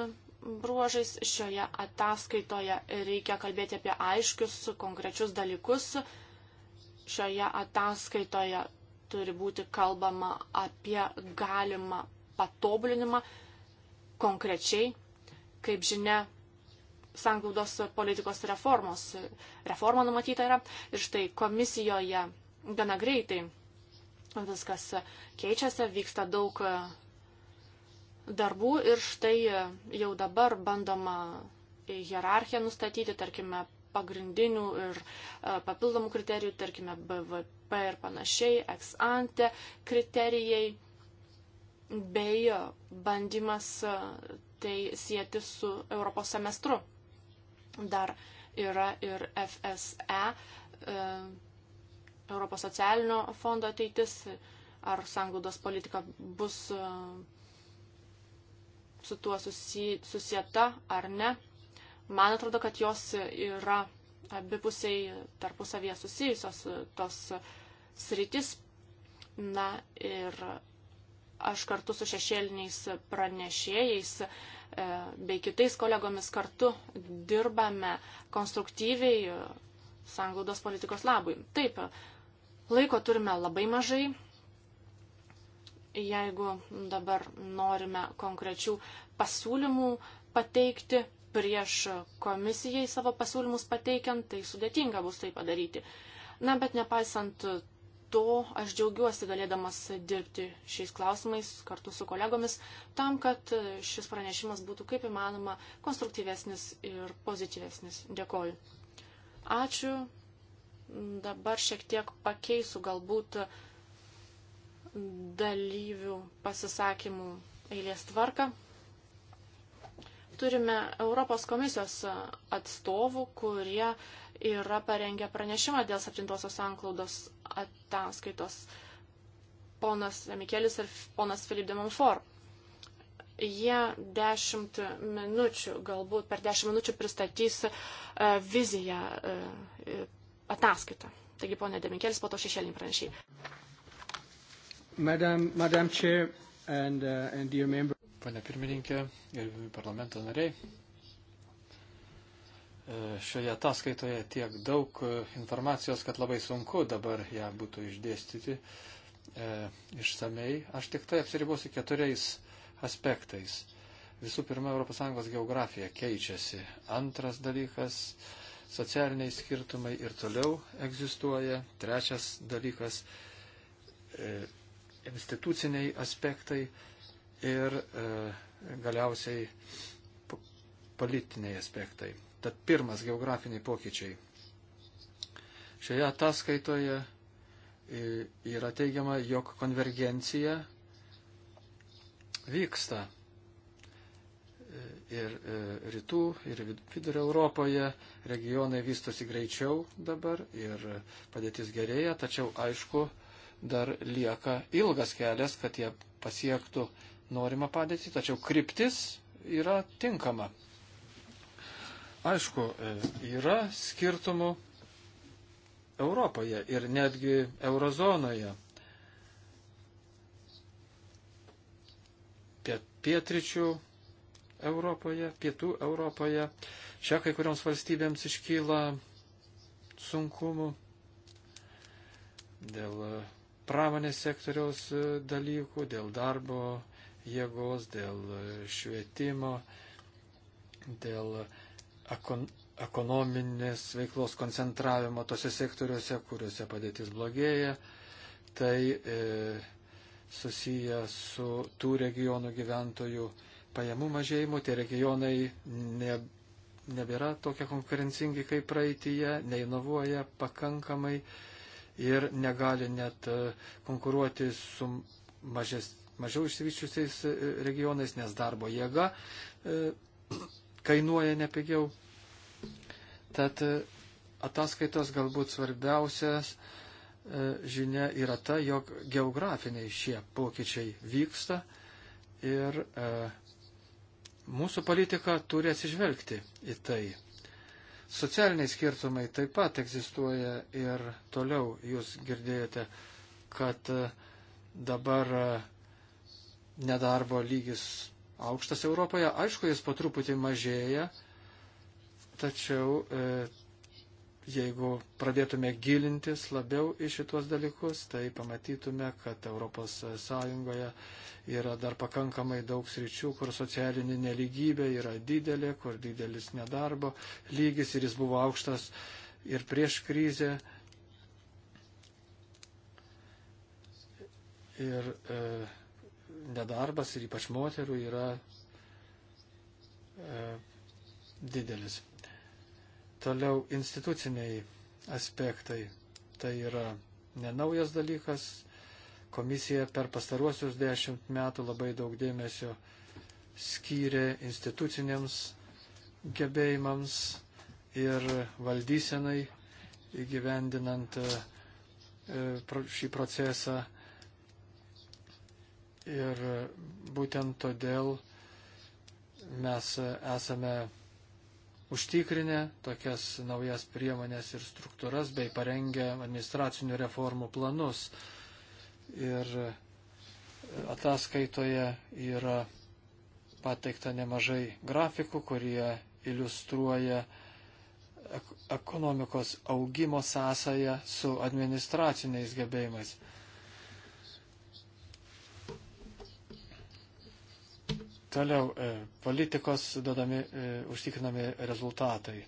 bruožais šioje ataskaitoje reikia kalbėti apie aiškius, konkrečius dalykus. Šioje ataskaitoje turi būti kalbama apie galimą patobulinimą konkrečiai. Kaip žinia, sanglaudos politikos reformos reforma numatyta yra ir štai komisijoje gana greitai viskas keičiasi, vyksta daug darbų ir štai jau dabar bandoma hierarchiją nustatyti, tarkime, pagrindinių ir e, papildomų kriterijų, tarkime, BVP ir panašiai, ex ante kriterijai, bei bandymas e, tai sieti su Europos semestru. Dar yra ir FSE, e, Europos socialinio fondo ateitis, ar sanglaudos politika bus su tuo susi, susieta ar ne. Man atrodo, kad jos yra abipusiai tarpusavėje susijusios tos sritis. Na ir aš kartu su šešėliniais pranešėjais e, bei kitais kolegomis kartu dirbame konstruktyviai e, sanglaudos politikos labui. Taip, laiko turime labai mažai, jeigu dabar norime konkrečių pasiūlymų pateikti prieš komisijai savo pasiūlymus pateikiant, tai sudėtinga bus tai padaryti. Na, bet nepaisant to, aš džiaugiuosi galėdamas dirbti šiais klausimais kartu su kolegomis, tam, kad šis pranešimas būtų kaip įmanoma konstruktyvesnis ir pozityvesnis. Dėkoju. Ačiū. Dabar šiek tiek pakeisiu galbūt uh, dalyvių pasisakymų eilės tvarką. Turime Europos komisijos atstovų, kurie yra parengę pranešimą dėl septintosios anklaudos ataskaitos. Ponas Mikelis ir ponas Filip de Monfort. Jie dešimt minučių, galbūt per dešimt minučių pristatys e, viziją e, ataskaitą. Taigi, ponė Demikelis, po to šešėlinį pranešiai. Madam, Madam Chair and, uh, and dear member. Pane pirmininkė, gerbimi parlamento nariai, e, šioje ataskaitoje tiek daug e, informacijos, kad labai sunku dabar ją būtų išdėstyti e, išsamei. Aš tik tai apsiribosiu keturiais aspektais. Visų pirma, ES geografija keičiasi. Antras dalykas - socialiniai skirtumai ir toliau egzistuoja. Trečias dalykas e, instituciniai aspektai ir e, galiausiai politiniai aspektai. Tad pirmas geografiniai pokyčiai. Šioje ataskaitoje e, yra teigiama, jog konvergencija vyksta e, ir e, rytų, ir vidurio Europoje regionai vystosi greičiau dabar ir padėtis gerėja, tačiau aišku, dar lieka ilgas kelias, kad jie pasiektų norimą padėtį, tačiau kryptis yra tinkama. Aišku, e, yra skirtumų Europoje ir netgi eurozonoje. Pietričių Europoje, pietų Europoje. Čia kai kurioms valstybėms iškyla sunkumų dėl e, pramonės sektoriaus e, dalykų, dėl darbo jėgos, dėl e, švietimo, dėl ekon ekonominės veiklos koncentravimo tose sektoriuose, kuriuose padėtis blogėja. Tai e, susiję su tų regionų gyventojų pajamų mažėjimu. Tie regionai ne, nebėra tokie konkurencingi kaip praeitįje, neinovuoja pakankamai. E, ir negali net e, konkuruoti su mažes, mažiau išsivyščiusiais e, regionais, nes darbo jėga e, kainuoja nepigiau. Tad ataskaitos galbūt svarbiausias žinia yra ta, jog geografiniai šie pokyčiai vyksta ir e, mūsų politika turi atsižvelgti į tai. Socialiniai skirtumai taip pat egzistuoja ir toliau. Jūs girdėjote, kad e, dabar e, nedarbo lygis aukštas Europoje. Aišku, jis po truputį mažėja, tačiau e, jeigu pradėtume gilintis labiau į šitos dalykus, tai pamatytume, kad ES yra dar pakankamai daug sričių, kur socialinė neligybė yra didelė, kur didelis nedarbo lygis ir jis buvo aukštas ir prieš krizę. Ir e, nedarbas, ir ypač moterų, yra e, didelis. Toliau instituciniai aspektai. Tai yra nenaujas dalykas. Komisija per pastaruosius dešimt metų labai daug dėmesio skyrė instituciniams gebėjimams ir valdysenai įgyvendinant e, e, šį procesą. Ir būtent todėl mes esame užtikrinę tokias naujas priemonės ir struktūras bei parengę administracinių reformų planus. Ir ataskaitoje yra pateikta nemažai grafikų, kurie iliustruoja ekonomikos augimo sąsają su administraciniais gebėjimais. Toliau e, politikos duodami, e, užtikrinami rezultatai.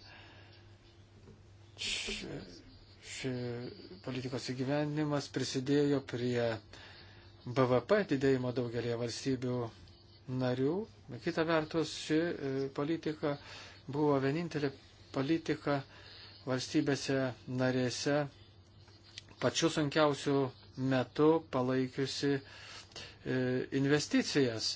Ši, e, ši politikos įgyvenimas prisidėjo prie BVP didėjimo daugelėje valstybių narių. Kita vertus, ši politika buvo vienintelė politika valstybėse narėse pačiu sunkiausiu metu palaikiusi investicijas.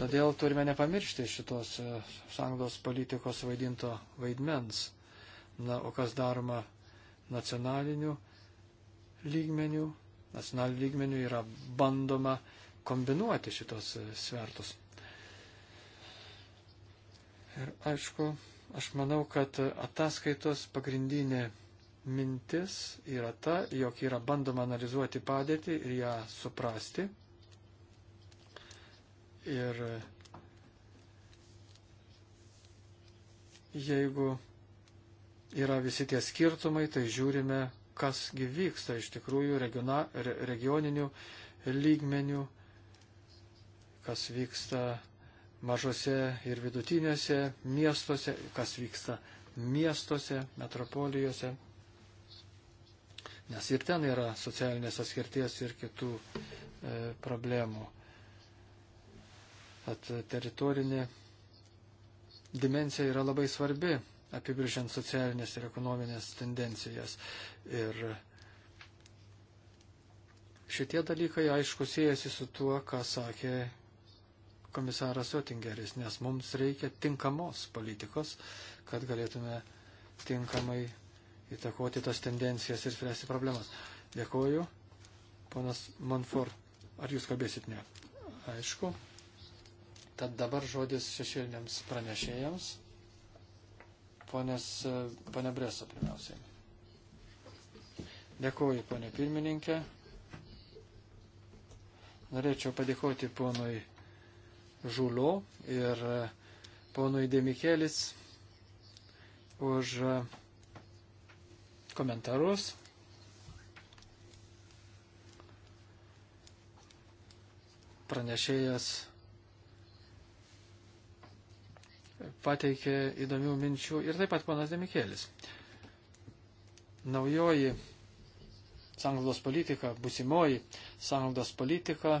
Todėl turime nepamiršti šitos e, sąjungos politikos vaidinto vaidmens. Na, o kas daroma nacionaliniu lygmeniu? Nacionaliniu lygmeniu yra bandoma kombinuoti šitos e, svertus. Ir aišku, aš manau, kad ataskaitos pagrindinė mintis yra ta, jog yra bandoma analizuoti padėtį ir ją suprasti Ir jeigu yra visi tie skirtumai, tai žiūrime, kas gyvyksta iš tikrųjų regiona, regioninių lygmenių, kas vyksta mažose ir vidutinėse miestuose, kas vyksta miestuose, metropolijose, nes ir ten yra socialinės atskirties ir kitų e, problemų. Tad teritorinė dimensija yra labai svarbi, apibrėžiant socialinės ir ekonominės tendencijas. Ir šitie dalykai aišku siejasi su tuo, ką sakė komisaras Otingeris, nes mums reikia tinkamos politikos, kad galėtume tinkamai įtakoti tas tendencijas ir spręsti problemas. Dėkoju. Ponas Manfor, ar jūs kalbėsit ne? Aišku. Tad dabar žodis šešėliniams pranešėjams. Ponės, ponė Breso pirmiausiai. Dėkuoju, ponė pirmininkė. Norėčiau padėkoti ponui Žulio ir e, ponui Demikelis už e, komentarus. Pranešėjas pateikė įdomių minčių ir taip pat ponas Demikėlis. Naujoji sąnaudos politika, busimoji sąnaudos politika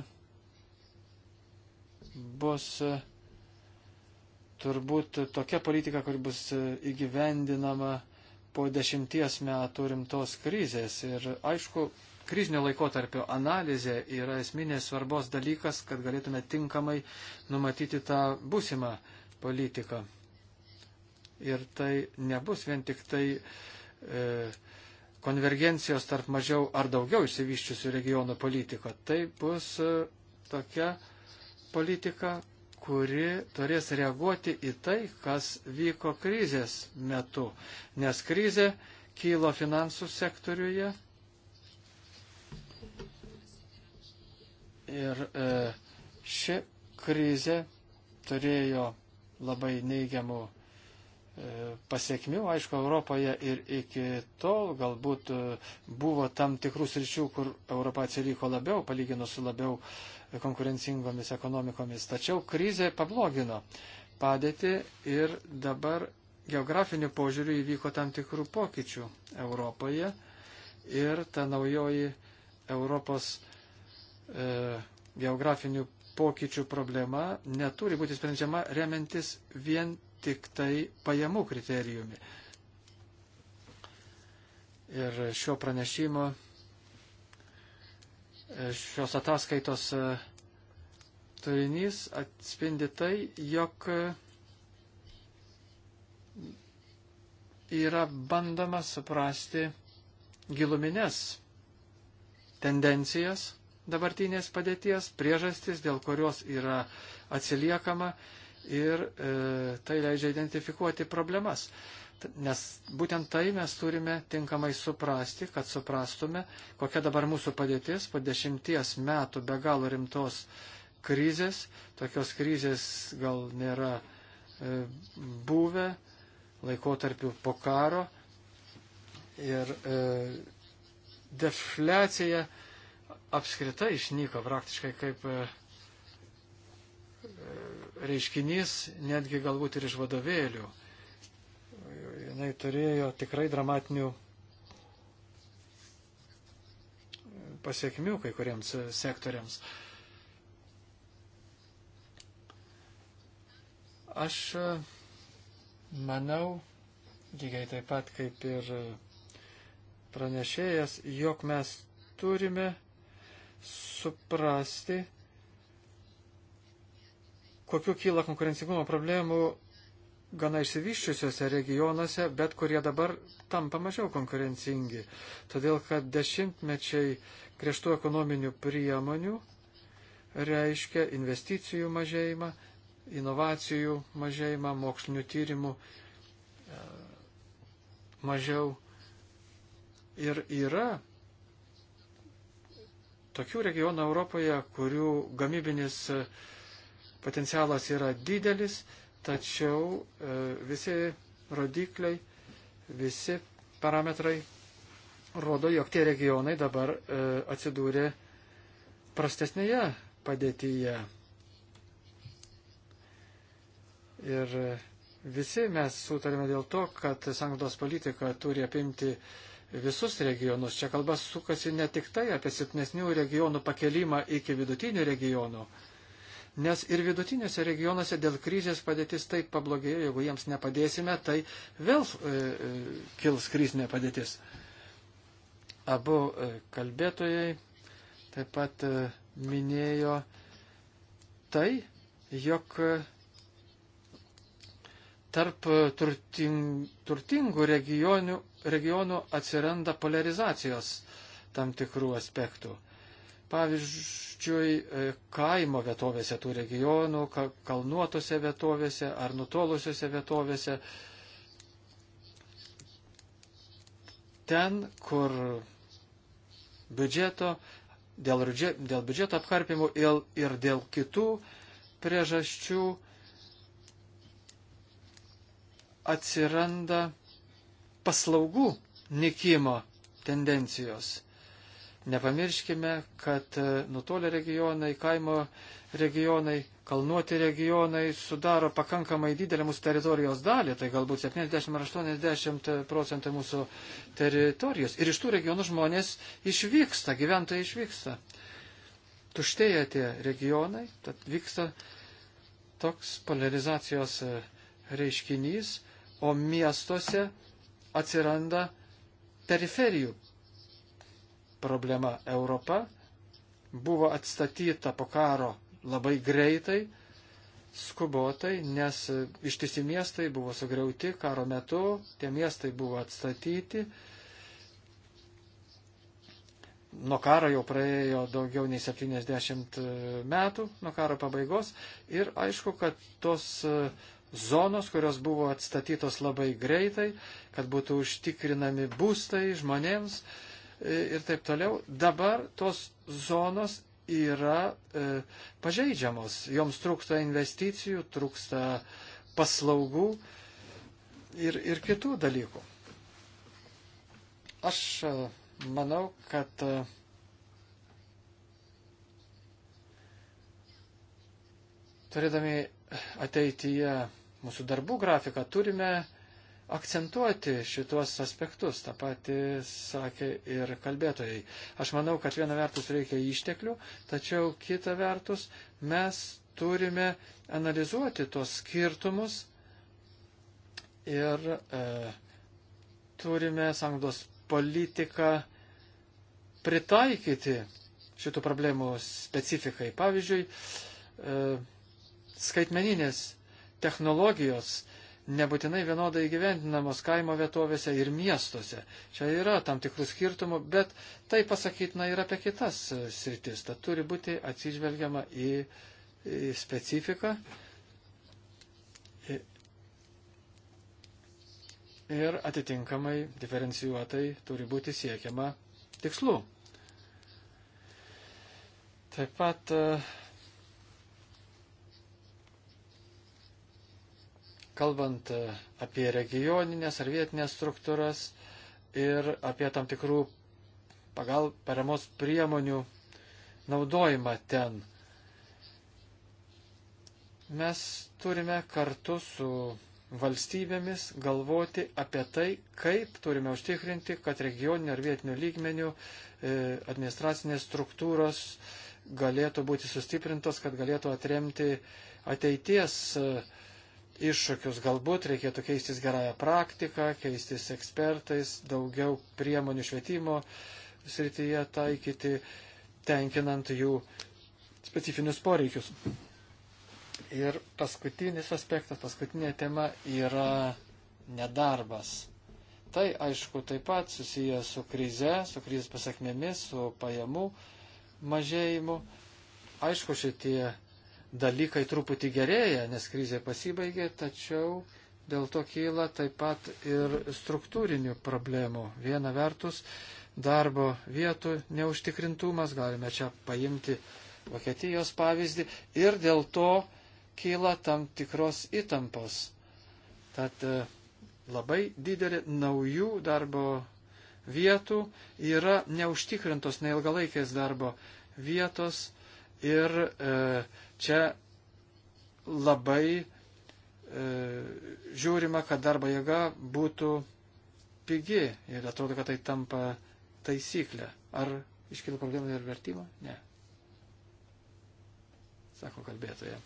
bus e, turbūt tokia politika, kur bus e, įgyvendinama po dešimties metų rimtos krizės. Ir aišku, krizinio laikotarpio analizė yra esminės svarbos dalykas, kad galėtume tinkamai numatyti tą būsimą politiką. Ir tai nebus vien tik tai e, konvergencijos tarp mažiau ar daugiau išsivyščiusių regionų politika. Tai bus e, tokia politika, kuri turės reaguoti į tai, kas vyko krizės metu. Nes krizė kylo finansų sektoriuje. Ir e, ši krizė turėjo labai neigiamų e, pasiekmių. Aišku, Europoje ir iki tol galbūt e, buvo tam tikrų sričių, kur Europa atsiliko labiau, palyginus su labiau konkurencingomis ekonomikomis. Tačiau krizė pablogino padėtį ir dabar geografiniu požiūriu įvyko tam tikrų pokyčių Europoje ir ta naujoji Europos e, geografinių pokyčių problema neturi būti sprendžiama remiantis vien tik tai pajamų kriterijumi. Ir šio pranešimo, šios ataskaitos e, turinys atspindi tai, jog yra bandama suprasti giluminės tendencijas dabartinės padėties, priežastis, dėl kurios yra atsiliekama ir e, tai leidžia identifikuoti problemas. Nes būtent tai mes turime tinkamai suprasti, kad suprastume, kokia dabar mūsų padėtis po dešimties metų be galo rimtos krizės. Tokios krizės gal nėra e, buvę laikotarpių po karo. Ir e, deflecija e, apskritai išnyko praktiškai kaip e, e, reiškinys, netgi galbūt ir iš vadovėlių. Jis turėjo tikrai dramatinių pasiekmių kai kuriems sektoriams. Aš e, manau, lygiai taip pat kaip ir pranešėjas, jog mes turime suprasti, kokiu kyla konkurencingumo problemų gana išsivyščiusiuose regionuose, bet kurie dabar tampa mažiau konkurencingi. Todėl, kad dešimtmečiai griežtų ekonominių priemonių reiškia investicijų mažėjimą, inovacijų mažėjimą, mokslinių tyrimų e, mažiau. Ir yra tokių regionų Europoje, kurių gamybinis e, potencialas yra didelis, tačiau e, visi rodikliai, visi parametrai rodo, jog tie regionai dabar e, atsidūrė prastesnėje padėtyje. Ir visi mes sutarėme dėl to, kad sanglos politika turi apimti uh, visus regionus. Čia kalba sukasi ne tik tai apie silpnesnių regionų pakelimą iki vidutinių regionų, nes ir vidutiniuose regionuose dėl krizės padėtis taip pablogėjo, jeigu jiems nepadėsime, tai vėl e, e, kils krizinė padėtis. Abu e, kalbėtojai taip pat e, minėjo tai, jog e, tarp turting, turtingų regionių regionų atsiranda polarizacijos tam tikrų aspektų. Pavyzdžiui, e, kaimo vietovėse tų regionų, kalnuotose vietovėse ar nutolusiose vietovėse. Ten, kur biudžeto, dėl, dėl biudžeto apkarpimų ir, ir dėl kitų priežasčių atsiranda paslaugų nikimo tendencijos. Nepamirškime, kad e, nutolę regionai, kaimo regionai, kalnuoti regionai sudaro pakankamai didelę mūsų teritorijos dalį, tai galbūt 70 ar 80 procentų mūsų teritorijos. Ir iš tų regionų žmonės išvyksta, gyventojai išvyksta. Tuštėja tie regionai, tad vyksta toks polarizacijos e, reiškinys, o miestuose atsiranda periferijų problema. Europa buvo atstatyta po karo labai greitai, skubotai, nes ištisi miestai buvo sugriauti karo metu, tie miestai buvo atstatyti. Nuo karo jau praėjo daugiau nei 70 metų, nuo karo pabaigos. Ir aišku, kad tos zonos, kurios buvo atstatytos labai greitai, kad būtų užtikrinami būstai žmonėms e, ir taip toliau. Dabar tos zonos yra e, pažeidžiamos. Joms trūksta investicijų, trūksta paslaugų ir, ir kitų dalykų. Aš e, manau, kad e, turėdami ateityje mūsų darbų grafiką, turime akcentuoti šitos aspektus. Ta pati sakė ir kalbėtojai. Aš manau, kad viena vertus reikia išteklių, tačiau kita vertus mes turime analizuoti tos skirtumus ir e, turime sangdos politiką pritaikyti šitų problemų specifikai. Pavyzdžiui, e, skaitmeninės technologijos nebūtinai vienodai gyventinamos kaimo vietovėse ir miestuose. Čia yra tam tikrų skirtumų, bet tai pasakytina ir apie kitas e, sritis. Tad turi būti atsižvelgiama į, į specifiką. Ir atitinkamai diferencijuotai turi būti siekiama tikslų. Taip pat uh, kalbant e, apie regioninės ar vietinės struktūras ir apie tam tikrų pagal paramos priemonių naudojimą ten. Mes turime kartu su valstybėmis galvoti apie tai, kaip turime užtikrinti, kad regioninio ar vietinio lygmenių e, administracinės struktūros galėtų būti sustiprintos, kad galėtų atremti ateities e, iššūkius. Galbūt reikėtų keistis gerąją praktiką, keistis ekspertais, daugiau priemonių švietimo srityje taikyti, tenkinant jų specifinius poreikius. Ir paskutinis aspektas, paskutinė tema yra nedarbas. Tai, aišku, taip pat susiję su krize, su krizės pasakmėmis, su pajamų mažėjimu. Aišku, šitie dalykai truputį gerėja, nes krizė pasibaigė, tačiau dėl to kyla taip pat ir struktūrinių problemų. Viena vertus, darbo vietų neužtikrintumas, galime čia paimti Vokietijos pavyzdį, ir dėl to kyla tam tikros įtampos. Tad e, labai didelė naujų darbo vietų yra neužtikrintos neilgalaikės darbo vietos ir e, Čia labai e, žiūrima, kad darbo jėga būtų pigi ir atrodo, kad tai tampa taisyklė. Ar iškilo problemų dėl vertimo? Ne. Sako kalbėtoja.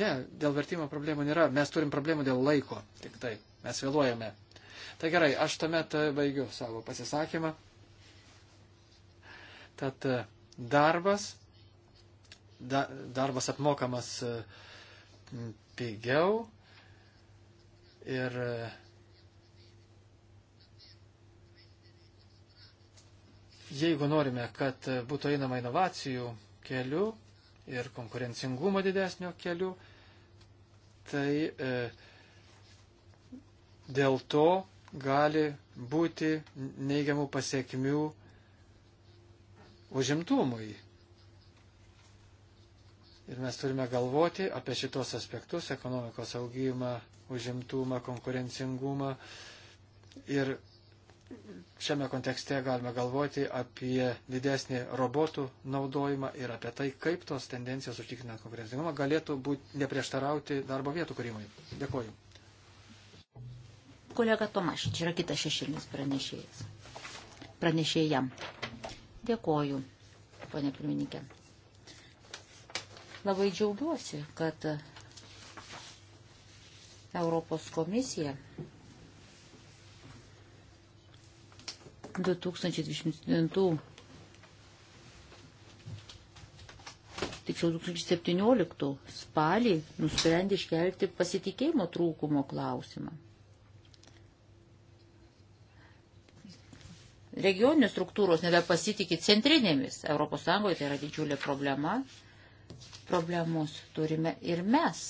Ne, dėl vertimo problemų nėra. Mes turim problemų dėl laiko. Tik tai. Mes vėluojame. Tai gerai, aš tuomet baigiu savo pasisakymą. Tad e, darbas darbas apmokamas e, pigiau ir e, jeigu norime, kad būtų einama inovacijų keliu ir konkurencingumo didesnio keliu, tai e, dėl to gali būti neigiamų pasiekmių užimtumui. Ir mes turime galvoti apie šitos aspektus - ekonomikos augimą, užimtumą, konkurencingumą. Ir šiame kontekste galime galvoti apie didesnį robotų naudojimą ir apie tai, kaip tos tendencijos užtikrinant konkurencingumą galėtų būti neprieštarauti darbo vietų kūrimui. Dėkuoju. Kolega Tomašič yra kitas šešėlinis pranešėjas. Pranešėjam. Dėkuoju, ponė pirmininkė. Labai džiaugiuosi, kad Europos komisija 2027 tiksliau 2017 spalį nusprendė iškelti pasitikėjimo trūkumo klausimą. Regioninės struktūros nebepasitikė centrinėmis. ES tai yra didžiulė problema. Problemus turime ir mes.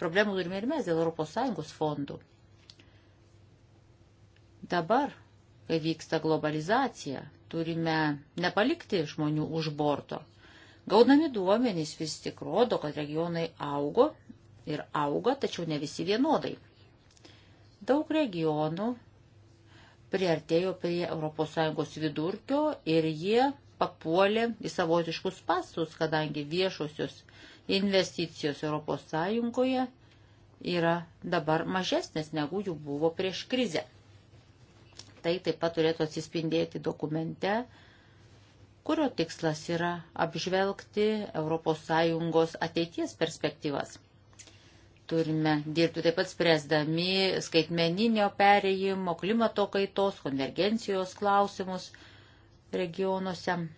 Problemų turime ir mes dėl ES fondų. Dabar, kai vyksta globalizacija, turime nepalikti žmonių už borto. Gaunami duomenys vis tik rodo, kad regionai augo ir auga, tačiau ne visi vienodai. Daug regionų priartėjo prie ES vidurkio ir jie papuolė į savotiškus pasus, kadangi viešosios investicijos ES yra dabar mažesnės negu jų buvo prieš krizę. Tai taip pat turėtų atsispindėti dokumente, kurio tikslas yra apžvelgti ES ateities perspektyvas. Turime dirbti taip pat spręsdami skaitmeninio perėjimo, klimato kaitos, konvergencijos klausimus regionuose.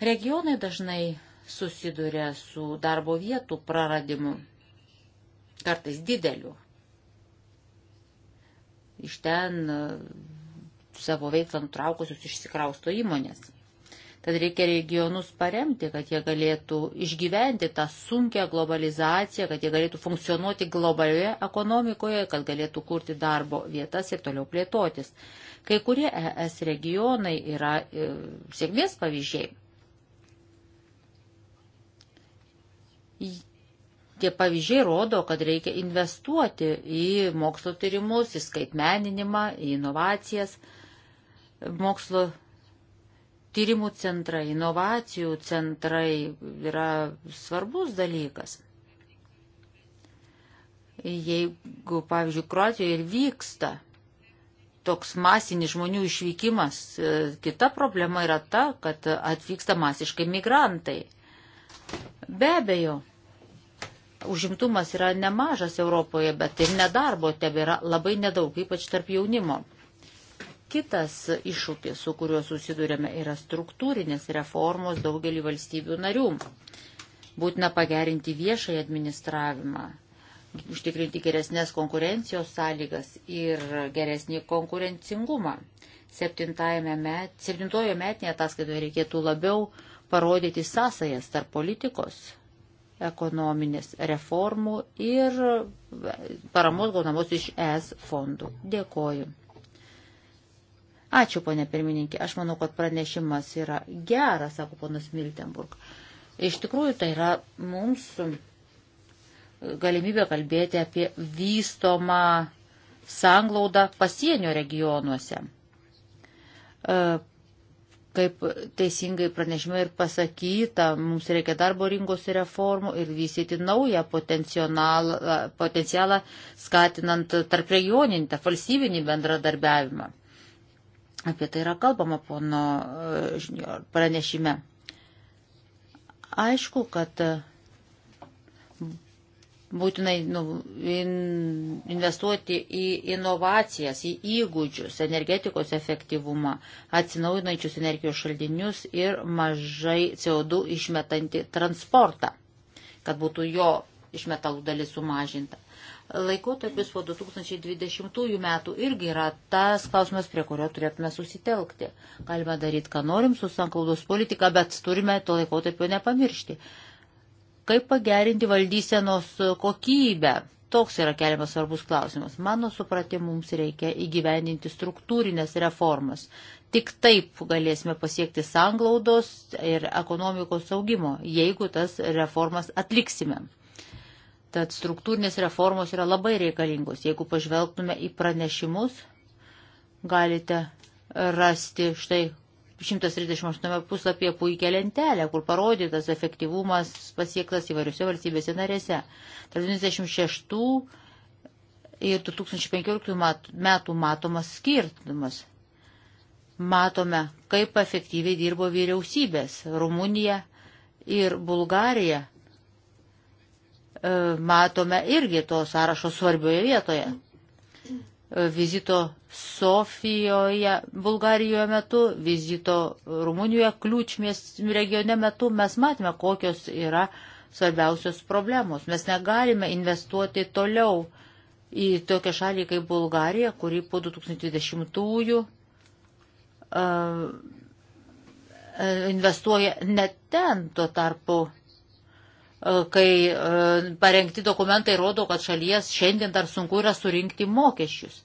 Regionai dažnai susiduria su darbo vietų praradimu, kartais dideliu. Iš ten e, savo veiklą nutraukusius išsikrausto įmonės. Tad reikia regionus paremti, kad jie galėtų išgyventi tą sunkę globalizaciją, kad jie galėtų funkcionuoti globalioje ekonomikoje, kad galėtų kurti darbo vietas ir toliau plėtotis. Kai kurie ES regionai yra e, sėkmės pavyzdžiai. Tie pavyzdžiai rodo, kad reikia investuoti į mokslo tyrimus, į skaitmeninimą, į inovacijas mokslo tyrimų centrai, inovacijų centrai yra svarbus dalykas. Jeigu, pavyzdžiui, Kroatijoje ir vyksta toks masinis žmonių išvykimas, e, kita problema yra ta, kad atvyksta masiškai migrantai. Be abejo, užimtumas yra nemažas Europoje, bet ir nedarbo tebėra labai nedaug, ypač tarp jaunimo. Kitas iššūkis, su kuriuo susidurėme, yra struktūrinės reformos daugelį valstybių narių. Būtina pagerinti viešąją administravimą, užtikrinti geresnės konkurencijos sąlygas ir geresnį konkurencingumą. Met, septintojo metinėje ataskaitoje reikėtų labiau parodyti sąsajas tarp politikos, ekonominės reformų ir paramos gaunamos iš ES fondų. Dėkoju. Ačiū, ponė pirmininkė. Aš manau, kad pranešimas yra geras, sako ponas Miltenburg. Iš tikrųjų, tai yra mums galimybė kalbėti apie vystomą sanglaudą pasienio regionuose. E, kaip teisingai pranešime ir pasakyta, mums reikia darbo rinkos reformų ir vystyti naują potencialą, skatinant tarp regioninį, tarp valstybinį bendradarbiavimą. Apie tai yra kalbama pono e, pranešime. Aišku, kad e, būtinai nu, in, investuoti į inovacijas, į įgūdžius, energetikos efektyvumą, atsinaujinančius energijos šaltinius ir mažai CO2 išmetantį transportą, kad būtų jo išmetalų dalis sumažinta laikotarpis po 2020 metų irgi yra tas klausimas, prie kurio turėtume susitelkti. Galime daryti, ką norim su sanklaudos politika, bet turime to laikotarpio nepamiršti. Kaip pagerinti valdysenos kokybę? Toks yra keliamas svarbus klausimas. Mano supratimu, mums reikia įgyvendinti struktūrinės reformas. Tik taip galėsime pasiekti sanglaudos ir ekonomikos saugimo, jeigu tas reformas atliksime. Tad struktūrinės reformos yra labai reikalingos. Jeigu pažvelgtume į pranešimus, galite rasti štai 138 puslapyje puikia lentelė, kur parodytas efektyvumas pasiektas įvairiose valstybėse narėse. Tarp 96 ir 2015 metų matomas skirtumas. Matome, kaip efektyviai dirbo vyriausybės Rumunija ir Bulgarija E, matome irgi to sąrašo svarbioje vietoje. E, vizito Sofijoje, Bulgarijoje metu, vizito Rumunijoje, Kliūčmės regione metu mes matėme, kokios yra svarbiausios problemos. Mes negalime investuoti toliau į tokią šalį kaip Bulgarija, kuri po 2020-ųjų uh, e, investuoja net ten tuo tarpu uh, E, kai e, parengti dokumentai rodo, kad šalies šiandien dar sunku yra surinkti mokesčius.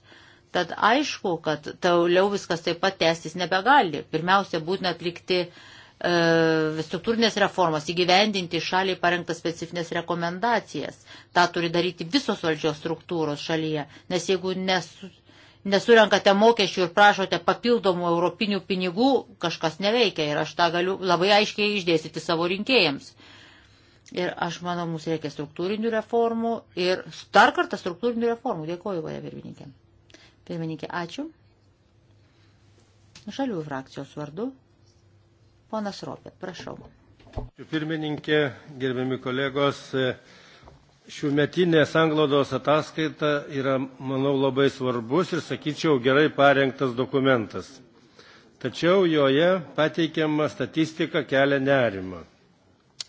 Tad aišku, kad toliau viskas taip pat tęstis nebegali. Pirmiausia, būtina atlikti e, struktūrinės reformas, įgyvendinti šaliai parengtas specifines rekomendacijas. Ta turi daryti visos valdžios struktūros šalyje, nes jeigu nesu, nesurenkate mokesčių ir prašote papildomų europinių pinigų, kažkas neveikia ir aš tą galiu labai aiškiai išdėstyti savo rinkėjams. Ir aš manau, mums reikia struktūrinių reformų ir dar kartą struktūrinių reformų. Dėkuoju, vaja pirmininkė. Pirmininkė, ačiū. Žaliųjų frakcijos vardu. Ponas Ropė, prašau. Pirmininkė, gerbiami kolegos, šių metinė sanglodos ataskaita yra, manau, labai svarbus ir, sakyčiau, gerai parengtas dokumentas. Tačiau joje pateikiama statistika kelia nerimą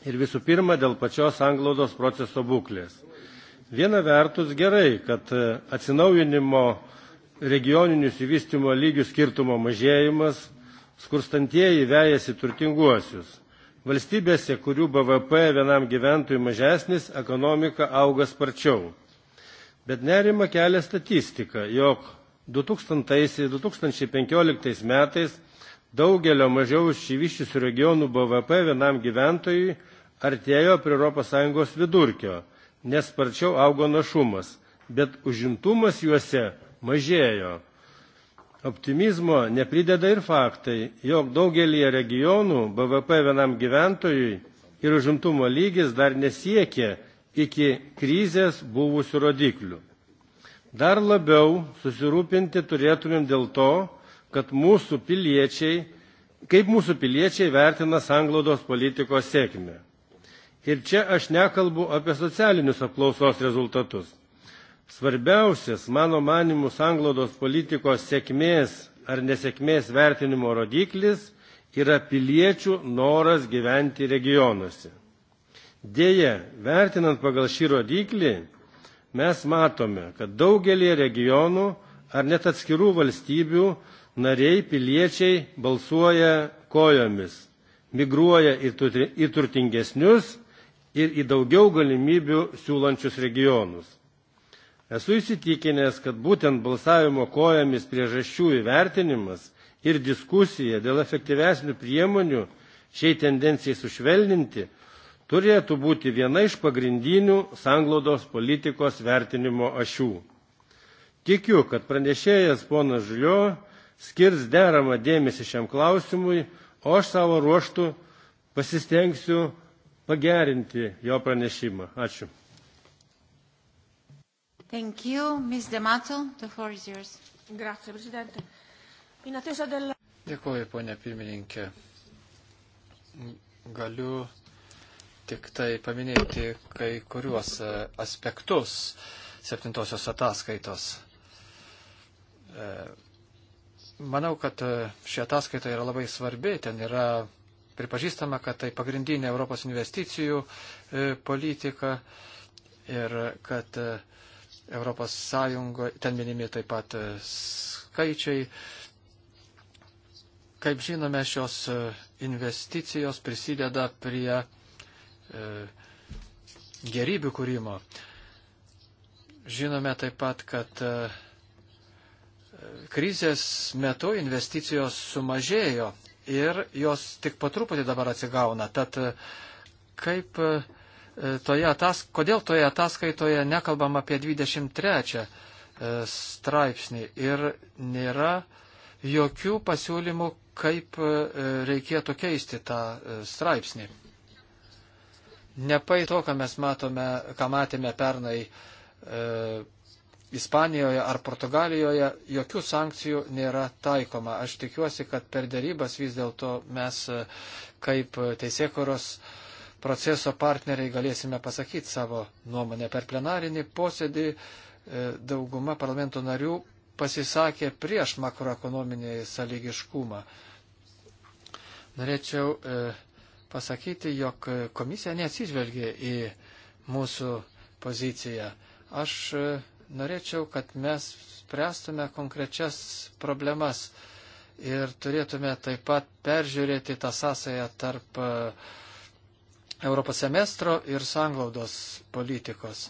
ir visų pirma dėl pačios sanglaudos proceso būklės. Viena vertus gerai, kad e, atsinaujinimo regioninių įsivystymo lygių skirtumo mažėjimas, skurstantieji vejasi turtinguosius. Valstybėse, kurių BVP vienam gyventojui mažesnis, ekonomika auga sparčiau. Bet nerima kelia statistika, jog 2000-2015 metais daugelio mažiau išsivyščiusių regionų BVP vienam gyventojui artėjo prie ES vidurkio, nes sparčiau augo našumas, bet užimtumas juose mažėjo. Optimizmo neprideda ir faktai, jog daugelie regionų BVP vienam gyventojui ir užimtumo lygis dar nesiekė iki krizės buvusių rodiklių. Dar labiau susirūpinti turėtumėm dėl to, kad mūsų piliečiai, kaip mūsų piliečiai vertina sanglaudos politikos sėkmę. Ir čia aš nekalbu apie socialinius apklausos rezultatus. Svarbiausias, mano manimų, sanglaudos politikos sėkmės ar nesėkmės vertinimo rodiklis yra piliečių noras gyventi regionuose. Deja, vertinant pagal šį rodiklį, mes matome, kad daugelį regionų ar net atskirų valstybių nariai piliečiai balsuoja kojomis, migruoja į turtingesnius ir į daugiau galimybių siūlančius regionus. Esu įsitikinęs, kad būtent balsavimo kojomis priežasčių įvertinimas ir diskusija dėl efektyvesnių priemonių šiai tendencijai sušvelninti turėtų būti viena iš pagrindinių sanglaudos politikos vertinimo ašių. Tikiu, kad pranešėjas ponas Žilio skirs deramą dėmesį šiam klausimui, o aš savo ruoštų pasistengsiu pagerinti jo pranešimą. Ačiū. Thank you. Ms. D'Amato, the floor is yours. Grazie, Presidente. In attesa della... Dėkuoju, ponė pirmininkė. Galiu tik tai paminėti kai kuriuos e, aspektus septintosios ataskaitos. E, manau, kad e, ši ataskaita yra labai svarbi, ten yra pripažįstama, kad tai pagrindinė Europos investicijų e, politika ir kad e, Europos Sąjungoje, ten minimi taip pat e, skaičiai. Kaip žinome, šios investicijos prisideda prie gerybių kūrimo. Žinome taip pat, kad krizės metu investicijos sumažėjo ir jos tik po truputį dabar atsigauna. Tad e, kaip e, toje atas, kodėl toje ataskaitoje nekalbam apie 23 e, straipsnį ir nėra jokių pasiūlymų, kaip reikėtų keisti tą straipsnį. Nepai to, ką mes matome, ką matėme pernai Ispanijoje ar Portugalijoje jokių sankcijų nėra taikoma. Aš tikiuosi, kad per dėrybas vis dėlto mes e, kaip teisėkoros proceso partneriai galėsime pasakyti savo nuomonę. Per plenarinį posėdį e, dauguma parlamento narių pasisakė prieš makroekonominį sąlygiškumą. Norėčiau e, pasakyti, jog komisija neatsižvelgė į mūsų poziciją. Aš Norėčiau, kad mes spręstume konkrečias problemas ir turėtume taip pat peržiūrėti tą sąsąją tarp e, Europos semestro ir sanglaudos politikos.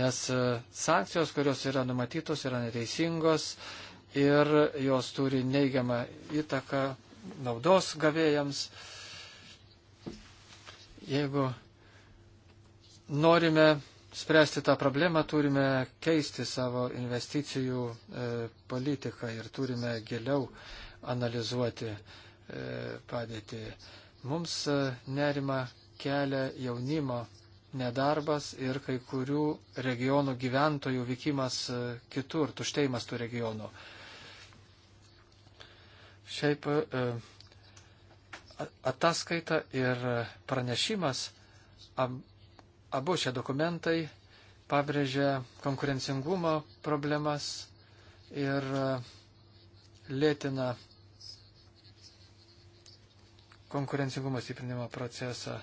Nes e, sankcijos, kurios yra numatytos, yra neteisingos ir jos turi neigiamą įtaką naudos gavėjams. Jeigu norime spręsti tą problemą, turime keisti savo investicijų e, politiką ir turime giliau analizuoti e, padėtį. Mums e, nerima kelia jaunimo nedarbas ir kai kurių regionų gyventojų vykimas e, kitur, tuštėjimas tų regionų. Šiaip e, ataskaita ir pranešimas ab, Abu šie dokumentai pabrėžia konkurencingumo problemas ir e, lėtina konkurencingumo stiprinimo procesą.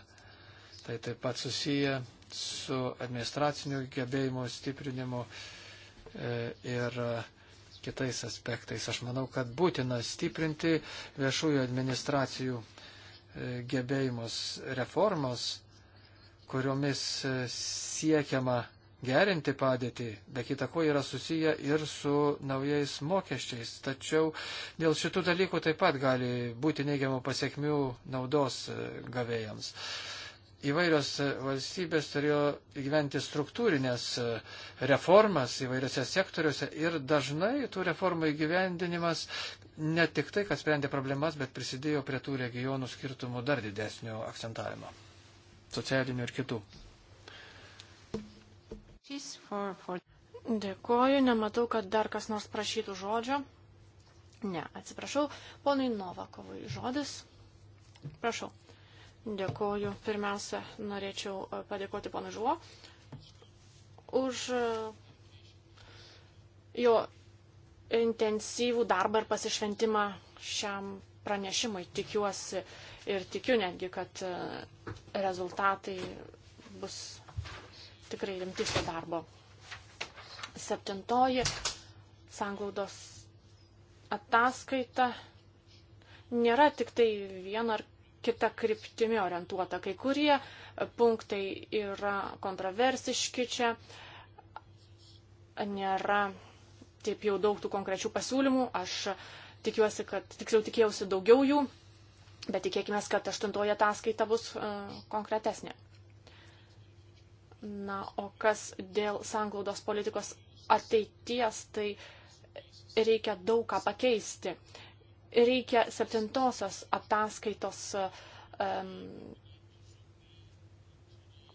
Tai taip pat susiję su administracinių gebėjimų stiprinimu e, ir e, kitais aspektais. Aš manau, kad būtina stiprinti viešųjų administracijų gebėjimus reformos kuriomis e, siekiama gerinti padėtį, be kita ko yra susiję ir su naujais mokesčiais. Tačiau dėl šitų dalykų taip pat gali būti neigiamų pasiekmių naudos e, gavėjams. Įvairios e, valstybės turėjo gyventi struktūrinės reformas įvairiose sektoriuose ir dažnai tų reformų įgyvendinimas ne tik tai, kad sprendė problemas, bet prisidėjo prie tų regionų skirtumų dar didesnio akcentavimo socialinių ir kitų. Dėkoju, nematau, kad dar kas nors prašytų žodžio. Ne, atsiprašau, ponui Novakovui žodis. Prašau. Dėkoju. Pirmiausia, norėčiau e, padėkoti ponui Žuo už e, jo intensyvų darbą ir pasišventimą šiam pranešimai. Tikiuosi ir tikiu netgi, kad e, rezultatai bus tikrai rimti šio darbo. Septintoji sanglaudos ataskaita nėra tik tai viena ar kita kryptimi orientuota. Kai kurie punktai yra kontroversiški čia, nėra taip jau daug tų konkrečių pasiūlymų. Aš Tikiuosi, kad tiksliau tikėjausi daugiau jų, bet tikėkime, kad aštuntoji ataskaita bus uh, konkretesnė. Na, o kas dėl sanglaudos politikos ateities, tai reikia daug ką pakeisti. Reikia septintosios ataskaitos um,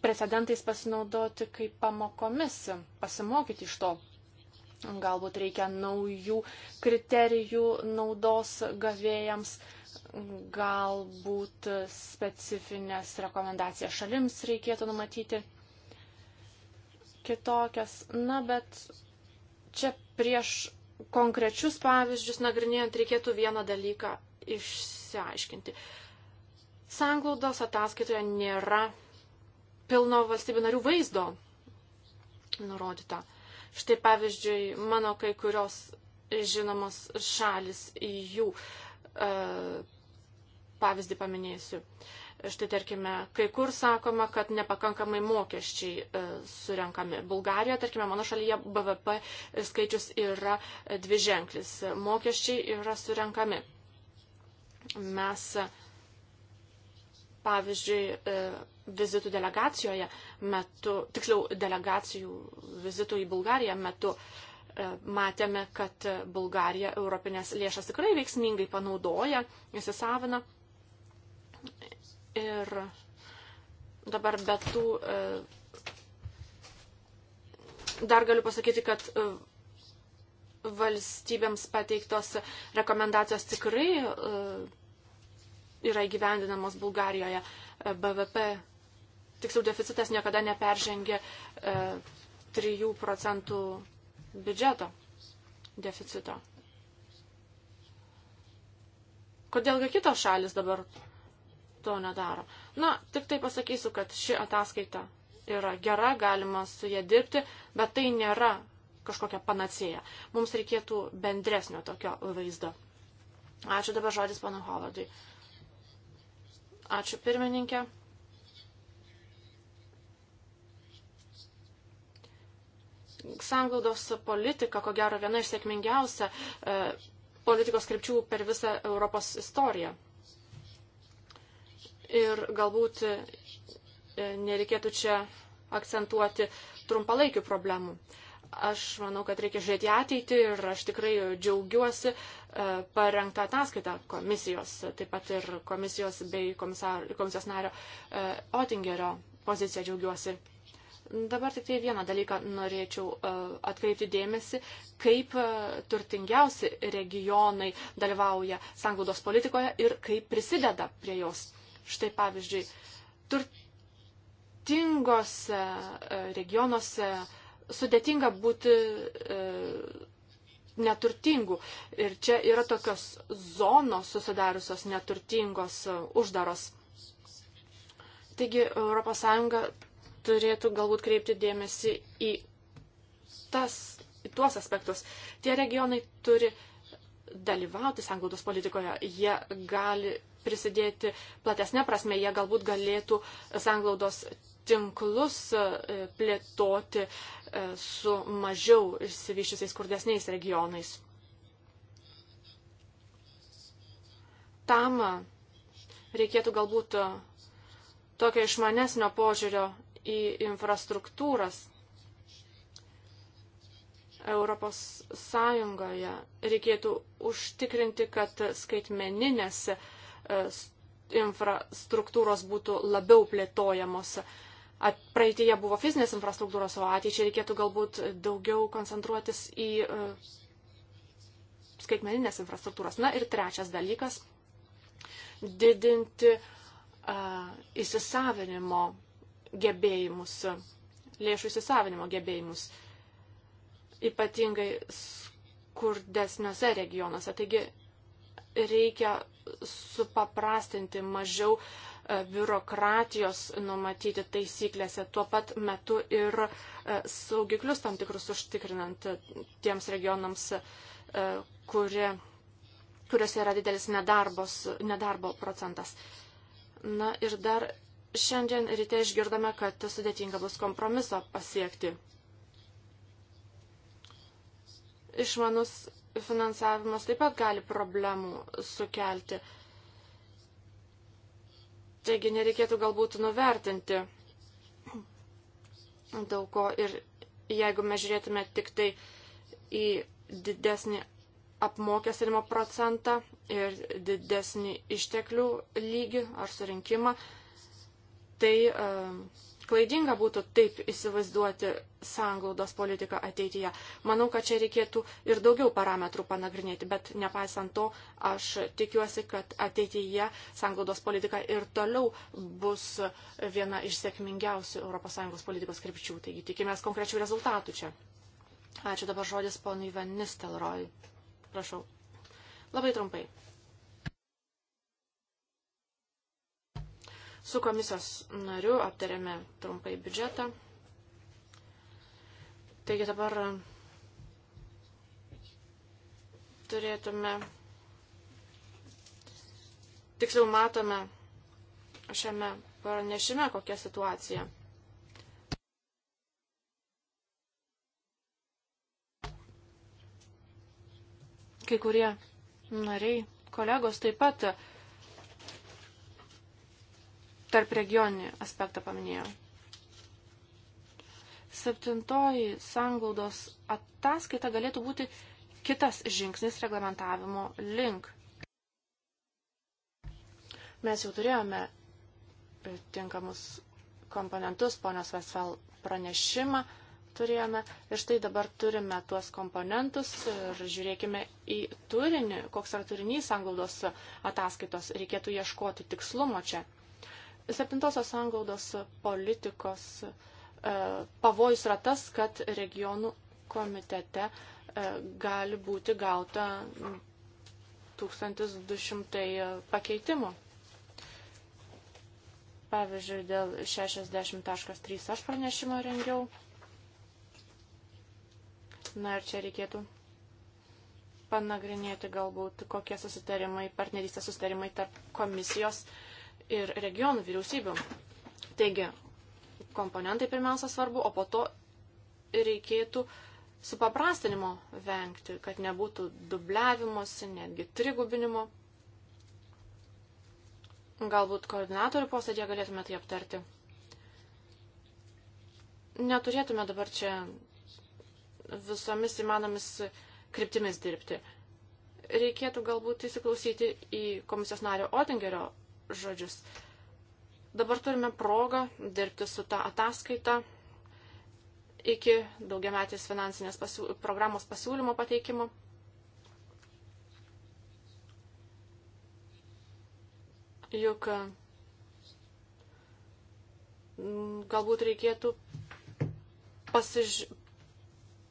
precedentais pasinaudoti kaip pamokomis, pasimokyti iš to. Galbūt reikia naujų kriterijų naudos gavėjams, galbūt specifines rekomendacijas šalims reikėtų numatyti kitokias. Na, bet čia prieš konkrečius pavyzdžius nagrinėjant reikėtų vieną dalyką išsiaiškinti. Sanglaudos ataskaitoje nėra pilno valstybių narių vaizdo nurodyta. Štai pavyzdžiui, mano kai kurios žinomos šalis į jų e, pavyzdį paminėsiu. Štai tarkime, kai kur sakoma, kad nepakankamai mokesčiai e, surenkami. Bulgarijoje, tarkime, mano šalyje BVP skaičius yra dviženklis. Mokesčiai yra surenkami. Mes uh, pavyzdžiui, e, vizitų delegacijoje metu, tiksliau delegacijų vizitų į Bulgariją metu e, matėme, kad Bulgarija europinės lėšas tikrai veiksmingai panaudoja, įsisavina. Ir dabar be tų. E, dar galiu pasakyti, kad valstybėms pateiktos rekomendacijos tikrai yra įgyvendinamos Bulgarijoje. E, BVP, tiksliau deficitas niekada neperžengė 3 e, procentų biudžeto deficito. Kodėlgi kitos šalis dabar to nedaro? Na, tik tai pasakysiu, kad ši ataskaita yra gera, galima su jie dirbti, bet tai nėra kažkokia panacėja. Mums reikėtų bendresnio tokio vaizdo. Ačiū dabar žodis pana Holadui. Uh, Ačiū pirmininkė. Sanglaudos politika, ko gero, viena iš sėkmingiausia e, politikos krypčių per visą Europos istoriją. Ir galbūt e, nereikėtų čia akcentuoti trumpalaikių problemų. E, Aš manau, kad reikia žiūrėti ateitį ir aš tikrai džiaugiuosi e, parengtą ataskaitą komisijos, taip pat ir komisijos bei komisar, komisijos nario e, Otingerio poziciją džiaugiuosi. Dabar tik tai vieną dalyką norėčiau e, atkreipti dėmesį, kaip turtingiausi regionai dalyvauja sanglaudos politikoje ir kaip prisideda prie jos. Štai pavyzdžiui, turtingose regionuose sudėtinga būti e, neturtingų. Ir čia yra tokios zonos susidariusios neturtingos e, uždaros. Taigi ES turėtų galbūt kreipti dėmesį į, tas, į tuos aspektus. Tie regionai turi dalyvauti sanglaudos politikoje, jie gali prisidėti platesnė prasme, jie galbūt galėtų sanglaudos tinklus e, plėtoti e, su mažiau išsivyščiusiais skurdesniais regionais. Tam e, reikėtų galbūt tokio išmanesnio požiūrio į infrastruktūras. Europos Sąjungoje reikėtų užtikrinti, kad skaitmeninės infrastruktūros būtų labiau plėtojamos. At, praeitėje buvo fizinės infrastruktūros, o ateičiai reikėtų galbūt daugiau koncentruotis į uh, skaitmeninės infrastruktūros. Na ir trečias dalykas - didinti uh, įsisavinimo gebėjimus, lėšų įsisavinimo gebėjimus, ypatingai skurdesniuose regionuose. Taigi reikia supaprastinti mažiau uh, E, biurokratijos numatyti taisyklėse, tuo pat metu ir e, saugiklius tam tikrus užtikrinant e, tiems regionams, kurie, kuriuose yra didelis nedarbos, nedarbo procentas. Na ir dar šiandien ryte išgirdome, kad sudėtinga bus kompromiso pasiekti. Išmanus finansavimas taip pat gali problemų sukelti. Uh, Taigi nereikėtų galbūt nuvertinti daug ko ir jeigu mes žiūrėtume tik tai į didesnį apmokestinimo procentą ir didesnį išteklių lygį ar surinkimą, tai uh, klaidinga būtų taip įsivaizduoti sanglaudos politiką ateityje. Manau, kad čia reikėtų ir daugiau parametrų panagrinėti, bet nepaisant to, aš tikiuosi, kad ateityje sanglaudos politika ir toliau bus viena iš sėkmingiausių ES politikos krypčių. Taigi tikimės konkrečių rezultatų čia. Ačiū dabar žodis ponui Van Nistelrooy. Prašau. Labai trumpai. Su komisijos nariu aptarėme trumpai biudžetą. Taigi dabar turėtume, tiksliau matome šiame pranešime kokia situacija. Kai kurie nariai, kolegos taip pat tarp regioninį aspektą paminėjau. Septintoji sanglaudos ataskaita galėtų būti kitas žingsnis reglamentavimo link. Mes jau turėjome e, tinkamus komponentus, ponios Vesel pranešimą turėjome ir štai dabar turime tuos komponentus ir žiūrėkime į turinį, koks yra turinys anglaudos ataskaitos, reikėtų ieškoti tikslumo čia. Septintosios sąngaudos politikos e, pavojus yra tas, kad regionų komitete e, gali būti gauta 1200 pakeitimų. Pavyzdžiui, dėl 60.3 aš pranešimą rengiau. Na ir čia reikėtų panagrinėti galbūt, kokie susitarimai, partnerystės susitarimai tarp komisijos ir regionų vyriausybių. Taigi, komponentai pirmiausia svarbu, o po to reikėtų supaprastinimo vengti, kad nebūtų dubliavimuose, netgi trigubinimo. Galbūt koordinatorių posėdėje galėtume tai aptarti. Neturėtume dabar čia visomis įmanomis kryptimis dirbti. Reikėtų galbūt įsiklausyti į komisijos nario Otingerio žodžius. Dabar turime progą dirbti su tą ataskaitą iki daugiametės finansinės pasiū programos pasiūlymo pateikimo. Juk mm, galbūt reikėtų pasiž...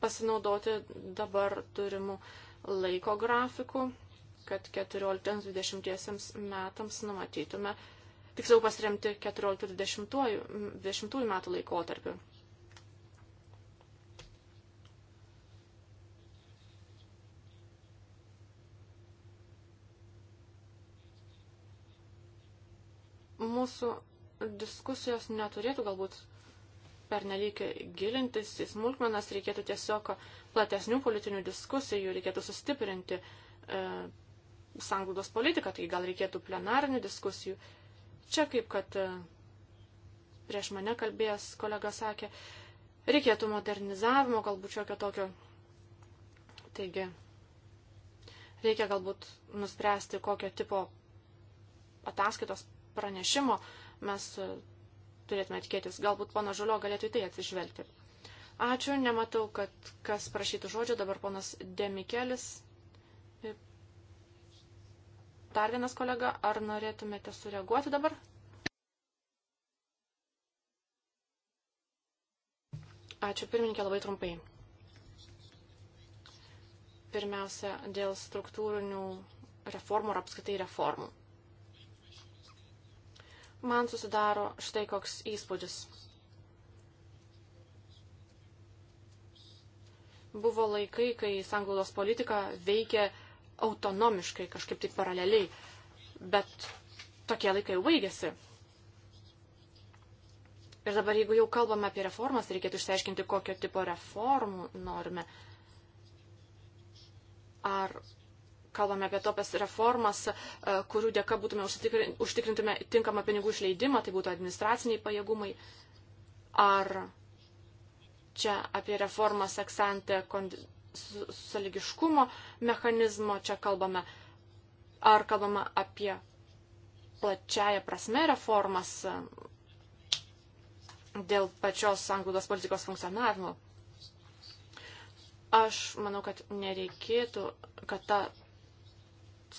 pasinaudoti dabar turimų laiko grafikų kad 14-20 metams numatytume, tiksliau pasiremti 14-20 metų laikotarpiu. Mūsų diskusijos neturėtų galbūt pernelyg gilintis į smulkmenas, reikėtų tiesiog platesnių politinių diskusijų, reikėtų sustiprinti e, sanglaudos politiką, tai gal reikėtų plenarinių diskusijų. Čia kaip kad e, prieš mane kalbėjęs kolega sakė, reikėtų modernizavimo, galbūt šiokio tokio. Taigi, reikia galbūt nuspręsti, kokio tipo ataskaitos pranešimo mes e, turėtume tikėtis. Galbūt pana Žulio galėtų į tai atsižvelgti. Ačiū, nematau, kad kas prašytų žodžio, dabar ponas Demikelis Dar vienas kolega, ar norėtumėte sureaguoti dabar? Ačiū pirmininkė labai trumpai. Pirmiausia, dėl struktūrinių reformų ar apskritai reformų. Man susidaro štai koks įspūdis. Buvo laikai, kai sanglaudos politika veikė autonomiškai, kažkaip tai paraleliai, bet tokie laikai jau baigėsi. Ir dabar, jeigu jau kalbame apie reformas, tai reikėtų išsiaiškinti, kokio tipo reformų norime. Ar kalbame apie topias reformas, e, kurių dėka būtume užtikrintume tinkamą pinigų išleidimą, tai būtų administraciniai pajėgumai. Ar čia apie reformas eksante saligiškumo mechanizmo čia kalbame, ar kalbame apie plačiają prasme reformas um, dėl pačios sanglaudos politikos funkcionavimo. Aš manau, kad nereikėtų, kad ta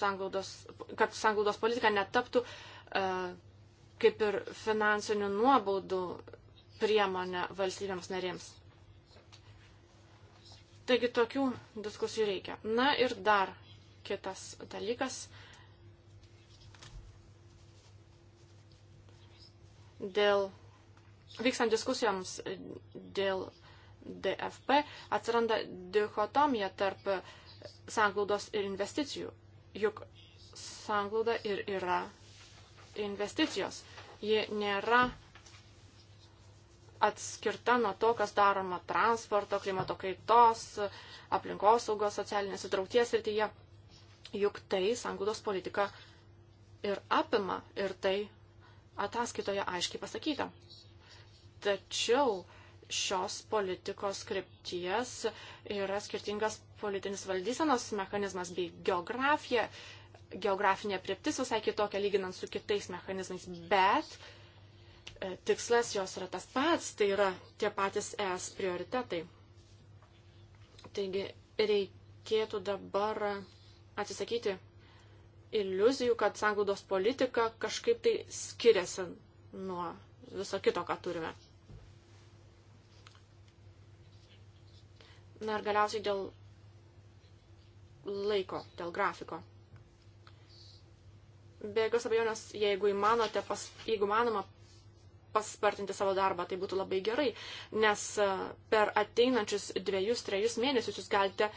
sanglaudos, kad sanglaudos politika netaptų uh, kaip ir finansinių nuobaudų priemonė valstybėms narėms. Taigi tokių diskusijų reikia. Na ir dar kitas dalykas. Dėl, vykstant diskusijoms dėl DFP atsiranda dichotomija tarp sanglaudos ir investicijų. Juk sanglauda ir yra investicijos. Ji nėra atskirta nuo to, kas daroma transporto, klimato kaitos, aplinkosaugos, socialinės įtraukties rytyje. Juk tai sanglaudos politika ir apima, ir tai ataskaitoje aiškiai pasakyta. Tačiau šios politikos krypties yra skirtingas politinis valdysenos mechanizmas bei geografija, geografinė prieptis visai kitokia lyginant su kitais mechanizmais, bet E, tikslas jos yra tas pats, tai yra tie patys ES prioritetai. Taigi reikėtų dabar atsisakyti iliuzijų, kad sanglaudos politika kažkaip tai skiriasi nuo viso kito, ką turime. Na ir galiausiai dėl laiko, dėl grafiko. Be jokios abejonės, jeigu, įmanote, pas, jeigu manoma paspartinti savo darbą, tai būtų labai gerai, nes e, per ateinančius dviejus, trejus mėnesius jūs galite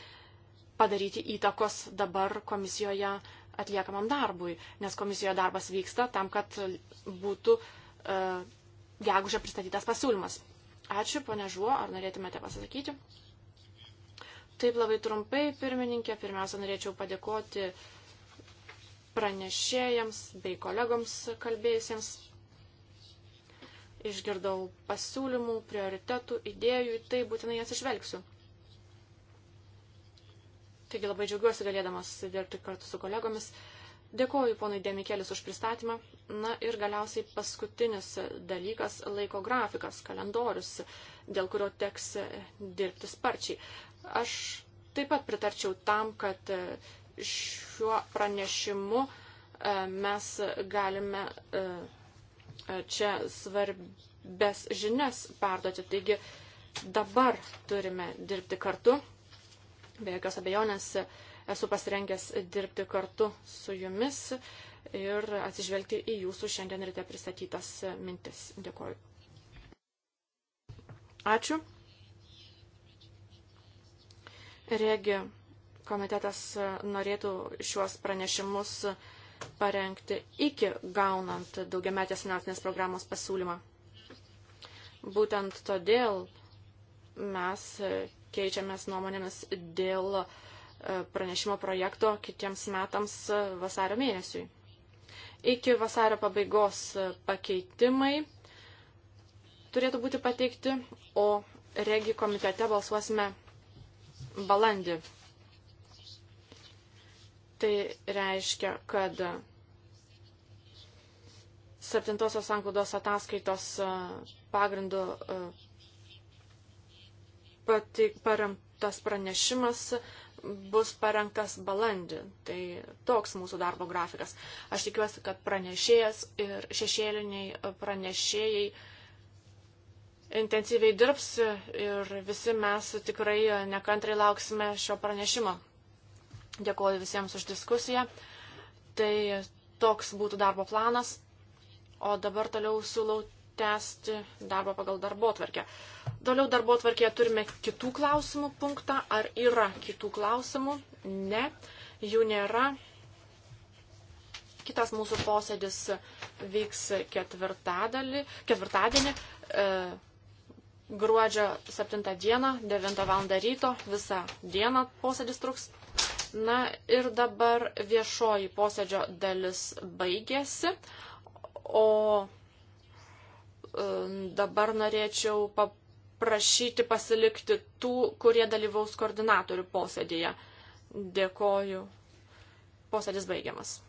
padaryti įtakos dabar komisijoje atliekamam darbui, nes komisijoje darbas vyksta tam, kad būtų uh, e, gegužė pristatytas pasiūlymas. Ačiū, ponia Žuo, ar norėtumėte pasakyti? Taip labai trumpai, pirmininkė, pirmiausia, norėčiau padėkoti pranešėjams bei kolegoms kalbėjusiems Išgirdau pasiūlymų, prioritetų, idėjų, tai būtinai jas išvelgsiu. Taigi labai džiaugiuosi galėdamas dirbti kartu su kolegomis. Dėkoju ponui Demikelis už pristatymą. Na ir galiausiai paskutinis dalykas - laiko grafikas, kalendorius, dėl kurio teks dirbti sparčiai. Aš taip pat pritarčiau tam, kad šiuo pranešimu e, mes galime e, čia svarbės žinias perduoti. Taigi dabar turime dirbti kartu. Be jokios abejonės esu pasirengęs dirbti kartu su jumis ir atsižvelgti į jūsų šiandien ryte pristatytas mintis. Dėkuoju. Ačiū. Regi komitetas norėtų šiuos pranešimus parengti iki gaunant daugiametės finansinės programos pasiūlymą. Būtent todėl mes keičiamės nuomonėmis dėl e, pranešimo projekto kitiems metams e, vasario mėnesiui. Iki vasario pabaigos e, pakeitimai turėtų būti pateikti, o regi komitete balsuosime balandį. Tai reiškia, kad septintosios sanklaudos ataskaitos e, pagrindu e, paremtas pranešimas bus parengtas balandį. Tai toks mūsų darbo grafikas. Aš tikiuosi, kad pranešėjas ir šešėliniai pranešėjai intensyviai dirbs ir visi mes tikrai nekantrai lauksime šio pranešimo. Dėkuoju visiems už diskusiją. Tai toks būtų darbo planas. O dabar toliau siūlau tęsti darbą pagal darbo tvarkę. Toliau darbo tvarkėje turime kitų klausimų punktą. Ar yra kitų klausimų? Ne, jų nėra. Kitas mūsų posėdis vyks ketvirtadienį, ketvirtadienį e, gruodžio 7 dieną, 9 val. ryto. Visą dieną posėdis truks. Na ir dabar viešoji posėdžio dalis baigėsi, o um, dabar norėčiau paprašyti pasilikti tų, kurie dalyvaus koordinatorių posėdėje. Dėkoju. Posėdis baigiamas.